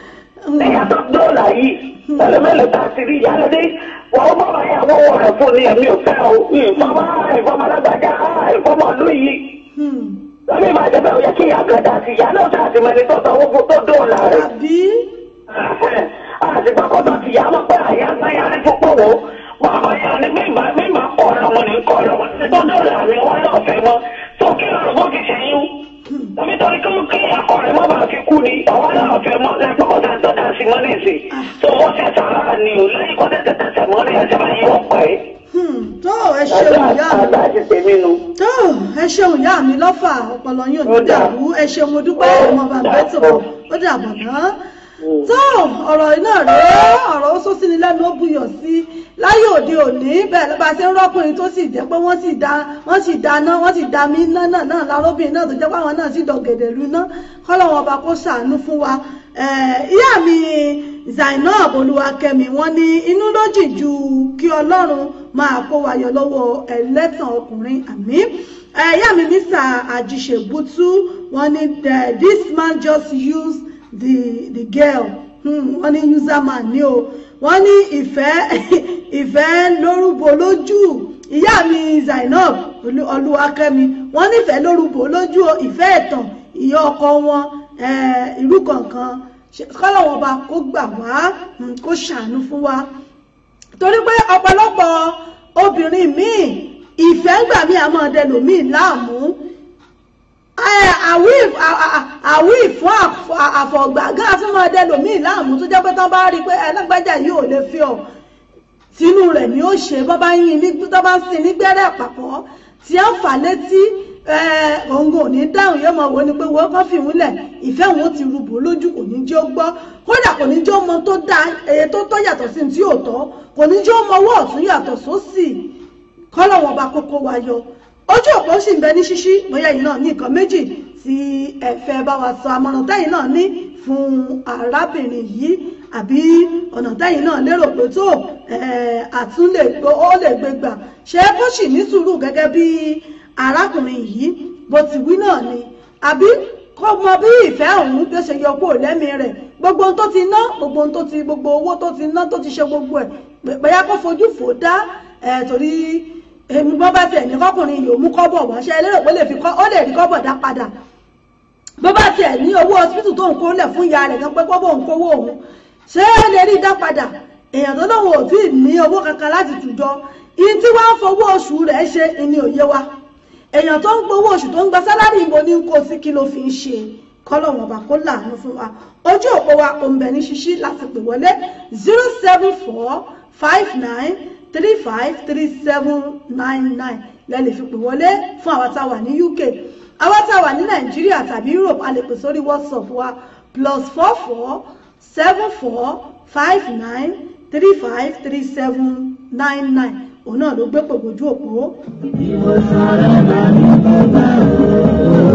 ẹ̀yà tó dọ́là yìí ẹlẹ́mẹ́lẹ́ tá a ti rí yàrá dé wà ó bọ̀rọ̀ ìyàwó rẹ̀ fún ni ẹ̀mí ò fẹ́ o ìfọ̀mọ́ ìfọ̀mọ́ alágbájá ìfọ̀mọ́ ọdún yìí. lórí ìmọ̀ àjẹbẹ́ òye kí ìyá gàdá sí ìyá náà tá a ti mẹ́ni tó sanwó fún tó dọ́là rẹ̀. àti pàkọ́tọ̀ ti yá máa pẹ́ àyà náyà ní púpọ̀ wò bàbá yà ni mímà mímà kọ́ ọ̀rọ̀ wọn ni kọ́ ọ̀rọ̀ wọn tó dọ́là rẹ̀ wọn náà fẹ́ wọn tó kí nítorí kí wọ́n kí akọ rẹ̀ má bàa fi kú ni àwọn náà fẹ́ mọ́ lẹ́gbọ́n kó tẹ̀ tọ́ta sí mọ́ nìsín tó wọ́n tẹ̀ sàrà ni o lẹ́yìn kó tẹ̀ tẹ̀ tẹ̀ mọ́ ní ẹ̀jẹ̀ bá yí wọ́n pẹ́. Hmm, tó ẹ ṣeun ìyá mi tó ẹ ṣeun ìyá mi lọ́fà ọpọlọ yín ò ẹ ṣeun mo dúpẹ́ ọmọ bàbá ètò ó dà bàbá tó ọ̀rọ̀ iná rèé ọ̀rọ̀ ó sọ sí ni lẹ́nu ó buyọ̀ sí láyé òde òní bẹ́ẹ̀ ló bá ṣe ń rọ́kùnrin tó sì jẹ́ pé wọ́n sì da wọ́n sì dáná wọ́n sì da mí iná náà náà lárọ́bìnrin náà tó jẹ́ pé àwọn náà sì dọ̀gẹ̀dẹ̀ lu iná kọ́lọ́wọ́n ọba kó ṣàánú fún wa ìyá mi Zainab Olúwakẹ́mi wọ́n ní inú ló jì ju kí Ọlọ́run máa kó wa yọ lọ́wọ́ ẹlẹ́tàn ọkùnrin àmín ìyá mi Mr. Àjíṣebútú wọ́n ní this man just used the the girl hmm, wọ́n ní user man ní o wọ́n ní ìfẹ́ [laughs] ìfẹ́ lórúbọ lójú ìyá mi Zainab Olúwakẹ́mi wọ́n nífẹ̀ẹ́ lórúbọ lójú ìfẹ́ ẹ̀tàn ìyá ọkọ wọn ìlú kankan kọ́lọ́wọ́n ọba kó gbà wá hmm, kó ṣàánú fún wa torí pé ọ̀pọ̀lọpọ̀ obìnrin míì ìfẹ́ gbà mí àmọ́ ọ̀dẹ lòmíì láàmú àwí fún àfọ̀gbàgán afúnmọ́dé lòmíì láàmú tó jẹ́ pé tán bá rí i pé ẹlẹ́gbẹ́jà yìí ò lè fi ọ̀ tinú rẹ̀ ni ó ṣe bọ́ bá yin ní tó bá sin ní gbẹ́rẹ́ àpapọ̀ tí ó fà létí òun ò ní dáhùn yóò mọ̀ wọ́n ni pé wọ́n kàn fi òun lẹ̀ ìfẹ́ òun ti rúbò lójú kò ní jẹ́ ó gbọ́ kódà kò ní jẹ́ ó mọ tó da èyí tó tọ́ yàtọ̀ sí ti ò tọ́ kò ní jẹ́ ó mọ ọwọ́ ọ̀tún yàtọ̀ sósì kọ́lọ̀ wọn bá kókó wa yọ ojú òpó sì ń bẹ ní ṣíṣí bóyá yìí náà ní nǹkan méjì tí ẹ fẹ́ bá wa sọ àmọ̀ràn tẹ́yìn náà ní fún arábìnrin yìí àbí ọ̀nà tẹ́yìn náà lérò pé tó àtúnlè ó lè gbé gbà ṣé kó sì ní sùúrù gẹ́gẹ́ bí arákùnrin yìí bó ti wí náà ni àbí kó mọ bí ìfẹ́ òun bí ó ṣe yọ kúrò lẹ́mí rẹ̀ gbogbo ohun tó ti ná gbogbo ohun tó ti gbogbo owó tó ti ná tó ti ṣe gbogbo ẹ̀ pẹ̀yà kó fojú fò dá torí èmi bọ́ bá tiẹ̀ ní kọkùnrin yìí ò mú kọ́bọ̀ wá ṣe elérò pé lè fi kọ́ ó lè rí kọ́bọ̀ dá padà bó bá tiẹ̀ ní owó hospital tó ń kó lẹ̀ fún ìyá rẹ̀ gan pé kọ́bọ̀ ń kówó òun ṣé ó lè rí dá padà èèyàn tó lóun ò tí ì ní owó kankan láti tùjọ iye tí wọ́n á fowó oṣù rẹ̀ ṣe ni òye wa èèyàn tó ń gbowó oṣù tó ń gba sálárì ìbò ní kó sí kí ló fi ń ṣe kọ́lọ̀wọ̀n bá kó láàánú fún wa ojú òpó wa òǹbẹ̀ ní ṣíṣí láti pè wọlé zero seven four five nine three five three seven nine nine lẹ́lẹ̀ fi pè wọlé fún àwa tá a wà ní UK àwa tá a wà ní Nàìjíríà tàbí Europe a lè pè sórí WhatsApp wa plus four four seven four five nine three five three seven nine nine òun náà ló gbé pògbójú òpó. ìwòsàn rẹ̀ máa ń bọ́ bá òun.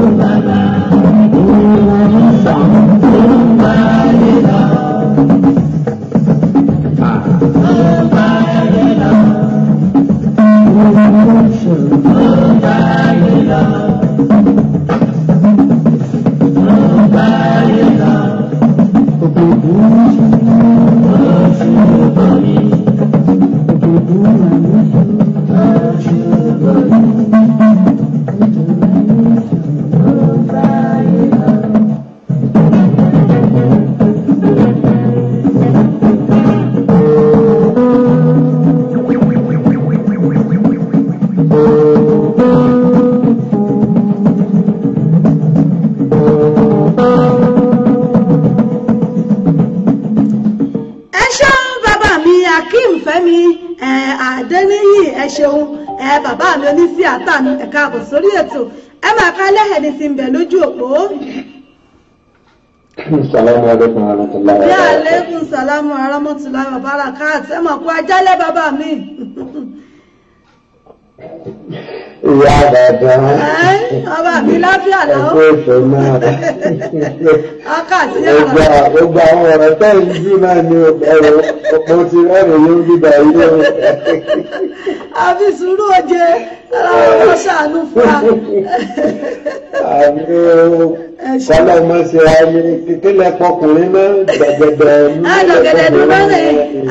salamu alaikum warahmatullahi wabarakatuh. bí alaikum salamu warahmatullahi wabarakatuh ẹ mọ̀ kó ajálẹ̀ bàbá mi. ìyá bàbá. ọba mi láfíà náà. ẹgbẹ́ ìfẹ́ náà. ọkà sí yàrá. gbogbo àwọn ọ̀rọ̀ tẹ́ ń jí náà ni ẹ̀rọ mo ti rẹ́rìn yóò gbígbà ilé àfi sùúrù oje ọlọ́run ló ṣàánú fún wa. àmì ó que ele kọ́lá ọmọ ṣe ayé kékeré pọkùnrin mọ́ gbẹgbẹgbẹ lọ́gẹ̀dẹ̀ dúná ní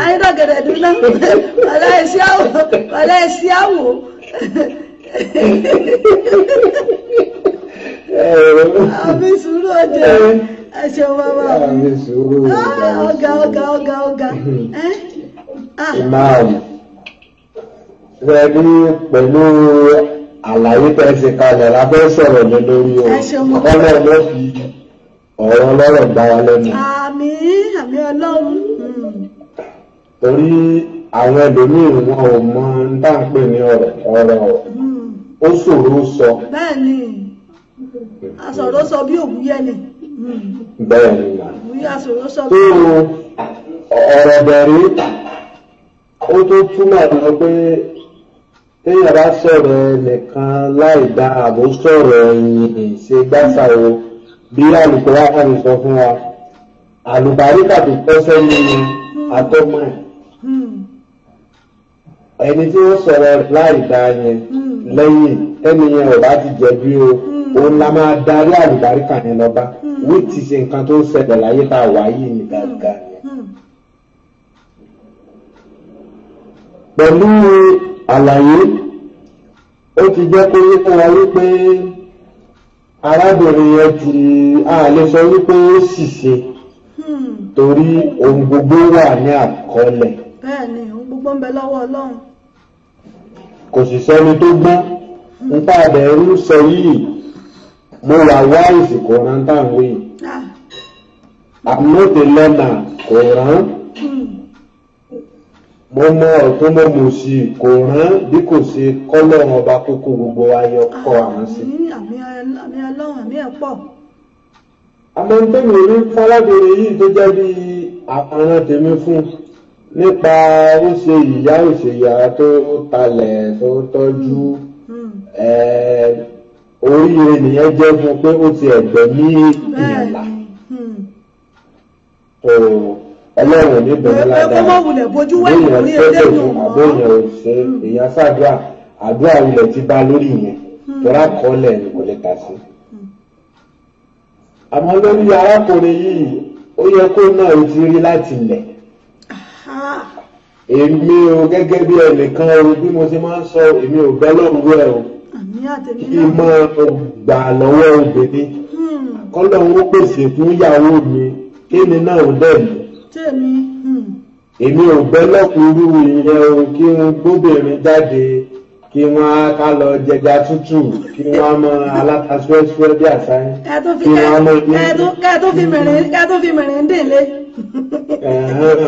ayé lọ́gẹ̀dẹ̀ dúná ọ̀la ẹ̀sí àwò ọ̀la ẹ̀sí àwò. àmì sùúrù é ẹṣẹ bàbá àmì sùúrù ọgá ah, ọgá ọgá ọgá. ìmáàmù ah. rẹ̀ ní pẹ̀lú àlàyé tẹ́ ṣe kalẹ̀ la sọ̀rọ̀ lé lórí o ọlọ́run ló fi ọ̀rọ̀ ọlọ́rọ̀ gbá wa lẹ́nu. àmín àmín ọlọ́run. torí àwọn ẹlòmíì wọn ò mọ tá à ń pè ní ọ̀rọ̀ ọ̀rọ̀ hmm. ó ṣòro sọ. bẹ́ẹ̀ni àṣọ̀rọ̀ sọ bí òwúyẹ ni. Hmm. bẹ́ẹ̀ni mà. òwúyẹ àṣọ̀rọ̀ sọ bí ó tó túmọ̀ lọ pé téèyàn bá sọ̀rọ̀ ẹnìkan láì dá àbò sọ̀rọ̀ ẹ̀yìn ṣe gbàṣàwò bí alùpùpù wa kàn sọ fún wa àlùbáríkà tó tọ́ sẹ́yìn atọ́mọ̀ ẹ̀ ẹni tí wọ́n sọ̀rọ̀ láì dá yẹn lẹ́yìn ẹni yẹn ò bá ti jẹ̀bi o òun la máa darí àlùbáríkà yẹn lọ bá wíìtì ṣe nǹkan tó ń ṣẹlẹ̀ láyé tá a wà yìí ní gàgà yẹn. pẹ̀lú àlàyé ó ti jẹ́ kó yé fún wa wípé arábìnrin yẹn ti a lè sọ wípé ó ṣìṣe hmm. torí ohun gbogbo wà ní àkọọ́lẹ̀. bẹ́ẹ̀ ni ohun gbogbo ń bẹ lọ́wọ́ Ọlọ́run. kò sì sẹ́ni tó gbọ́n ń hmm. pàdé ń sọ yìí mo wà wá ìsìnkú rántà wí. Ah. I'm not a learner kò rán. Hmm mo mọ ọ̀tún mo mọ̀ sí kò rán bí kò ṣe kọ́lọ́run ọba tó kó gbogbo ayọ̀ kọ́ àwọn sí. àmì ọlọ́run àmì ẹ̀ pọ̀. ń tẹ́mi rí fọlábìnrin yìí tó jẹ́ bí àpárán tèmi fún nípa ṣe ìyá ó tó talẹ̀ tó tọ́jú hmm. oríire nìyẹn jẹ́ fún pé ó ti ẹ̀gbẹ́ ní ìyàlá ọlọ́run ní bẹ̀rẹ̀ ládàá lóyún ẹgbẹ́ òun àbóyún òfin èèyàn ṣàdúrà àdúrà ilẹ̀ ti bá lórí yẹn hmm. tọ́lá kọ́lẹ̀ ni kò lè kà sí. àmọ́ lórí arákùnrin yìí ó yẹ kó náà ó ti rí láti ilẹ̀. èmi o gẹ́gẹ́ bí ẹnìkan o bí mo ṣe máa ń sọ èmi ò bẹ́ lọ́rùn rẹ̀ o kí n máa gbà lọ́wọ́ obìnrin hmm. kọ́lọ́run ó pèsè fún ìyàwó mi kí ni náà ó dẹ̀ mí tèmi. Hmm. èmi ò gbẹ́lẹ́kùnrú ìyẹn o kí n gbóbìnrin jáde kí wọ́n á ká lọ jẹja tútù kí wọ́n á mọ aláta súẹ́súẹ́ bí àṣàyàn kí wọ́n á mọ ilé. ká tó fi mẹ̀rẹ̀ ká tó fi mẹ̀rẹ̀ ń dèlé.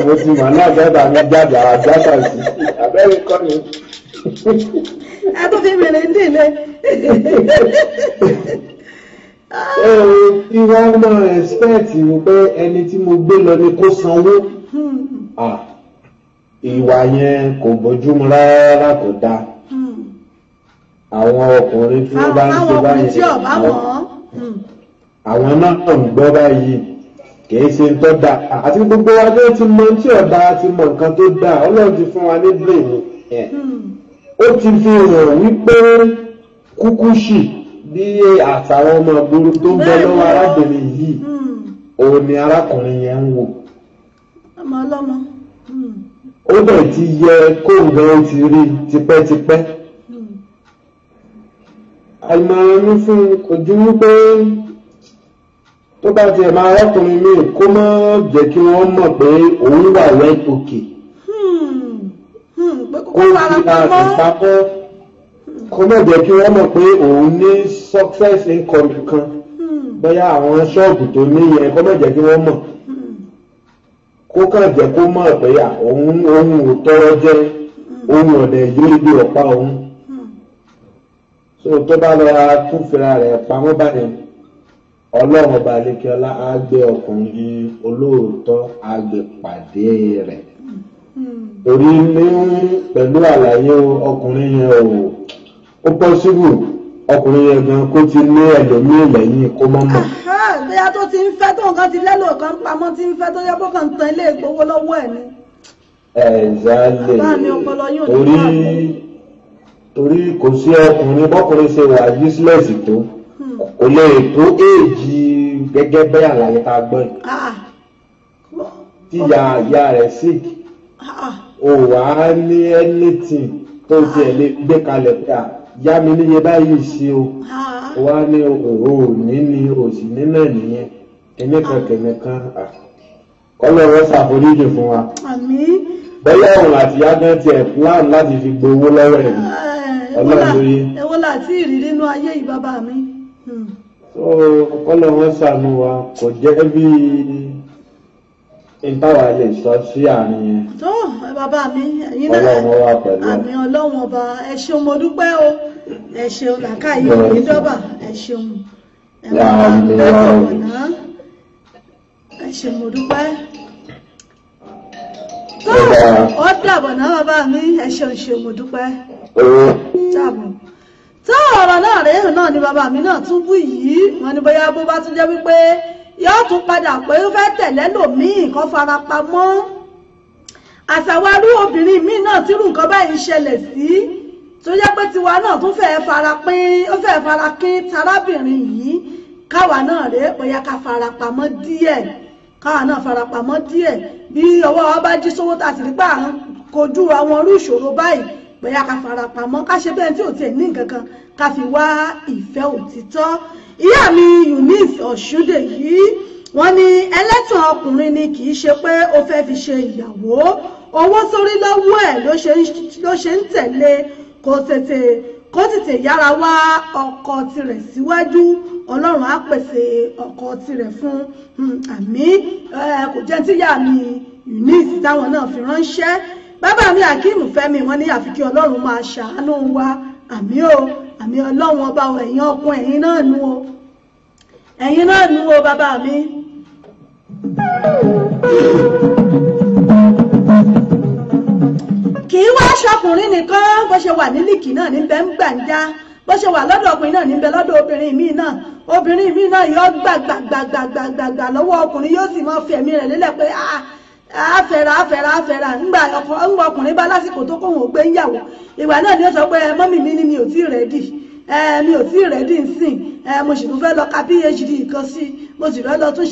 mo ti mọ̀ náà bẹ́ẹ̀ mi jáde àwọn àjàkà sí abẹ́rẹ́ kọ́ ni. ká fi mẹ̀rẹ̀ ń dèlé. [laughs] ẹ o tí wọ́n mọ̀ respect wípé ẹni tí mo gbé lọ ni kó sanwó hmm. ah, ìwà yẹn kò bójúmu rárá kò dáa hmm. àwọn ọkùnrin tí wọ́n bá ń ṣe báyìí hmm. àwọn náà ń gbọ́ báyìí kìí ṣe tó da àti gbogbo wa ti mọ tí ọ̀dà ti mọ nǹkan tó da ọlọ́run ti fún wa ní blame ó ti fi hàn wípé kúkú ṣì bí àtàwọn ọmọ ìgboro tó ń bẹ lọ́wọ́ arábìnrin yìí hmm. òun ni arákùnrin yẹn ń wò. ọmọ ọlọ́mọ. Hmm. ó dẹ̀ ti yẹ kóun gan ti rí tipẹ́tipẹ́. Hmm. àìmọ̀ràn mi fún kò ju wípé tó bá tiẹ̀ máa rọ́kùnrin mi kó má jẹ́ kí wọ́n mọ̀ pé òun wà wẹ́ẹ̀tì òkè. pé kókó fara kó kó má jẹ́ kí wọ́n mọ̀ pé òun ní success income kan hmm. bóyá àwọn ṣọ́ọ̀bù tó ní yẹn kó má jẹ́ kí wọ́n mọ̀ hmm. kó kàn jẹ́ kó mọ̀ pé òun òun ò tọrọ jẹ hmm. òun ọ̀dẹ̀ yóò di ọ̀pá òun so tó bá lọ ra tún fira rẹ̀ pamọ́ báyìí ọlọ́run ọba alekeola á ọkùnrin olóòótọ́ á pàdé rẹ̀ torí ní pẹ̀lú àlàyé ọkùnrin yẹn o ó pọ́sibù ọkùnrin yẹn gan kó ti lé ẹ̀jẹ̀ ní ìlẹ́yìn kó mọ́ mọ́. bóyá tó ti ń fẹ́ tó nǹkan ti lẹ́lò kan pamọ́ ti ń fẹ́ tó yẹ bó kàn ń tan ilé ìgbowó lọ́wọ́ ẹ̀ ni. ẹ̀ẹ́dálẹ̀ torí torí kò sí ọkùnrin bọ́kùnrin ṣe wà useless tó hmm. kò lè tó èèjì gẹ́gẹ́ bẹ́ẹ̀ àlàyé tá a gbọ́ yìí ah. tí ya ìyá rẹ̀ sick ah. ò wá ní anything tó tiẹ̀ lè gbé kalẹ̀ pé à yá mi níye báyìí sí o wá ní òru òní ni òsì nínà nìyẹn kìnìkan kìnìkan kọlọ́wọ́ ṣàforíjì fún wa bọ́lá òun àti yágán tiẹ̀ plan láti fi gbowó lọ́wọ́ ẹ̀ ọlọ́run ló yé. èwo láti ìrírí nínú ayé yìí bàbá mi. Hmm. kọlọ́wọ́ ṣàánú wa kò jẹ́ bíi n táwa lè sọ sí àárín yẹn. tó bàbá mi ẹ̀yin náà ọlọ́run wà pẹ̀lú ẹ̀. àmì ọlọ́run ọba ẹ ṣeun mo dúpẹ́ o ẹ ṣeun làkàyè òní dọ́bà ẹ ṣeun ẹ máa ń lọ́wọ́ ọ̀nà ẹ ṣeun mo dúpẹ́. tó ọ dàbọ̀ náà bàbá mi ẹ ṣeun ṣeun mo dúpẹ́. dàbọ̀ tó ọ̀rọ̀ náà rèé náà ni bàbá mi náà tún bú yìí wọn ni bóyá bó bá tún jẹ́ wípé yóò tún padà pé ó fẹ́ tẹ̀lé lòmíì kan farapamọ́ àṣàwárú obìnrin míì náà tírú nǹkan báyìí ń ṣẹlẹ̀ sí tó yẹ pé tiwa náà tún fẹ́ẹ́ farapín ó fẹ́ẹ́ farakín tarábìnrin yìí káwa náà rèé pé yá ká farapamọ́ díẹ̀ káwa náà farapamọ́ díẹ̀ bí ọwọ́ wa bá jí sówó tá a sì rí pé à ń kojú àwọn irú ìṣòro báyìí pé yá ká farapamọ́ ká ṣe bẹ́ẹ̀ tí ò tiẹ̀ ní nǹkan kan ká fi wá ìfẹ́ òtítọ́ ìyá mi Eunice Ọ̀ṣúndèyí wọ́n ní ẹlẹ́tàn ọkùnrin ni kì í ṣe pé ó fẹ́ fi ṣe ìyàwó owó sórí lọ́wọ́ ẹ̀ ló ṣe ń tẹ̀lé kó tètè kó tètè yára wá ọkọ tirẹ̀ síwájú ọlọ́run á pèsè ọkọ tirẹ̀ fún hmm, àmì kò jẹ́ tíyà mi Eunice táwọn náà fi ránṣẹ́ bàbá mi Akeem Fẹ́mi wọ́n ní àfi kí ọlọ́run máa ṣàánú wa àmì o àmì ọlọ́run ọba ọ ẹ̀yin ọkùn ẹ̀yin náà nu o ẹ̀yin náà nu o bàbá mi. kì í wá aṣọkùnrin nìkan bó ṣe wà nílìkì náà níbẹ̀ ń gbàǹjà bó ṣe wà lọ́dọ̀ ọkùnrin náà níbẹ̀ lọ́dọ̀ obìnrin míì náà obìnrin míì náà yóò gbàgbàgbàgbàgbàgbà lọ́wọ́ ọkùnrin yóò sì máa fi ẹ̀mí rẹ̀ lélẹ̀ pé ah afẹ́ra afẹ́ra àfẹ́ra ńgbà ọkùnrin bá lásìkò tó kóhùn ó gbé ń ìgbà náà ni ó sọ pé mọ́mì mi ni mi ò tí rẹ̀ dì mi ò tí ì rẹ́dì nsìn mo sì tún fẹ́ lọ ka phd kan sí i mo sì fẹ́ lọ tún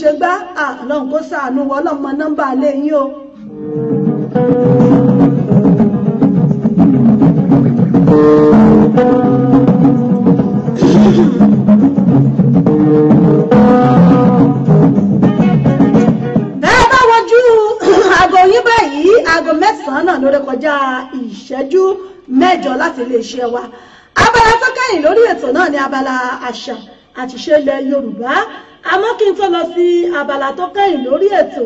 o. náà ló rékọjá ìṣẹ́jú mẹ́jọ láti iléeṣẹ́ wa abala tó kẹ́yìn lórí ètò náà ni abala àṣà àti ìṣe ilẹ̀ Yorùbá àmọ́ kí n tó lọ sí abala tó kẹ́yìn lórí ètò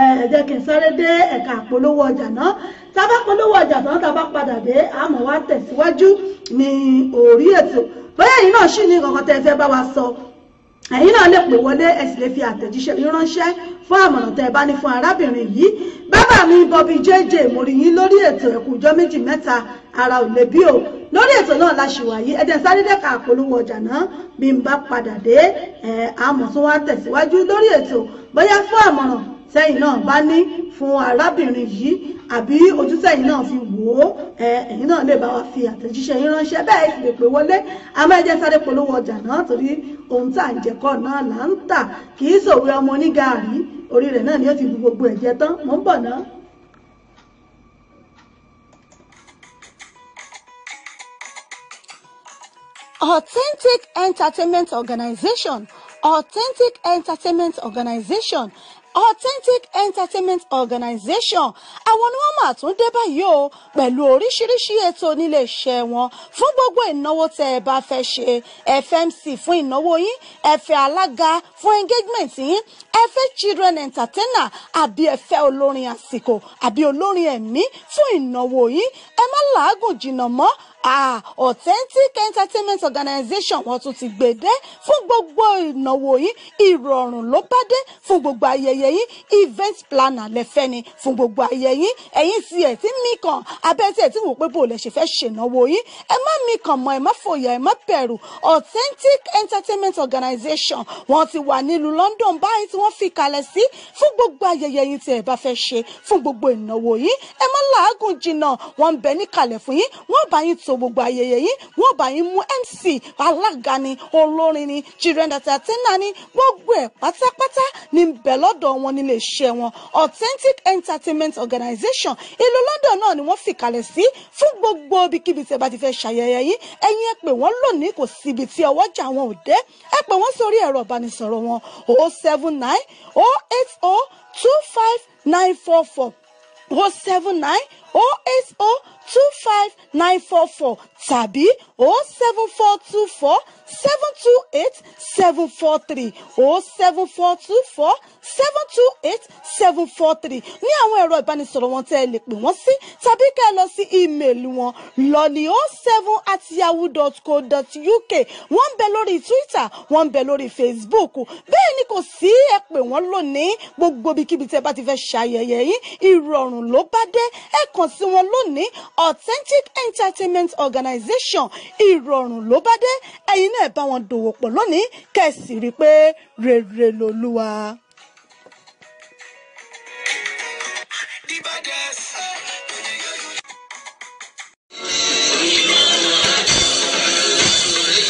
ẹ jẹ́ kí n sáré dé ẹ̀ka àpolówó ọjà náà tábà polówó ọjà tán tábà padà dé àmọ́ wa tẹ̀síwájú ní orí ètò bóyá yìí náà ṣì ní kankan tẹ́ fẹ́ bá wa sọ. So ẹ̀yin náà lè pè wọlé ẹ sì lè fi àtẹ̀jíṣẹ́ yín ránṣẹ́ fún àmọ̀ràn tẹ́ ẹ bá ní fún arábìnrin yìí bàbá mi Bobby JJ mo rí yín lórí ètò ẹ̀kú ọjọ́ méjì mẹ́ta ara ò lè bí o lórí ètò náà la ṣì wà yìí ẹ̀jẹ̀ sáré ká àpolówó ọjà náà bí n bá padà dé ẹ̀ àmọ̀ tó wá tẹ̀síwájú lórí ètò bóyá fún àmọ̀ràn sẹ́yìn náà bá ní fún arábìnrin yìí àbí ojú náà fi wò ó ẹ̀yin náà lè bá wa fi àtẹ̀jíṣẹ́ yín ránṣẹ́ bẹ́ẹ̀ sì lè pè wọlé àmọ́ sáré polówó ọjà náà torí ohun tá à ń jẹ́kọ̀ náà là ń tà kì í sòwe ọmọ onígàárí orí rẹ̀ náà ni ó ti bu gbogbo ẹ̀jẹ̀ tán mò ń bọ̀ náà. Authentic Entertainment Organization Authentic Entertainment Organization authentic entertainment organization àwọn ni wọ́n máa tún dé báyìí o pẹ̀lú oríṣiríṣi ètò nílé iṣẹ́ wọn fún gbogbo ìnáwó tẹ́ ẹ bá fẹ́ ṣe ẹ fẹ́ MC fún ìnáwó yín ẹ alága fún engagement yín ẹ fẹ́ children entertainer àbí ẹ fẹ́ olórin àsìkò àbí olórin ẹ̀mí fún ìnáwó yín ẹ má làágùn jìnnà mọ́ ah authentic entertainment organization wọ́n tún ti gbèdé fún gbogbo ìnáwó yìí ìrọ̀rùn ló bá dé fún gbogbo ayẹyẹ yìí event planner lẹ́fẹ́ ni fún gbogbo ayẹyẹ yìí ẹ̀yin tí ẹ̀ ti mí kan abẹ́ tí ẹ̀ ti wò pé bò lẹ̀ ṣe fẹ́ ṣènáwó yìí ẹ má mí kan mọ́ ẹ má fòyà ẹ má bẹ̀rù authentic entertainment organization wọ́n ti wà nílùú London báyìí tí wọ́n fi kalẹ̀ sí fún gbogbo ayẹyẹ yìí tí ẹ bá fẹ́ ṣe fún gbogbo ìnáwó yìí ẹ má làágùn jìnnà wọ́n ń bẹ níkàlẹ̀ ṣètò gbogbo ayẹyẹ yìí wọ́n bá yín mú MC alága ni olórin ni children entertainer ni gbogbo ẹ̀ pátápátá ní bẹ̀ lọ́dọ̀ wọn nílé iṣẹ́ wọn authentic entertainment organization ìlú London náà ni wọ́n fìkàlẹ̀ sí fún gbogbo ibikíbi tí ẹ bá ti fẹ́ ṣàyẹyẹ yìí ẹ̀yin ẹ pè wọ́n lónìí kò síbi tí ọwọ́jà wọn ò dé ẹ pè wọ́n sórí ẹ̀rọ ìbánisọ̀rọ̀ wọn o oh seven nine o oh eight o oh two five nine four four o seven nine o eight o two five nine four four tàbí o oh seven four two four seven two eight seven four three o oh seven four two four seven two eight seven four three ní àwọn ẹ̀rọ ìbánisọ̀rọ̀ wọn tẹ́ ẹ lè pè wọ́n sí tàbí kẹ́ ẹ lọ sí ímeèlì wọn lọ́ọ̀nì o oh seven at yahoo dot co dot uk wọ́n ń bẹ lórí twitter wọ́n ń bẹ lórí facebook bẹ́ẹ̀ ni kò sí ẹ pè wọ́n lónìí gbogbo ibikíbi tẹ́ bá ti fẹ́ ṣayẹyẹ yín ìrọ̀rùn ló bá dé ẹ kàn sí wọn lónìí authentic entertainment organization ìrọ̀rùn ló bá dé ẹ̀yin náà bá wọn dòwò pọ̀ lónìí kẹ̀sì rí i pé rere lolúwa.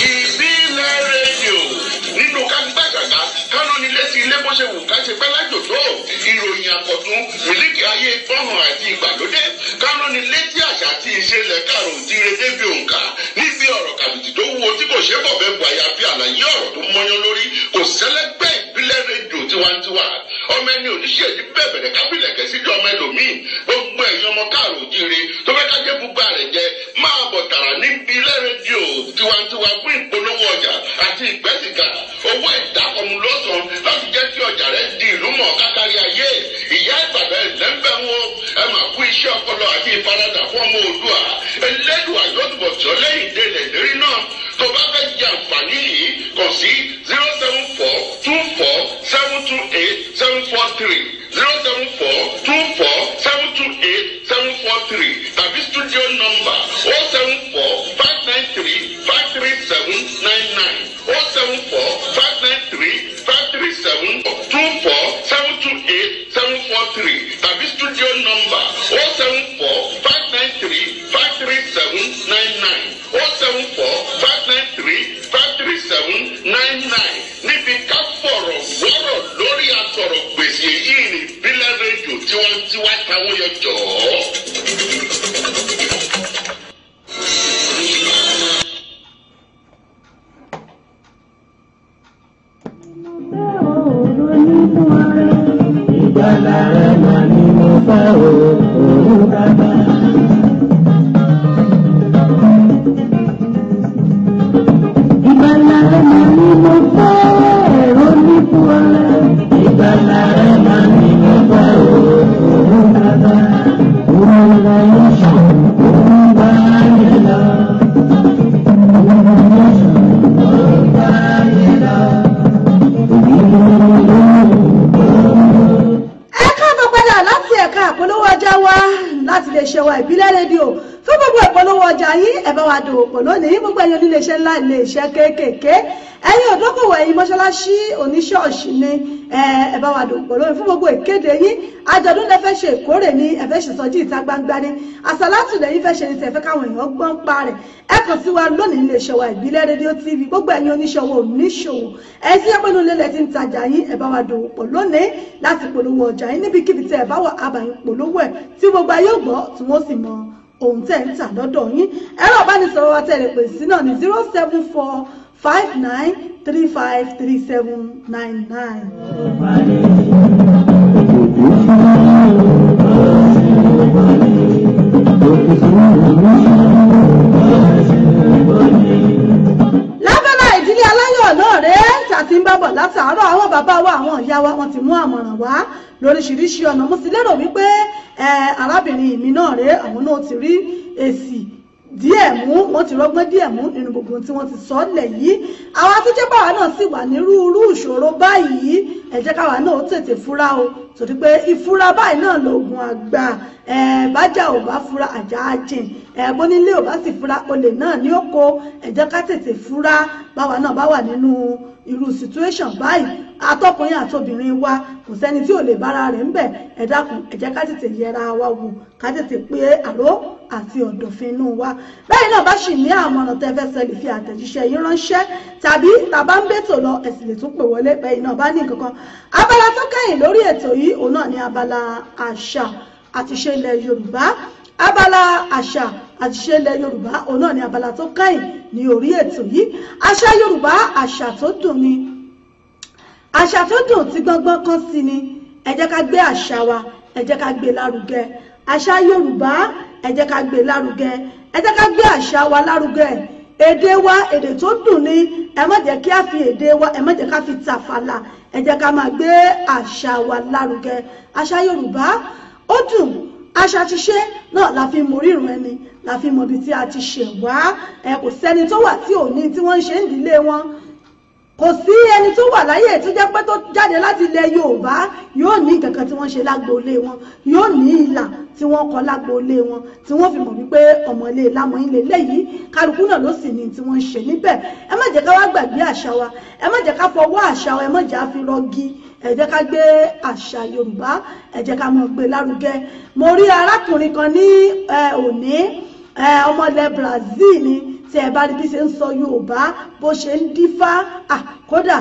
ìbílẹ̀ rédíò nínú kájú bó ṣe wù ká ṣe pẹ́ lájò tó ìròyìn àkọ́tún mílíkì ayé fọ́hùn àti ìgbàlódé kánúni létí àṣà àti ìṣẹ̀lẹ̀ kàrò òdìrẹ débi òǹkà níbi ọ̀rọ̀ kàbìtì tó wúwo tí kò ṣe é bọ̀bẹ̀ bọ̀ àyàfi àlàyé ọ̀rọ̀ tó mọ́yán lórí kò sẹ́lẹ́gbẹ́ ìbílẹ̀ rédíò tiwantiwa ọmọ ẹni òníṣẹ́ yìí bẹ̀bẹ̀rẹ̀ kábìlẹ̀ kẹ́sídìí iṣẹ́ kéékèèké ẹ̀yin òdókòwò ẹ̀yin mọ́ṣáláṣí oníṣọ́ọ̀ṣì ni ẹ bá wa dòpọ̀ lórí fún gbogbo ìkéde yín àjọ̀dún lẹ fẹ́ ṣe ìkórè ní ẹ fẹ́ ìta gbangba ni àsálátù lẹ́yìn fẹ́ ṣe ní tẹ̀fẹ́ káwọn èèyàn gbọ́n pa rẹ̀ ẹ kàn sí wa lónìí ilé iṣẹ́ wa ìbílẹ̀ rédíò tv gbogbo ẹ̀yin oníṣòwò oníṣòwò ẹ sí ẹgbẹ́nu lélẹ̀ tí ń tajà yín ẹ bá wa dòpọ̀ lónìí láti polówó ọjà yín níbikíbi tẹ́ ẹ bá wọ abàyìn polówó ẹ̀ tí gbogbo ayé gbọ́ tí wọ́n sì mọ ohun tẹ́ ń tà lọ́dọ̀ yín ìbánisọ̀rọ̀ wa tẹ̀lé pèsè sí náà ní zero seven four five nine three five three seven nine nine. lábẹ́lá ìdílé aláyọ̀ náà rèé tàti ń bábọ̀ látàárọ̀ àwọn bàbá wa àwọn ìyá wa wọn ti mú àmọ̀ràn wá lóríṣiríṣi ọ̀nà mo sì lérò wípé arábìnrin mi náà rèé àwọn náà ti rí èsì díẹ̀ mú wọ́n ti rọ́gbọ́n díẹ̀ mú nínú gbogbo tí wọ́n ti sọ lẹ̀ yìí àwa tó jẹ́ báwa náà sì wà nírúurú ìṣòro báyìí ẹ jẹ́ káwa náà ó tètè fura o torí pé ìfura báyìí náà lòògùn àgbà ẹ bájà ò bá fura àjà á jìn ẹ bónílé ò bá sì fura olè náà ní ó kó ẹ jẹ́ ká tètè fura báwa náà bá wà nínú irú situation báyìí atọ́kùnrin àtobìnrin wa kò sẹ́ni tí ò lè bára rẹ̀ ń bẹ̀ ẹ dákun ẹ jẹ́ ká tètè yẹra wa wò ká tètè pé àró àti ọ̀dọ̀fin inú wa bẹ́ẹ̀ náà bá sì ní àwọn ọ̀nà tẹ́fẹ́ sẹ́lẹ̀ fi àtẹ̀jíṣẹ́ yín ránṣẹ́ tàbí tàbá ń bètò lọ ẹ̀sìn lè tún pè wọlé bẹ́ẹ̀ náà bá ní nǹkan abala tó kẹ́yìn lórí ètò yìí òun náà ní abala àṣà àti ṣe ilẹ̀ Yorùbá abala àṣà àti ṣe ilẹ̀ Yorùbá òun náà ní abala tó kẹ́yìn ní orí ètò yìí àṣà Yorùbá àṣà tó dùn ni àṣà tó dùn tí gbọ́ngbọ́n kan sí ni ẹ ká gbé àṣà wa ẹ jẹ́ ká gbé lárugẹ àṣà yorùbá ẹ jẹ́ ká gbé lárugẹ ẹ ká gbé àṣà wa lárugẹ èdè wa èdè tó dùn ni ẹ má jẹ́ kí a fi èdè wa ẹ má jẹ́ ká fi tàfàlà ẹ jẹ́ ká máa gbé àṣà wa lárugẹ àṣà yorùbá ó dùn àṣà ti ṣe náà la fi morírun ẹni la fi mọ ibi tí a ti ṣẹ̀ wá ẹ kò sẹ́ni tó wà tí ò ní tí wọ́n ń ṣe ń dílé wọn kò sí ẹni tó wà láyé tó jẹ́ pé tó jáde láti ilẹ̀ Yorùbá yóò ní kankan tí wọ́n ṣe lágboolé wọn yóò ní ìlà tí wọ́n kọ lágboolé wọn tí wọ́n fi mọ̀ wípé ọmọlé lámọ̀yìn lè léyìí kálukú náà ló sì ní tí wọ́n ń ṣe níbẹ̀ ẹ má jẹ́ ká wá gbàgbé àṣà wa ẹ má jẹ́ ká fọwọ́ àṣà wa ẹ má jẹ́ ká fi rọgí ẹ jẹ́ ká gbé àṣà Yorùbá ẹ jẹ́ ká mọ̀ gbé lárugẹ mo rí arákùnrin kan ní òní tẹ ẹ bá rí bí ṣe ń sọ Yorùbá bó ṣe ń dífá kódà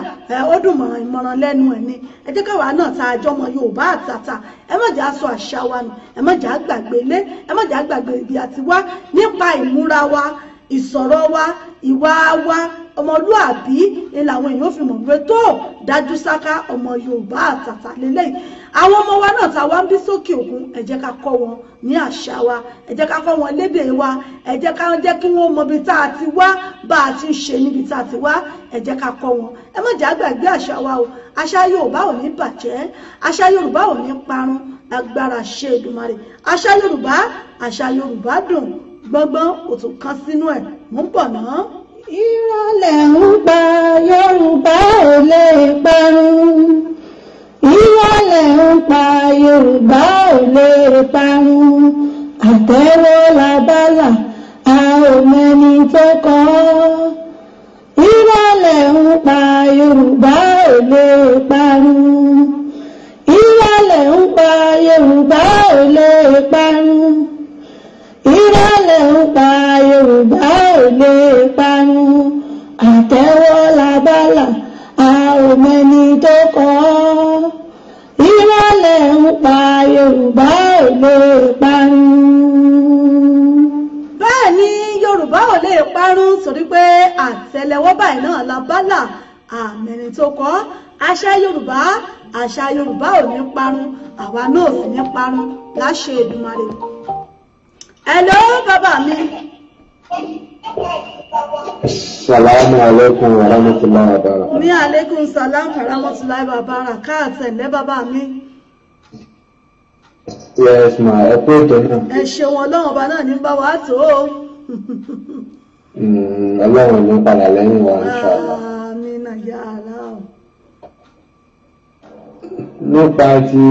ó dùn mọ̀ràn ìmọ̀ràn lẹ́nu ẹ̀ ni ẹ jẹ́ káwa náà ta àjọmọ Yorùbá àtàtà ẹ má jà sọ àṣà wa nù ẹ má jà gbàgbé ilé ẹ má jà gbàgbé ibi àti wá nípa ìmúra wa ìsọ̀rọ̀ wa ìwà wa ọmọlúàbí ni làwọn èèyàn fi mọ̀ pé tó dájú sáká ọmọ yorùbá àtàtà lélẹ̀ àwọn ọmọ wa náà ta wá ń bí sókè òkun ẹ jẹ́ ká kọ́ wọn ní àṣà wa ẹ jẹ́ ká kọ́ wọn lédè wa ẹ jẹ́ ká jẹ́ kí wọ́n mọ ibi tá a ti wá bá a ti ń ṣe níbi tá a ti wá ẹ jẹ́ ká kọ́ wọn ẹ má jà àṣà wa o àṣà yorùbá ò ní bàjẹ́ àṣà yorùbá ò ní parun agbára ṣe Èdùmàrè àṣà yorùbá àṣà yorùbá dùn gbọ́ngbọ́n òtún kan sínú ẹ̀ mò ń bọ̀ náà. ìrọ̀lẹ́ ń pa Yorùbá ò lè parun ìrọ̀lẹ́ ń pa Yorùbá ò lè parun àtẹ́wọ́ labálà a ò mẹ́ni tó kọ́ ìrọ̀lẹ́ ń pa Yorùbá ò lè parun ìrọ̀lẹ́ ń pa Yorùbá ò lè parun. lè parun. bẹ́ẹ̀ ni yorùbá ò lè parun torí pé àtẹ́lẹwọ́ báyìí náà la bálà àmẹ́rin tó kọ́ àṣà yorùbá àṣà yorùbá ò ní parun àwa náà sì ní parun láṣẹ Èdùmàrè. hello bàbá mi. Salamu alaikum wa rahmatullahi wa barakatuh. Ní alaikum salam wa rahmatullahi wa barakatuh. bàbá mi yes ma ẹ kú ètò náà. ẹ ṣeun ọlọ́run ọba náà ní bá wa tó. Hmm, ọlọ́run ní padà lẹ́yìn wa ṣọlá. àmín nàìjíríà aláwọ̀. nípa ti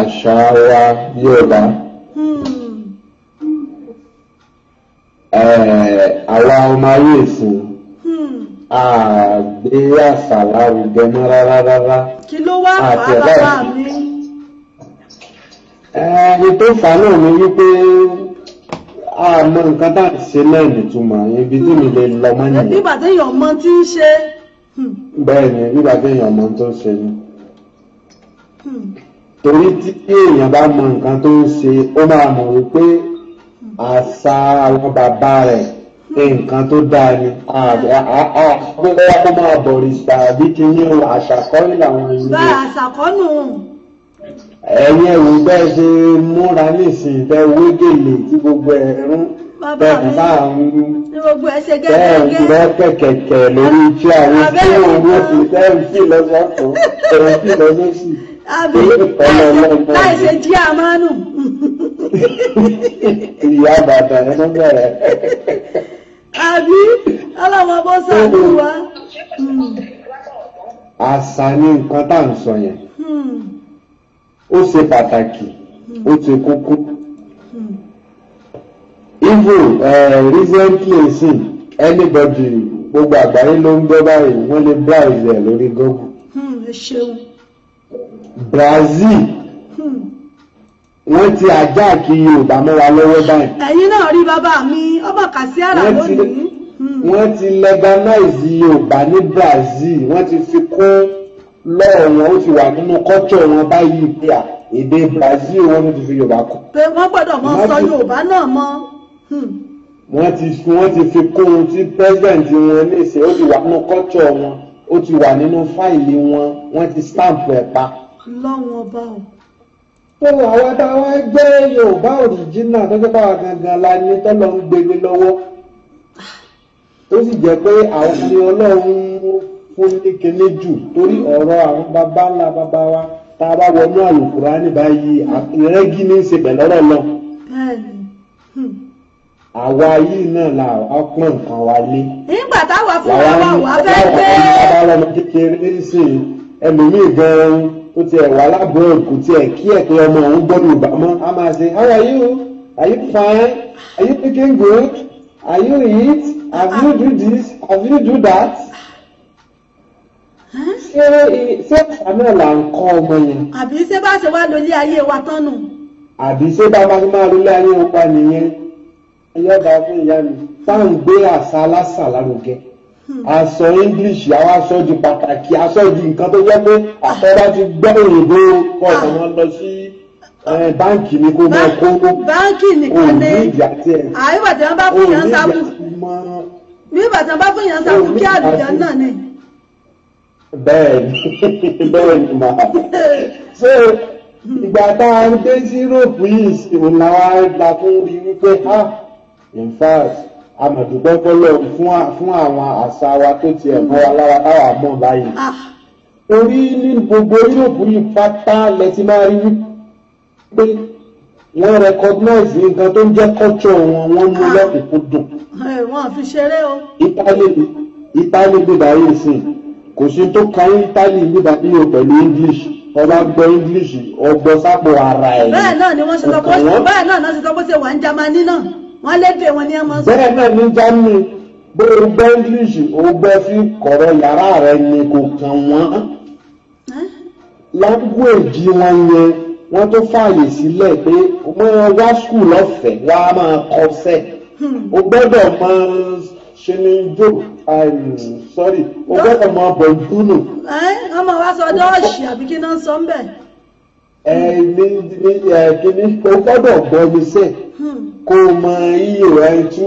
àṣà wa Yorùbá hmm. àwa ọmọ ayé ìsìn àgbé hmm. lárugẹ mọ́ rárá kí ló wá fà á bàbá mi ẹni tó fà á náà ni wípé àmọ́ nǹkan tá à ń ṣe náà nìtumọ̀ ibi tí mi lè lọ mọ́ nìyẹn. nígbà téèyàn mọ tí ń ṣe. bẹ́ẹ̀ ni nígbà téèyàn mọ tó ń ṣe ni. torí tí èèyàn bá mọ nǹkan tó ń ṣe ó máa mọ̀ wípé àṣà àwọn bàbá rẹ̀ nǹkan tó dáa ni àgbẹ̀ wá kó máa bọ̀rìṣà bí kí ní àṣàkọ́ ìlànà bá àṣàkọ́ nù ẹ̀yin ẹ̀rù bẹ́ẹ̀ ṣe múra nísìnyí tẹ wégèlè tí gbogbo ẹ̀rún bẹ́ẹ̀ kò bá ń tẹ́ ń gbọ́ kẹ̀kẹ̀kẹ̀ lórí tí àwọn tí òun ló fi tẹ́ ń fi lọ́sọ̀tún tẹ́ ń fi lọ́sọ̀sì. àbí láì ṣe jí àmánù. ìyá bàbá ẹ ló bẹ̀rẹ̀. àbí ọlọ́mọ bó sàánú wa. àṣà ni nǹkan tá à ń sọ yẹn. Hmm ó ṣe pàtàkì hmm. ó ṣe kókó ivo hmm. eh, recently sin anybody gbogbo àgbáyé ló ń gbọ́ báyìí wọ́n lè browse ẹ̀ lórí google. Hmm, brazil wọ́n ti ajá kí yorùbá mọ́ wa lọ́wọ́ báyìí. ẹ̀yin náà rí bàbá mi ọba kàṣíàrà lónìí. wọ́n ti legalize yorùbá ní brazil wọ́n ti fi kún lọ́ọ̀ wọn ó ti wà nínú culture wọn báyìí pé à èdè Brazil wọn ti fi Yorùbá kù. pé wọ́n gbọ́dọ̀ mọ sọ Yorùbá náà mọ́. wọ́n hmm. ti wọ́n ti fi kún un tí president wọn léṣe ó ti wà nínú culture wọn ó ti wà nínú fáìlì wọn wọ́n ti stamp ẹ̀ pa. lọ́wọ́n bá o. ó làwọn táwọn ẹgbẹ́ Yorùbá òrìjínà tó jẹ́ báwa gangan la ní tọ́lọ́ ń gbélé lọ́wọ́ tó sì jẹ́ pé àwọn ni Ọlọ́run ó kékeré jù torí ọ̀rọ̀ àwọn bàbá ńlá bàbá wa tá a bá wọnú àlùkùránì báyìí àrẹ́gí ní í ṣe pẹ̀lú ọ̀rọ̀ lọ. àwa yìí náà la ọpọ́n nǹkan wa lé. nígbà táwa fúnra wa wà fẹ́ gbé. bàbá ọlọmọ kékeré sí ẹlòmíì gan-an ó tiẹ̀ wà lábọ̀ ẹ̀kú tiẹ̀ kí ẹ̀kẹ́ ọmọ òun gbọ́dọ̀ bá mọ́ a máa ṣe how are you are you fine are you looking good are you eat have you do this have you do that ṣé ṣé àmì ọ̀la ń kọ́ ọmọ yẹn. àbí ṣé bá ṣe wá lólé ayé wa tán nù. àbí ṣé bá bá ṣe máa lólé ayé wa pa nìyẹn ẹyọ bá fún ìyá mi tá à ń gbé àṣà aláṣà lárugẹ hmm. aṣọ english àwọn aṣọ di pàtàkì aṣọ di nǹkan tó yẹ pé àtọ́ra ti gbọ́ òyìnbó kọ́ ọ̀sán wọn lọ sí báǹkì ni kó máa kó báǹkì nìkan ni àyíwàtí wọn bá fún yàn sábù bí ìbàdàn bá fún yàn sábù kí àlùjá náà ni bẹ́ẹ̀ni [laughs] bẹ́ẹ̀ni máa so ìgbà tá a ń dé sí europe yìí ìwọ̀n làwọn la fún rí wípé ha in fact amọ̀dúgbọ́ pọ́lọ́ fún àwọn àṣà wa tó ti ẹ̀mọ́ wa lára táwa mọ̀ báyìí ah. orí ní gbogbo europe yìí pátá lẹ ti máa rí wípé wọ́n recognize nǹkan tó ń jẹ́ culture wọn wọ́n mú lọ́kùnkúndùn. Ah. wọn ò fi ṣeré o. ìtàlẹ́ ìtàlẹ́ gbé báyìí sí i kò sí tó kan italy nígbà tí yóò pẹ̀lú english ọba gbọ́ english ọgbọ́ sápò ara ẹ̀. bẹ́ẹ̀ náà ni wọ́n ṣe sọ pé bẹ́ẹ̀ náà ṣe sọ ṣe wà ní jamani náà wọ́n lédè wọn ni ẹ máa ń sọ. bẹ́ẹ̀ náà ní germany bó o gbọ́ english o gbọ́ sí kọ̀rọ̀ yàrá rẹ ni kò kàn wọ́n. language wọn yẹn wọ́n tó fààyè sílẹ̀ pé wọ́n wá school ọ̀fẹ́ wọ́n máa kọ́ sẹ́ẹ̀ hmm. o gbọ́dọ̀ máa ṣe ni jó sọ́rí o gbọ́dọ̀ mọ bọ̀dú nù. ọmọ wa sọ dọ́ọ̀ṣì àbí kí náà sọ ń bẹ̀. ẹ ní ẹ kíní o gbọ́dọ̀ gbọ́ mi sẹ́ hmm. kó o mọ iyò ẹ tú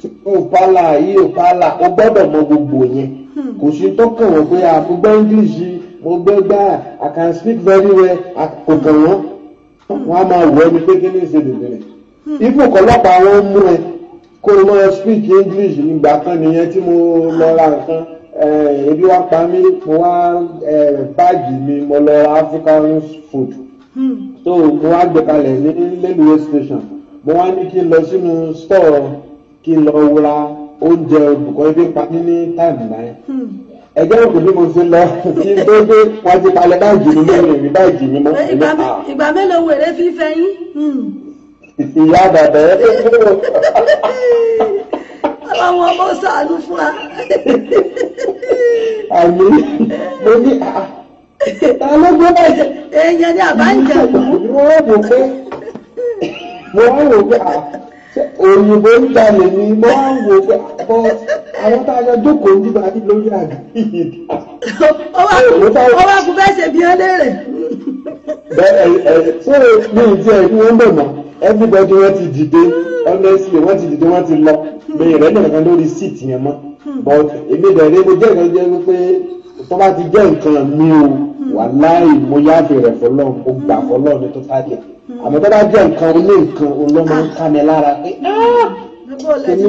tú pálá iyò pálá o gbọ́dọ̀ mọ gbogbo yẹn hmm. kò sí tó kàn pé àfúgbọ́ english mo gbé gbá i can speak very well kò kàn wọ́n hmm. wọ́n á máa wọ ẹni pé kí ni ìṣèlú rẹ̀ ibùkọ́ lọ́pàá wọn mú ẹ kó o mọ speak english ìgbà kan nìyẹn tí mo lọ ra nǹkan ebi wa pa mí mo wá báàgì mi mo lọ african food hmm. so mo wá gbé kalẹ̀ ní railway station mo wá ní kí n lọ sínú store kí n lọ ra oúnjẹ olùkọ́ ebi pa mí ní táìmù hmm. náà ẹgbẹ́ òkú bí mo ṣe lọ kí n tó dé wọ́n ti palẹ̀ báàgì mi lórí mi báàgì mi mọ́. ìgbà mélòó wèrè fífẹ́ yín. Hmm ìyá bàbá ẹ. àwọn ọmọ sàánú fún wa. àyè mo ní alógbó ah, ah, náà jẹ. èèyàn ni àbá ń jẹ. wọ́n wò pé wọ́n wò pé. Ah, òyìnbó ń ta lè ní mọ́ ń wò pé ọ àwọn tá a jọ jókòó nígbà tí lórí àgbà yìí. ọwọ́ àkú fẹ́ ṣe bí wọ́n léèrè. bẹ́ẹ̀ ẹ ṣé mi ì tiẹ̀ kí wọ́n bẹ̀ mọ́ everybody wọ́n ti dìde honestly wọ́n ti dìde wọ́n ti lọ mi ì rẹ́ nìkan lórí seat yẹn mọ́ but èmi ìdẹ̀rẹ́ mo jẹ́ ìkan jẹ́ pé tó bá ti jẹ́ nǹkan mi ò wà láì mo yáàfẹ́ rẹ̀ fọlọ́ mo gbà fọlọ́ mi tó tá a Mm-hmm. àmọ́ tó bá jẹ́ nǹkan ilé nǹkan olómọ ń ká mi lára pé ah! Ah, ẹni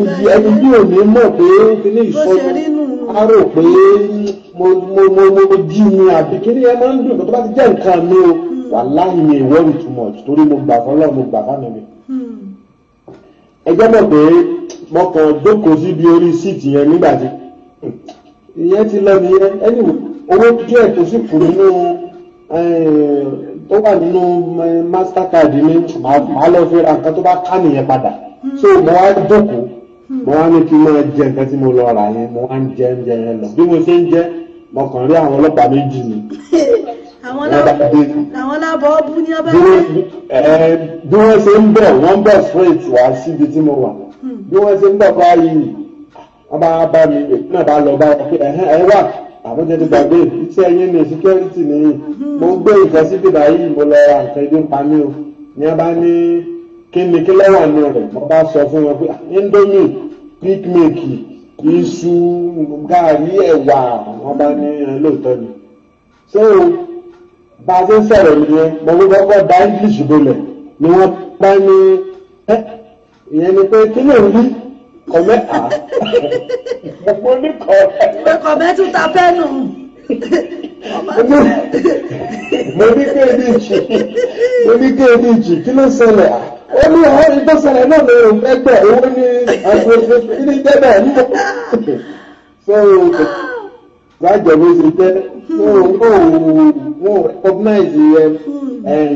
bí ò mọ̀ pé kìíní ìsọdún á rò pé mo mo mo mo jí mi àbí kìíní ẹ máa ń dùn tó bá jẹ́ nǹkan mi o mm. wàláhì mi worry too torí mo gbà fún Ọlọ́run mo gbà fáwọn mi. Hmm. ẹ mọ̀ pé mo kàn jókòó síbi orí síìtì yẹn nígbà tí hmm, ìyẹn ti lọ nìyẹn ẹni owó díẹ̀ tó sì kù nínú eh, tó wà nínú eh, mastercard mi màá lọ fi ra nǹkan tó bá ká nìyẹn padà hmm. so mo wá jókòó hmm. mo wá ní kí n máa jẹ nǹkan tí mo lọ rà yẹn mo wá ń jẹ ń jẹ yẹn lọ bí mo ṣe ń jẹ mo kàn rí àwọn ọlọ́pàá méjì ni. [laughs] àwọn lábọ̀ ọ́ ní ọba rẹ̀. Eh, eh, bí wọ́n ṣe ń bọ̀ wọ́n bọ̀ straight wá síbi tí mo wà hmm. bí wọ́n ṣe ń bọ̀ báyìí wọ́n bá bá mi náà bá lọ bá wọn ẹ̀ wà àbójútó gbàgbé iṣẹ́ yín ní síkẹ́rìtì nìyí mo gbé ìfẹ́ síbi báyìí mo lọ ra ibi ń pa mí o ní a bá ní kí ni kí lọ́wọ́ àánú rẹ̀ mo bá sọ fún wọn pé ah, indomie picnic iṣu gààrí ẹ̀wà wọn bá ní lóòótọ́ ni. so bá a ṣe ń sọ̀rọ̀ nìyẹn mo ń kọ́kọ́ da english bolẹ̀ ni wọ́n bá ní ẹ́ ìyẹn ni pé kí ló ń rí kọ mẹ́ta mo ní kọ. ọkọ bẹ́ẹ̀ tún ta pẹ́ẹ́nù. mo ní kéèdì jì mo ní kéèdì jì kí ló ṣẹlẹ̀ à ó ní ọ̀hún tó ṣẹlẹ̀ náà ló ń ẹgbẹ́ owó ní agbègbè ní dẹ́bẹ̀ ń bọ̀. so wájọ ló ṣe jẹ́ wọn ò wọn ò recognize ẹni eh,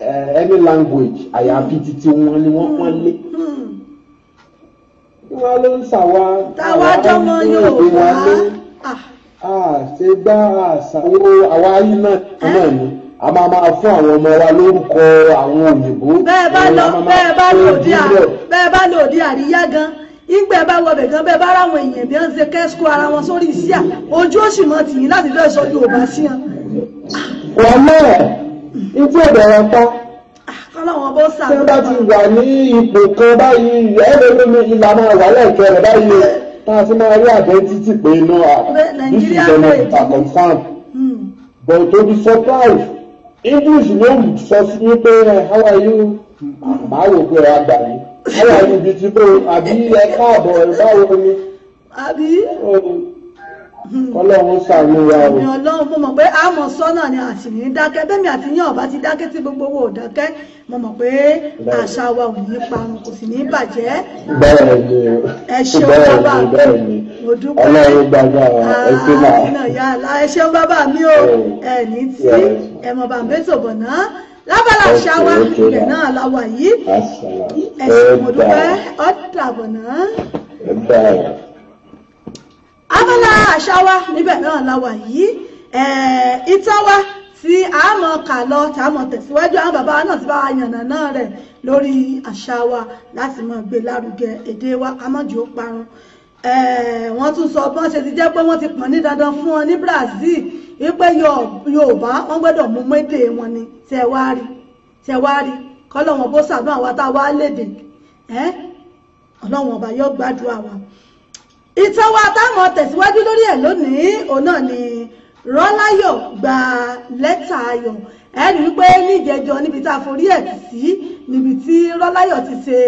eh, ẹni eh, language àyàfi titi wọn ni wọ́n pọ́n lé kí wọ́n ló ń ṣàwa ah. àwa ọmọ Yorùbá àṣegbá àṣàwọ àwa ayé náà náà ni a máa máa fún àwọn ọmọ wa lórúkọ àwọn òyìnbó bẹ́ẹ̀ bá lọ bẹ́ẹ̀ bá lò dí bẹ́ẹ̀ bá lò àríyá gan ìgbẹ́ bá wọbẹ̀ gan bẹ́ẹ̀ bá ráwọn èèyàn bí wọ́n ṣe kẹ́sìkò ara wọn sórí iṣẹ́ ojú oṣù mọ́ tì láti fẹ́ sọ Yorùbá sí wọn. wọ́n mọ̀ ẹ́ ikú ẹ̀bẹ̀rẹ̀ pa ọlọ́wọ́n bó sàmì. tí wọ́n bá ti wà ní ipò kan báyìí ẹ̀rọ mi ìlànà wà lẹ́ẹ̀kẹ́ rẹ̀ báyìí tá a fi máa rí àbẹ́ títì pé inú à this is an confam hmm. but to be surprised english ló sọ sí mi pé eh, how are you màá wò pé àgbà yìí how are you bìtì pé àbí ẹ káàbọ̀ ẹ báwo ni. àbí kọlọ́run ṣàánú wa o. àmì ọlọ́run mo mọ̀ pé àmọ̀ sọ́nà ni àti ní dákẹ́ bẹ́ẹ̀ mi àti yín ọ̀bá ti dákẹ́ tí gbogbo owó ò dákẹ́ mo mọ̀ pé àṣà wa ò ní parun kò sì ní bàjẹ́. bẹ́ẹ̀ ni ẹ ṣeun bàbá mi ọlọ́run gbàgbà ẹ ṣe máa. ẹ ṣeun bàbá mi o ẹ ní tí ẹ mọ̀ bàbá sọ̀bọ̀ náà lábala àṣà wa ibẹ̀ náà la wà yìí ẹ ṣeun mo dúpẹ́ ọ̀dàbọ̀ náà abala àṣà wa níbẹ̀ náà la wà yìí ìtàn wa tí a mọ̀ kà lọ tá a mọ̀ tẹ̀síwájú àwọn bàbá náà ti bá wa yànnà náà rẹ̀ lórí àṣà wa láti mọ̀ gbé lárugẹ èdè wa amọ́jú ó parun wọ́n tún sọ bọ́n ṣe ti jẹ́ pé wọ́n ti pọ̀n ní dandan fún wọn ní Brazil wípé Yorùbá wọ́n gbọ́dọ̀ mú médè wọn ni tẹ̀ wá rí tẹ̀ wá rí kọ́lọ́wọ́n bó ṣàdúrà wa tá a wá lédè ọlọ́wọ́n ọba yóò gbàdúrà wa ìtàn wa táwọn tẹ̀síwájú lórí ẹ̀ lónìí òun náà ni rọ́láyọ̀ gba lẹ́tà ayọ̀ ẹ rí wípé níjẹjọ níbi tá a forí ẹ̀ tì sí níbi tí rọ́láyọ̀ ti ṣe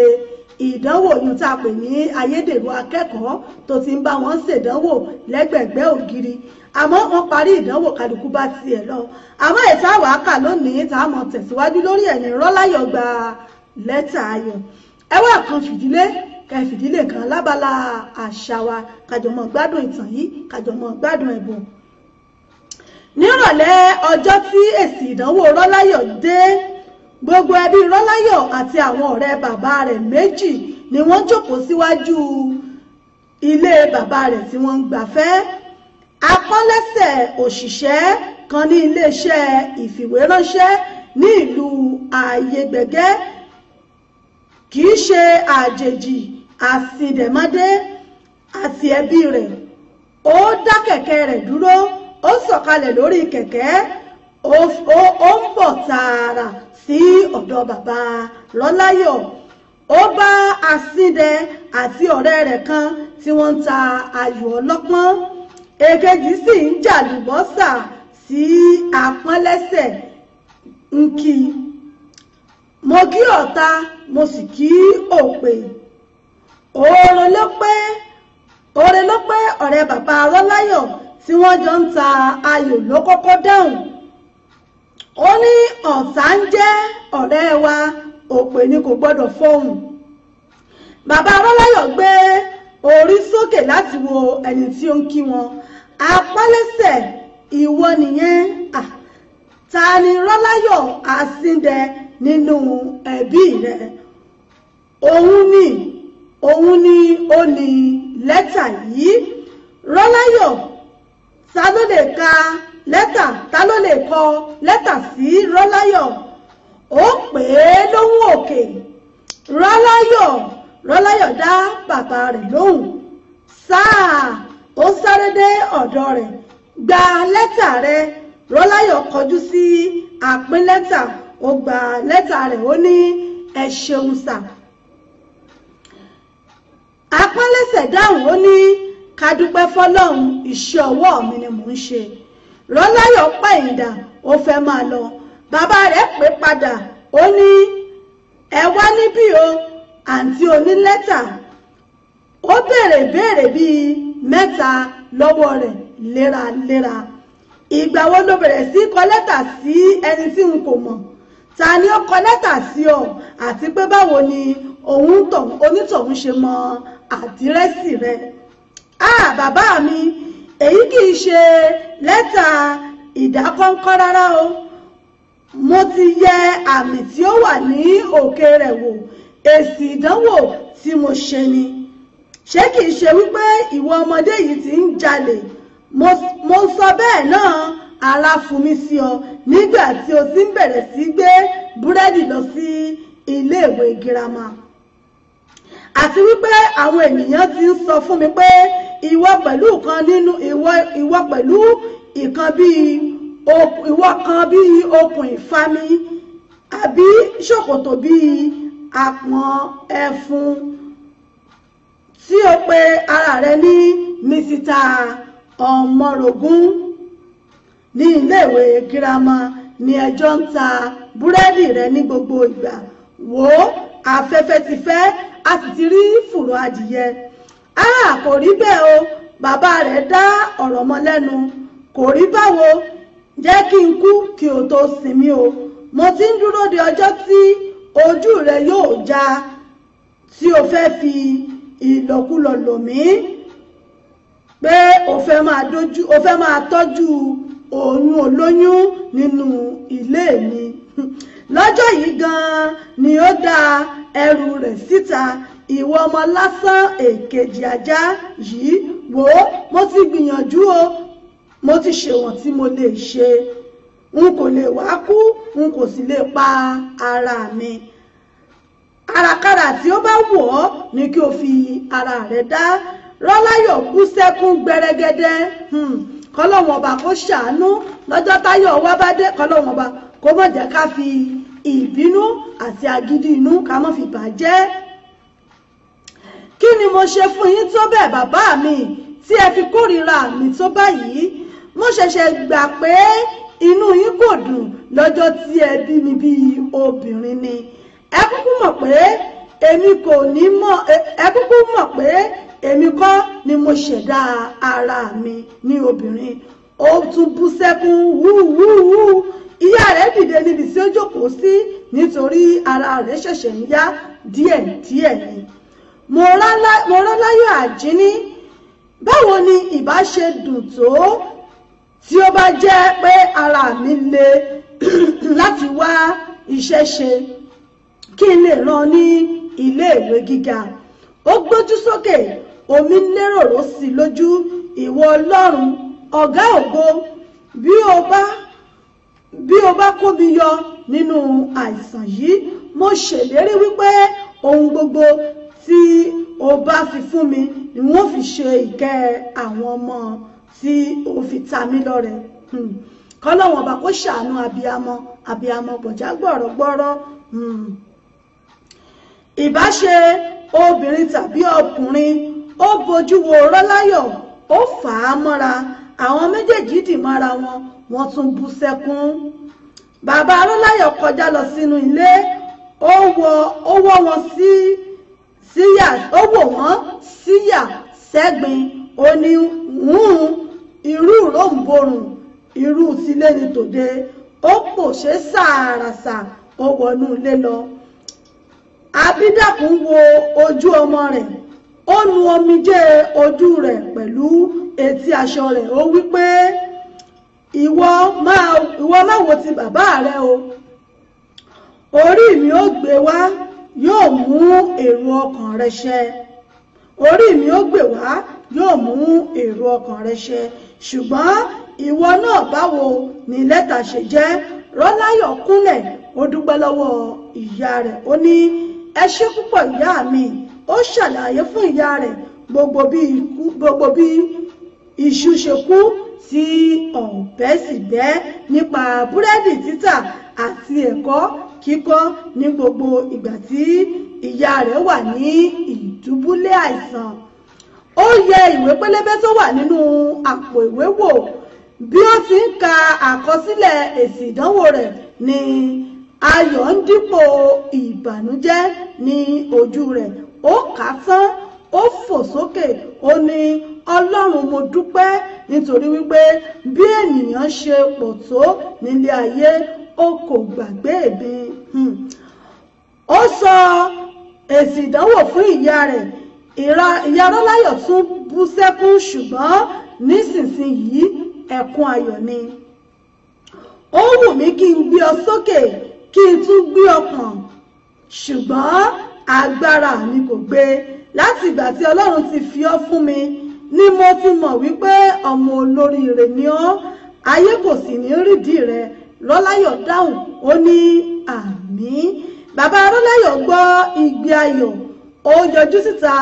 ìdánwò yìí tá a pè ní ayédèrú akẹ́kọ̀ọ́ tó ti ń bá wọn ṣèdánwò lẹ́gbẹ̀gbẹ́ ògiri àmọ́ wọ́n parí ìdánwò kálukú bá tiẹ̀ lọ àmọ́ ètò àwàkà lónìí tá tẹ̀síwájú lórí ẹ̀ ní rọ́láyọ̀ gba lẹ́tà ayọ̀ ẹ kan fìdílé ká ìfìdílé kan lábala àṣà wa kájọ mọ́ gbádùn ìtàn yìí kájọ mọ́ gbádùn ẹ̀bùn nírọ̀lẹ́ ọjọ́ tí èsì ìdánwò rọ́láyọ̀ dé gbogbo ẹbí rọ́láyọ̀ àti àwọn ọ̀rẹ́ bàbá rẹ̀ méjì ni wọ́n jókòó síwájú ilé bàbá rẹ̀ tí wọ́n ń gbafẹ́ akọ́lẹ́sẹ̀ òṣìṣẹ́ kan ní iléeṣẹ́ ìfìwéránṣẹ́ ní ìlú ayégbẹ̀gẹ́ kì í ṣe àjèjì àti dẹ̀mọ́dé àti ẹbí rẹ̀ ó dá kẹ̀kẹ́ rẹ̀ dúró ó sọ̀kalẹ̀ lórí kẹ̀kẹ́ ó ń bọ̀ tààrà sí ọ̀dọ̀ bàbá lọ́láyọ̀ ó bá asíndẹ àti ọ̀rẹ́ rẹ̀ kan tí wọ́n ń ta ayò ọlọ́pọ́n èkejì sì ń jàlùbọ́sà sí apọ́nlẹ́sẹ̀ ń kí mo kí ọ̀tá mo sì kí òpè oorun ló pé oore ló pé ọ̀rẹ́ bàbá arọ́láyọ̀ tí wọ́n jọ ń ta ayò ló kọ́kọ́ dáhùn ó ní ọ̀tá ń jẹ́ ọ̀rẹ́ wa òpè ni kò gbọ́dọ̀ fọ́hùn bàbá arọ́láyọ̀ gbé orí sókè láti wo ẹni tí ó ń kí wọn apálẹ́sẹ̀ ìwọ nìyẹn ta ni rọ́láyọ̀ àsìndẹ nínú ẹbí rẹ òun ni òun ni olì lẹ́tà yìí rọ́láyọ̀ ta ló lè ka lẹ́tà ta ló lè kọ lẹ́tà sí rọ́láyọ̀ ó pè é lóhùn òkè rọ́láyọ̀ rọ́láyọ̀ dá bàbá rẹ̀ lóhùn sáà ó sáré dé ọ̀dọ̀ rẹ̀ gba lẹ́tà rẹ̀ rọ́láyọ̀ kọjú sí àpín lẹ́tà ó gba lẹ́tà rẹ̀ ó ní ẹ ṣeun sáà apọ́nlẹ́sẹ̀ dáhùn ó ní ká dúpẹ́ fọlọ́run iṣẹ́ ọwọ́ mi ni mò ń ṣe rọ́láyọ̀ pàyìndà ó fẹ́ máa lọ bàbá rẹ̀ pè padà ó ní ẹ wá níbí o àǹtí onílẹ́tà ó béèrè béèrè bíi mẹ́ta lọ́wọ́ rẹ̀ léraléra ìgbà wo ló bẹ̀rẹ̀ sí kọ lẹ́tà sí ẹni tí n kò mọ̀ ta ni ó kọ lẹ́tà sí ọ àti pé báwo ni òun onítọ̀hún ṣe mọ̀ ọ́ àdírẹ́sì rẹ a bàbá mi èyí kì í ṣe lẹ́tà ìdákọ́ńkọ́ rárá o mo ti yẹ àmì tí ó wà ní òkè rẹ̀ wò èsì ìdánwò tí mo ṣe ni ṣé kì í ṣe wípé ìwọ ọmọdé yìí ti ń jalè mo sọ bẹ́ẹ̀ náà ara fún mi sí ọ nígbà tí o ti ń bẹ̀rẹ̀ sí gbé búrẹ́dì lọ sí iléèwé girama àti wípé àwọn ènìyàn ti ń sọ fún mi pé ìwọ pẹ̀lú kan nínú ìwọ ìwọ pẹ̀lú ìkan bíi ìwọ kan bíi okùn ìfami àbí ṣòkòtò bíi àpọ̀n ẹ̀fun tí o pe ara rẹ ní mísítà ọmọrogún ní iléèwé girama ni ẹjọ́ ń ta búrẹ́dì rẹ ní gbogbo ìgbà wò ó ti fẹ́ a sì ti rí fùrọ adìyẹ a kò rí bẹ́ẹ̀ o bàbá rẹ̀ dá ọ̀rọ̀ mọ́ lẹ́nu kò rí báwo jẹ́ kí n kú kí o tó sinmi o mo ti ń dúró de ọjọ́ tí ojú rẹ yóò já tí o fẹ́ fi ìlòkulò lò mí pé o fẹ́ máa tọ́jú oyún olóyún nínú ilé mi [laughs] lọ́jọ́ yìí gan-an ni ó dáa ẹrù rẹ̀ síta ìwọ ọmọ lásán èkejì ajá yìí wò ó mo ti gbìyànjú o mo ti ṣèwọ̀n tí mo lè ṣe n kò lè wá kú n kò sì lè pa ara mi àràkàrà tí ó bá wù ọ́ ni kí o fi ara rẹ dá rọ́láyọ̀ bú sẹ́kún gbẹrẹgẹdẹ hmm, kọ́lọ́wọ̀n ọba kó ṣàánú lọ́jọ́ táyọ̀ wá bá dé kọ́lọ́wọ̀n ọba kó má jẹ́ ká fi ìbínú àti agídí inú ká má fi bà jẹ́ kí ni mo ṣe fún yín tó bẹ́ẹ̀ bàbá mi tí ẹ fi kórìíra mi tó báyìí mo ṣẹ̀ṣẹ̀ gbà pé inú yín kò dùn lọ́jọ́ tí ẹ bí mi bí obìnrin ni ẹ kúkú mọ̀ pé èmi kò ní mọ̀ ẹ kúkú mọ̀ pé èmi kọ́ ni mo ṣẹ̀dá ara mi ní obìnrin ó tún bú sẹ́kún wúwúwú ìyá rẹ̀ dìde níbi tí ó jókòó sí nítorí ara rẹ̀ ṣẹ̀ṣẹ̀ ń yá díẹ̀díẹ̀ ni mo ráláyọ̀ àjíní báwo ni ìbá ṣe dùn tó tí ó bá jẹ́ pé ara mi le [clears throat] láti wá iṣẹ́ ṣe kí n lè rán ní iléèwé gíga ó gbójú sókè omi lérò rò sí lójú ìwọ ọlọ́run ọ̀gá ògo bí o bá bí o bá kó mi yọ nínú àìsàn yìí mo ṣèlérí wípé ohun gbogbo tí o bá fi fún mi ni wọ́n fi ṣe ìkẹ́ àwọn ọmọ tí o fi ta mí lọ́rẹ hmm. kọ́lọ́wọ́n ọba kó ṣàánú abiyamọ abiyamọ bọ̀já gbọ̀rọ̀gbọ̀rọ̀ hmm. ìbáṣe obìnrin tàbí ọkùnrin ó bojú wo ọ̀rọ̀ láyọ̀ ó fà á mọ́ra àwọn méjèèjì dì mọ́ra wọn wọ́n tún bú sẹ́kún bàbá arọ́láyọ̀ kọjá lọ sínú ilé ó wọ́ wọn sí síyà ó wò wọ́n síyà sẹ́gbin ó ní hùn irú ròǹborùn irú tílé ni tòde ó pòṣé sàràsà ó wọnú ilé lọ abídàkùn wo ojú ọmọ rẹ̀ ó nu omijé ojú rẹ̀ pẹ̀lú etí aṣọ rẹ̀ ó wí pé ìwọ máa ìwọ máa wo ti bàbá rẹ o orí mi ó gbé wá yóò mú èrò ọkàn rẹ ṣẹ orí mi ó gbé wá yóò mú èrò ọkàn rẹ ṣẹ ṣùgbọ́n ìwọ náà báwo ni lẹ́tà ṣe jẹ́ rọ́láyọ̀ kúnlẹ̀ ó dúpẹ́ lọ́wọ́ ìyá rẹ̀ ó ní ẹ púpọ̀ ìyá mi ó ṣàlàyé fún ìyá rẹ̀ gbogbo bí iṣu ṣe kú tí ọ̀bẹ sì bẹ́ nípa búrẹ́dì títà àti ẹ̀kọ́ kíkọ́ ní gbogbo ìgbà tí ìyá rẹ̀ wà ní ìdúbúlé àìsàn ó yẹ ìwé pélébé tó wà nínú àpò ìwé wò bí ó ti ń ka àkọsílẹ̀ èsì ìdánwò rẹ̀ ni ayọ̀ ń dípò ìbànújẹ́ ní ojú rẹ̀ ó kà á tán ó fò sókè ó ní ọlọ́run mo dúpẹ́ nítorí wípé bí ènìyàn ṣe pọ̀ tó nílé ayé ó kò gbàgbé èmi hmm. ó sọ èsì ìdánwò fún ìyá rẹ̀ ìyá tún bú sẹ́kún ṣùgbọ́n nísinsìnyí ẹ̀kún ayọ̀ ni ó wù mí kí n gbé ọ sókè kí n tún gbé ọ ṣùgbọ́n agbára mi kò gbé láti ìgbà tí ọlọ́run ti fi ọ́ fún mi ni mo ti mọ̀ wípé ọmọ olóríire ni ọ́ ayé kò sì ní rídìí rẹ lọ́láyọ̀ dáhùn ó ní àmín bàbá lọ́láyọ̀ gbọ́ igbe ayọ̀ ó yọjú síta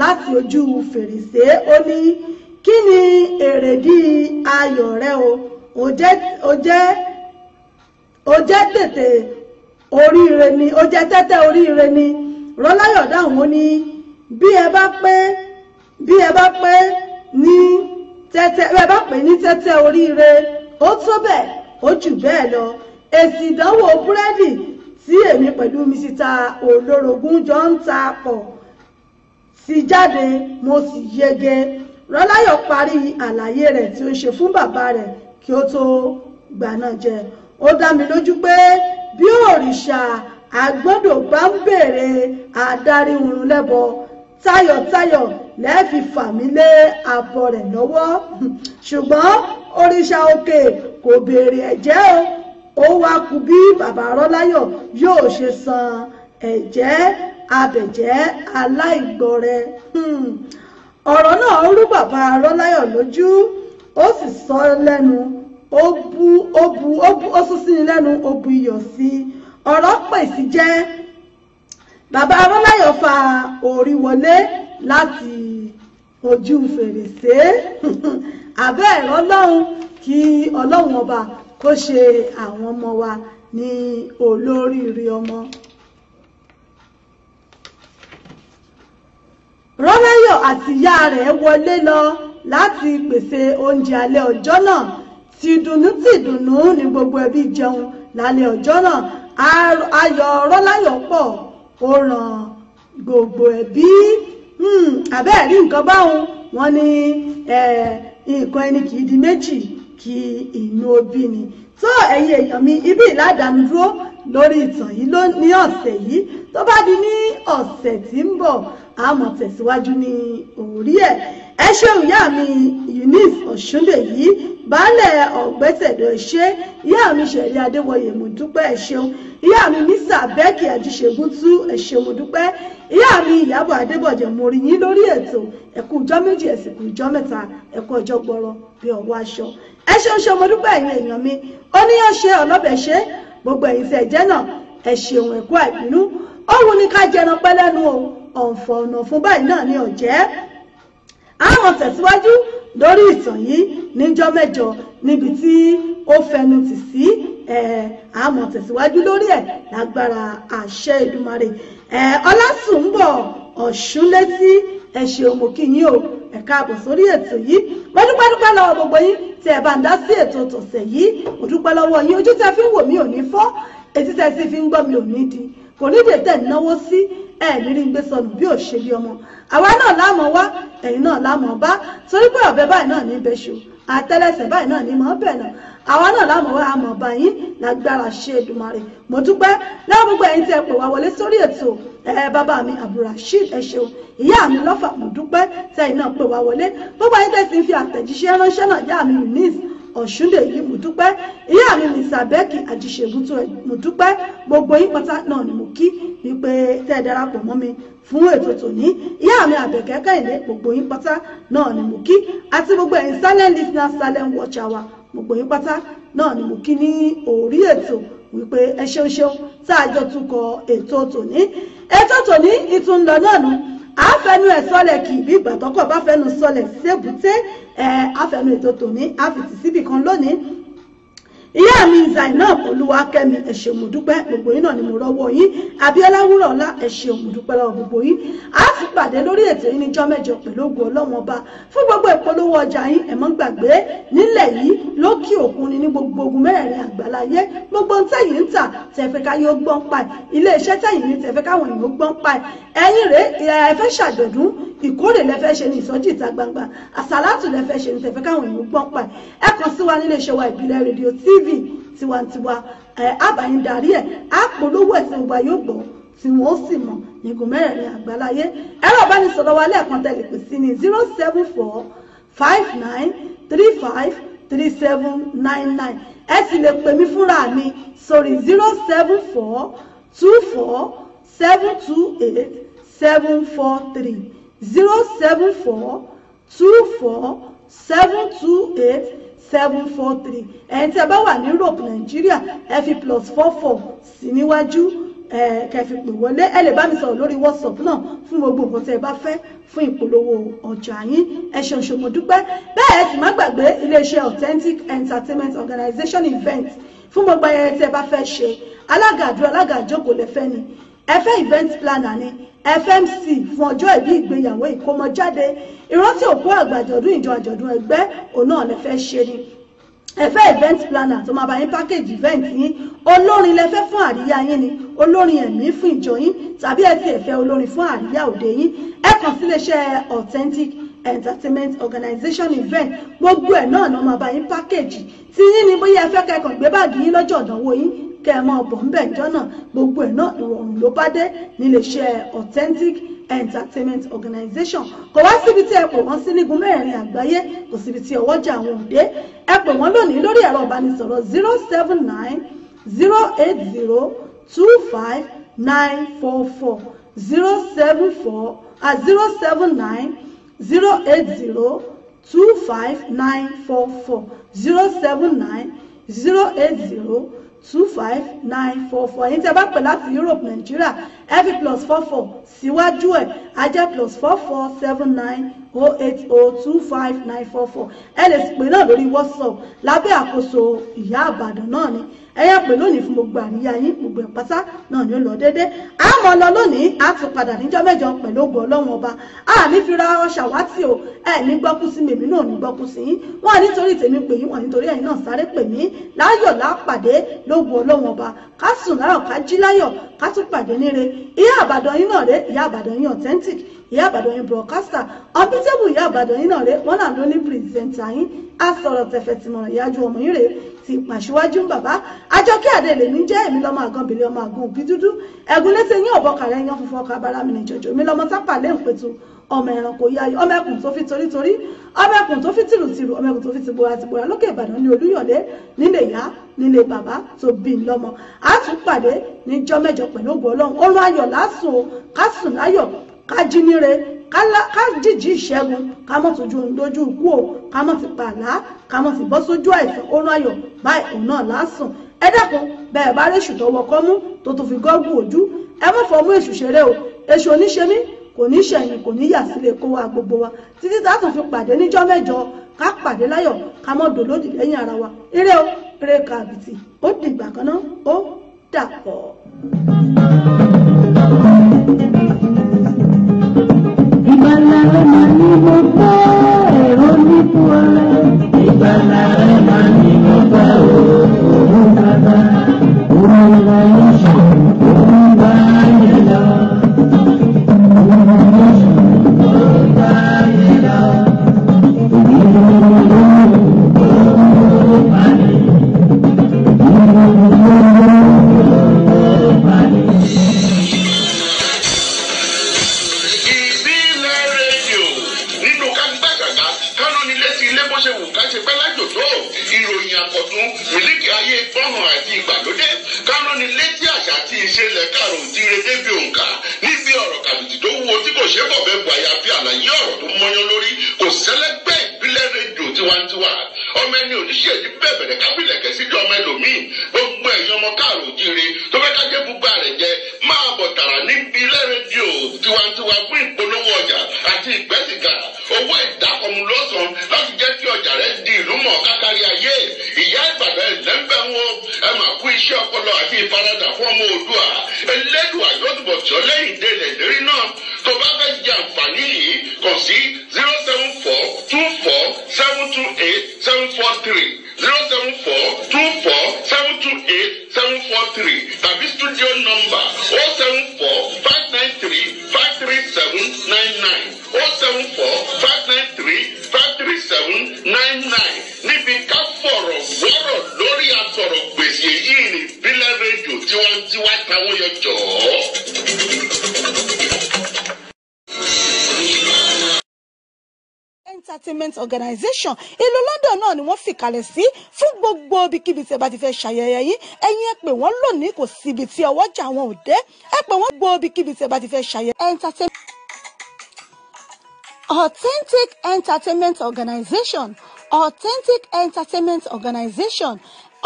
láti ojú fèrèsé ó ní kí ni èrèdí ayọ̀ rẹ o ò jẹ́ ò jẹ́ ó jẹ́ tètè oríire ni ó jẹ́ tẹ́tẹ́ oríire ni rọ́láyọ̀ dáhùn ó ní bí ẹ bá pé bí ẹ bá pé ní tẹ́tẹ́ ẹ bá pè ní tẹ́tẹ́ oríire ó tó bẹ́ẹ̀ ó jù bẹ́ẹ̀ lọ èsì ìdánwò búrẹ́dì tí èmi pẹ̀lú mísítà olórogún jọ ń ta pọ̀ ti jáde mo sì yege rọ́láyọ̀ parí àlàyé rẹ̀ tí ó ṣe fún bàbá rẹ̀ kí ó tó gbà náà jẹ ó dá mi lójú pé bí òrìṣà àgbọ́dọ̀ bá ń béèrè àdarí òrùn lẹ́bọ̀ọ́ tayọ̀tayọ̀ lẹ́ẹ̀fi fà mí lé àbọ̀ rẹ̀ lọ́wọ́ ṣùgbọ́n òrìṣà òkè kò béèrè ẹ̀jẹ́ o ó wá kú bí bàbá rọ́láyọ̀ yóò ṣe san ẹ̀jẹ́ abẹ̀jẹ́ aláìgbọrẹ hmm. ọ̀rọ̀ náà rú bàbá rọ́láyọ̀ lójú ó sì sọ lẹ́nu ó bu ó bu ó sún sí lẹ́nu ó bu iyọ̀ sí ọ̀rọ̀ pèsè jẹ́ bàbá Arọ́láyọ̀ fa orí wọlé láti ojú fèrèsé àbẹ́ ẹ̀rọ lọ́hùn kí ọlọ́run ọba kó ṣe àwọn ọmọ wa ní olóríire ọmọ. Rọ́láyọ̀ àti ìyá rẹ̀ wọlé lọ láti pèsè oúnjẹ alẹ́ ọjọ́ náà ti dùnnú ti dùnnú ní gbogbo ẹbí jẹun lálẹ́ ọjọ́ náà ayọ̀ Rọ́láyọ̀ pọ̀ ó ràn gbogbo ẹbí hmm, àbẹ́ẹ̀ rí nǹkan báwọn wọn ní nǹkan ẹni kì í di méjì kí inú obì ni tó ẹ̀yin èèyàn mi ibi ìládàánu dúró lórí ìtàn yìí ló ní ọ̀sẹ̀ yìí tó bá di ní ọ̀sẹ̀ tí ń bọ̀ a tẹ̀síwájú ní orí ẹ̀ ẹ ṣeun ìyá mi eunice ọ̀ṣúndèyí baálẹ̀ ọ̀gbẹ́tẹ̀dọ̀ ṣe ìyá mi ṣẹ̀rí adéwọyè mo dúpẹ́ ẹ ṣeun ìyá mi mísà bẹ́ẹ̀kì àjíṣegúntú ẹ ṣeun mo dúpẹ́ ìyá mi ìyábọ̀ adébọ̀jẹ̀ mo rí yín lórí ètò ẹ̀kú ọjọ́ méjì ẹ̀sìnkú ọjọ́ mẹ́ta ẹ̀kú ọjọ́ gbọ́rọ̀ bí ọwọ́ aṣọ ẹ ṣeun ṣe mo dúpẹ́ ẹ̀yin èèyàn mi oníyàn ṣe ọlọ́bẹ̀ ṣe gbogbo ẹ̀yin tẹ̀ jẹ́ náà ẹ ṣeun ẹ̀kú àìbínú òun ni ká jẹran pẹ́ lẹ́nu ọ̀nfọ̀ọ̀nà fún báyìí náà ni ọ̀jẹ́ àwọn tẹ̀síwájú lórí ìtàn yìí níjọ́ mẹ́jọ níbi tí ó fẹnu tì sí àmọ̀ tẹ̀síwájú lórí ẹ̀ lágbára àṣẹ Èdùmàrè ọlásùnbọ̀ ọ̀ṣúnlétí ẹ ṣeun mo kí yín o ẹ káàbọ̀ sórí ètò yìí wọ́n dúpẹ́ dúpẹ́ lọ́wọ́ gbogbo yín tí ẹ bá ń dá sí ètò tọ̀sẹ̀ yìí mo dúpẹ́ lọ́wọ́ yín ojú tẹ fi ń wò mí ò ní fọ́ etí tẹ sì fi ń gbọ́ mi ò ní di kò ní dè tẹ̀ náwó sí ẹ nírí ń gbé sọnù bí ò ṣe bí ọmọ àwa náà lámọ wá ẹ̀yin náà lámọ bá torí pé ọ̀bẹ báyìí náà ní bẹṣu àtẹ́lẹsẹ̀ báyìí náà ní mọ bẹ́ẹ̀ náà àwa náà lámọ wá àmọ báyìí lágbára ṣe Èdùmàrè mo dúpẹ́ lọ́wọ́ gbogbo ẹ̀yin tí ẹ pè wá wọlé sórí ètò ẹ bàbá mi Abdulrasheed ẹ ṣeun ìyá mi lọ́fà mo dúpẹ́ tẹ̀yin náà pè wá wọlé gbogbo ẹ̀yin tẹsí fi àtẹ̀jíṣẹ́ ránṣẹ́ náà yá mi Eunice ọ̀ṣúndèyí mùdúpẹ́ ìyá mi mr becky àjíṣebútó mùdúpẹ́ gbogbo yín pátá náà ni mo kí wípé tẹ́ ẹ darapọ̀ mọ́ mi fún ètò tòní ìyá mi àbẹ̀kẹ́ kẹ́hìnlẹ́ gbogbo yín pátá náà ni mo kí àti gbogbo ẹ̀yin silent listener silent watcher wa gbogbo yín pátá náà ni mo kí ní orí ètò wípé ẹ ṣeun ṣeun tá a jọ tún ètò tòní ètò tòní ìtún náà nù àfẹnu ẹ̀ sọ́lẹ̀ kì í bí ìgbà tọ́kọ̀ bá fẹnu sọ́lẹ̀ ṣébùté ẹ̀ àfẹnu ètò tòní àfìtì síbì kan lónìí ìyá mi Zainab Olúwakẹ́mi ẹ ṣé mo gbogbo yín náà ni mo rọ́wọ́ yín Abíọ́lá Wúrọ̀ọ́lá ẹ ṣé mo dúpẹ́ lọ́wọ́ gbogbo yín a ti pàdé lórí ètò yìí níjọ́ mẹ́jọ pẹ̀lú ògo Ọlọ́run Ọba fún gbogbo ìpolówó ọjà yín ẹ má gbàgbé nílẹ̀ yìí lókè òkun ni ní gbogbo ogun mẹ́rẹ̀ẹ̀rin àgbáláyé gbogbo ohun tẹ̀yin ń tà tẹ̀fẹ́ káyé ó gbọ́n pa ilé iṣẹ́ tẹ̀yin ní tẹ̀fẹ́ káwọn èèyàn ó gbọ́n pa ẹ̀yin rèé ẹ fẹ́ ṣàjọ̀dún ìkórè lẹ́fẹ́ ṣe ní ìsọjí ìta gbangba àsálàtù lẹ́fẹ́ ṣe ní tẹ̀fẹ́ káwọn èèyàn ó pa ẹ kàn sí wa nílé iṣẹ́ wa ìbílẹ̀ rédíò tv tv tiwantiwa ẹ àbáyíndàrí ẹ àpolówó ẹ tí gbogbo ayé gbọ́ tí wọn ó sì mọ̀ yìngùn mẹ́rẹ̀ẹ̀rin àgbáláyé ẹ̀rọ ìbánisọ̀rọ̀ wa lẹ́ẹ̀kan tẹlẹ sí ní zero seven four five nine three five three seven nine nine ẹ sì lè pè mí fúnra mi sórí zero seven four two four seven two eight seven four three zero seven four two four seven two eight seven four three ẹ̀yin tí ẹ bá wà ní Europe Nàìjíríà ẹ fi plus four four sí níwájú kẹfì pè wọlé ẹ lè bá mi sọ̀rọ̀ lórí WhatsApp náà fún gbogbo nǹkan tí ẹ bá fẹ́ fún ìpolówó ọjà yín ẹ ṣeun ṣeun mo dúpẹ́ ẹ sì má gbàgbé iléeṣẹ́ Authentic Entertainment Organization event fún gbogbo ayẹyẹ tí ẹ bá fẹ́ ṣe alága àdúrà alága àjókòó lẹ́fẹ́ ni ẹ event planner ni fmc fún ọjọ́ ìbí ìgbéyàwó ìkómọjáde ìrántí òkú àgbàjọ̀dún ìjọ àjọ̀dún ẹgbẹ́ òun náà lè fẹ́ ṣe ni ẹ event planner tó máa bá yín package event yín olórin lẹ fẹ́ fún àríyá yín ni olórin ẹ̀mí fún ìjọ yín tàbí ẹ ti ẹ̀fẹ́ olórin fún àríyá òde yín ẹ kàn sí authentic entertainment organization event gbogbo ẹ̀ náà ni wọ́n máa bá yín package tí yín ni bóyá ẹ fẹ́ kẹ́kọ̀ọ́ gbé báàgì yín lọ́jọ́ ìdánwò yín kẹ́ ẹ máa bọ̀ ń bẹ̀ jọ́nà gbogbo ẹ̀ náà ìrọ̀rùn ló bá dé níléeṣẹ́ authentic entertainment organization kò wá síbi tí ẹ pè wọ́n sí nígun mẹ́rin àgbáyé kò síbi tí ọwọ́jà àwọn òde ẹ pè wọ́n lónìí lórí ẹ̀rọ ìbánisọ̀rọ̀ zero seven nine zero eight zero two five nine four four zero seven four ah zero seven nine zero eight zero two five nine four four zero seven nine zero eight zero two five nine four four ẹ̀yin tí a bá pè láti Europe Nigeria, ẹ plus four four síwájú ẹ̀ á plus four four seven nine oh eight oh two five nine four four ẹ lè pè náà lórí WhatsApp lábẹ́ àkóso Ìyá Ìbàdàn náà ni 0244 ẹyẹ pè lónìí fún gbogbo àríyá yín gbogbo ẹ̀ pátá náà ni ó lọ déédéé a mọ̀ lọ lónìí a tún padà níjọ́ mẹ́jọ pẹ̀lú ògbó ọlọ́run ọba a ní fira ṣàwátì o ẹ ní gbọ́kú sí mèmí náà ní gbọ́kú sí yín wọ́n nítorí tèmi pè yín wọ́n nítorí ẹ̀yin náà sáré pè mí láyọ̀ lápàdé lóògùn ọlọ́run ọba ká sùn láyọ̀ ká jí láyọ̀ ká tún pàdé níre ìyá àbàdàn ìyá àbàdàn yín authentic ìyá àbàdàn broadcaster ọbítẹ́bù ìyá àbàdàn yín náà rè wọ́n náà ló ní pírẹsẹ̀ntà yín á sọ̀rọ̀ tẹ̀fẹ̀ tìmọ̀ràn ìyájú ọmọ yín rèé ti pàṣíwájú ń bàbá àjọkẹ́ àdèlè ní jẹ́ èmi lọ́mọ àgàn bìlẹ̀ ọmọ àgàn òbí dúdú ẹ̀gún létí yín ọ̀bọ kàrẹ́ yan funfun ọkà abára mi ní jọjọ mi lọ́mọ sápà lé ìpẹ̀tù ọmọ ẹranko yáyọ ọmọ ẹkùn tó fi torítorí ọmọ ẹkùn tó fi tìrùtìrù ọmọ ẹkùn tó fi tìbora tìbora lókè Ìbàdàn ní Olúyọ̀lé nílé ìyá nílé bàbá tó bí i lọ́mọ àtúpàdé níjọ́ mẹ́jọ pẹ̀lú ògbó Ọlọ́run oorun ayọ̀ lásùn kásùn láyọ̀ ká jí níre ká jíjí ìṣẹ́gun ká má tójú dojú ikú o ká má fi pàlá ká má fi bọ́ sójú àìsàn ó láyọ̀ báyìí òun náà lásán ẹ dẹ́kun bẹ́ẹ̀ bá réṣù tó wọkọ́ mú tó tó fi gọ́gù ojú ẹ má fọ́ mú èṣù ṣeré o èṣù oníṣẹ́mí kò ní ṣẹ̀yìn kò ní yà sílé kó wa gbogbo wa títí tá a tún fi pàdé níjọ́ mẹ́jọ ká pàdé láyọ̀ ká mọ́ dòlódì lẹ́yìn ara wa eré o eré kàbìtì ó dìgbà kan náà ó dàpọ̀. Malala Mani Mokka nation ìlú London náà ni wọ́n fìkàlẹ̀ sí fún gbogbo ibikíbi tí ẹ bá ti fẹ́ ṣàyẹyẹ yìí ẹ̀yin ẹ pè wọ́n lónìí kò síbi tí ọwọ́ jà wọn ò dé ẹ pè wọ́n gbogbo ibikíbi tí ẹ bá ti fẹ́ ṣàyẹyẹ Authentic Entertainment Organization Authentic Entertainment Organization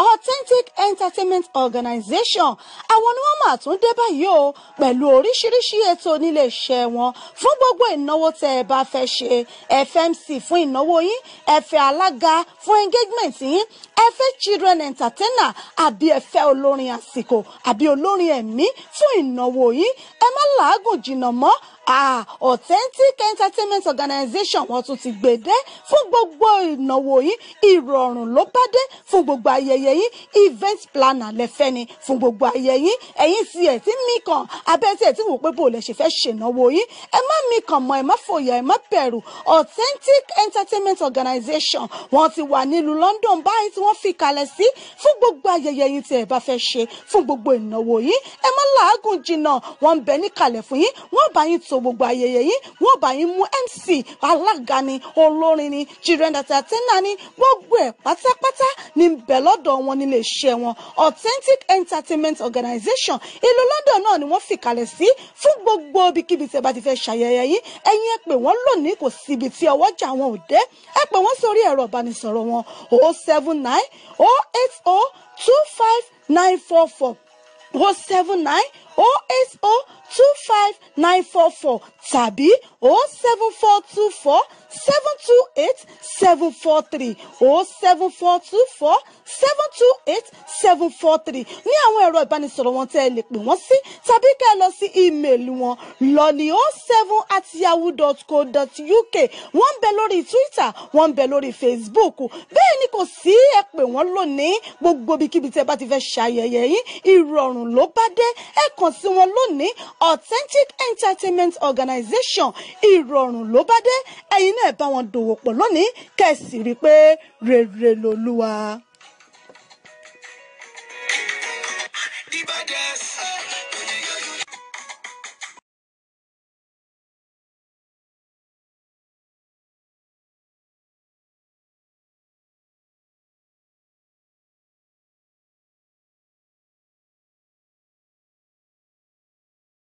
authentic entertainment organization àwọn ni wọ́n máa tún dé báyìí o pẹ̀lú oríṣiríṣi ètò nílé iṣẹ́ wọn fún gbogbo ìnáwó tẹ́ ẹ bá fẹ́ ṣe ẹ fẹ́ MC fún ìnáwó yín ẹ alága fún engagement yín ẹ fẹ́ children entertainer àbí ẹ fẹ́ olórin àsìkò àbí olórin ẹ̀mí fún ìnáwó yín ẹ má làágùn jìnnà mọ́ ah authentic entertainment organization wọ́n tún ti gbé dé fún gbogbo ìnáwó yín ìrọ̀rùn ló bá dé fún gbogbo ayẹyẹ yín event planner lẹ́fẹ́ ni fún gbogbo ayẹyẹ yín ẹ̀yin tí ẹ̀ ti mí kan abẹ́ tí ẹ̀ ti wò pé bò lẹ̀ ṣe fẹ́ ṣènáwó yín ẹ má mí kàn mọ́ ẹ má fòyà ẹ má bẹ̀rù authentic entertainment organization wọ́n ti wà nílùú London báyìí tí wọ́n fi kalẹ̀ sí fún gbogbo ayẹyẹ yín tí ẹ bá fẹ́ ṣe fún gbogbo ìnáwó yín ẹ má làágùn jìnnà wọ́n ń bẹ níkàlẹ̀ ṣètò gbogbo ayẹyẹ yìí wọ́n bá yín mú mc alága ni olórin ni children entertainer ni gbogbo ẹ̀ pátápátá ní bẹ̀ lọ́dọ̀ wọn nílé iṣẹ́ wọn authentic entertainment organization ìlú London náà ni wọ́n fìkàlẹ̀ sí fún gbogbo ibikíbi tí ẹ bá ti fẹ́ ṣàyẹyẹ yín ẹ̀yin ẹ pè wọ́n lónìí kò sí ibi tí ọwọ́jà wọn ò dé ẹ pè wọ́n sórí ẹ̀rọ ìbánisọ̀rọ̀ wọn o oh seven nine o oh eight o oh two five nine four four o seven nine two five nine four 25944 tàbí seven 728 743 07424 728 743 ní àwọn ẹ̀rọ ìbánisọ̀rọ̀ wọn tẹ́ ẹ lè pè wọ́n sí tàbí kẹ́ ẹ lọ sí ímeèlì wọn lọ́ọ̀nì 07 at yahoo dot co dot uk wọ́n ń bẹ lórí twitter wọ́n ń bẹ lórí facebook bẹ́ẹ̀ ni kò sí ẹ pè wọ́n lónìí gbogbo ibikíbi tẹ́ bá ti fẹ́ ṣayẹyẹ yín ìrọ̀rùn ló bá dé ẹ kàn mọ̀ sí wọn lónìí authentic entertainment organization ìrọ̀rùn ló bá dé ẹ̀yin náà bá wọn dòwò pọ̀ lónìí kẹ̀sì rí i pé rere lolúwa.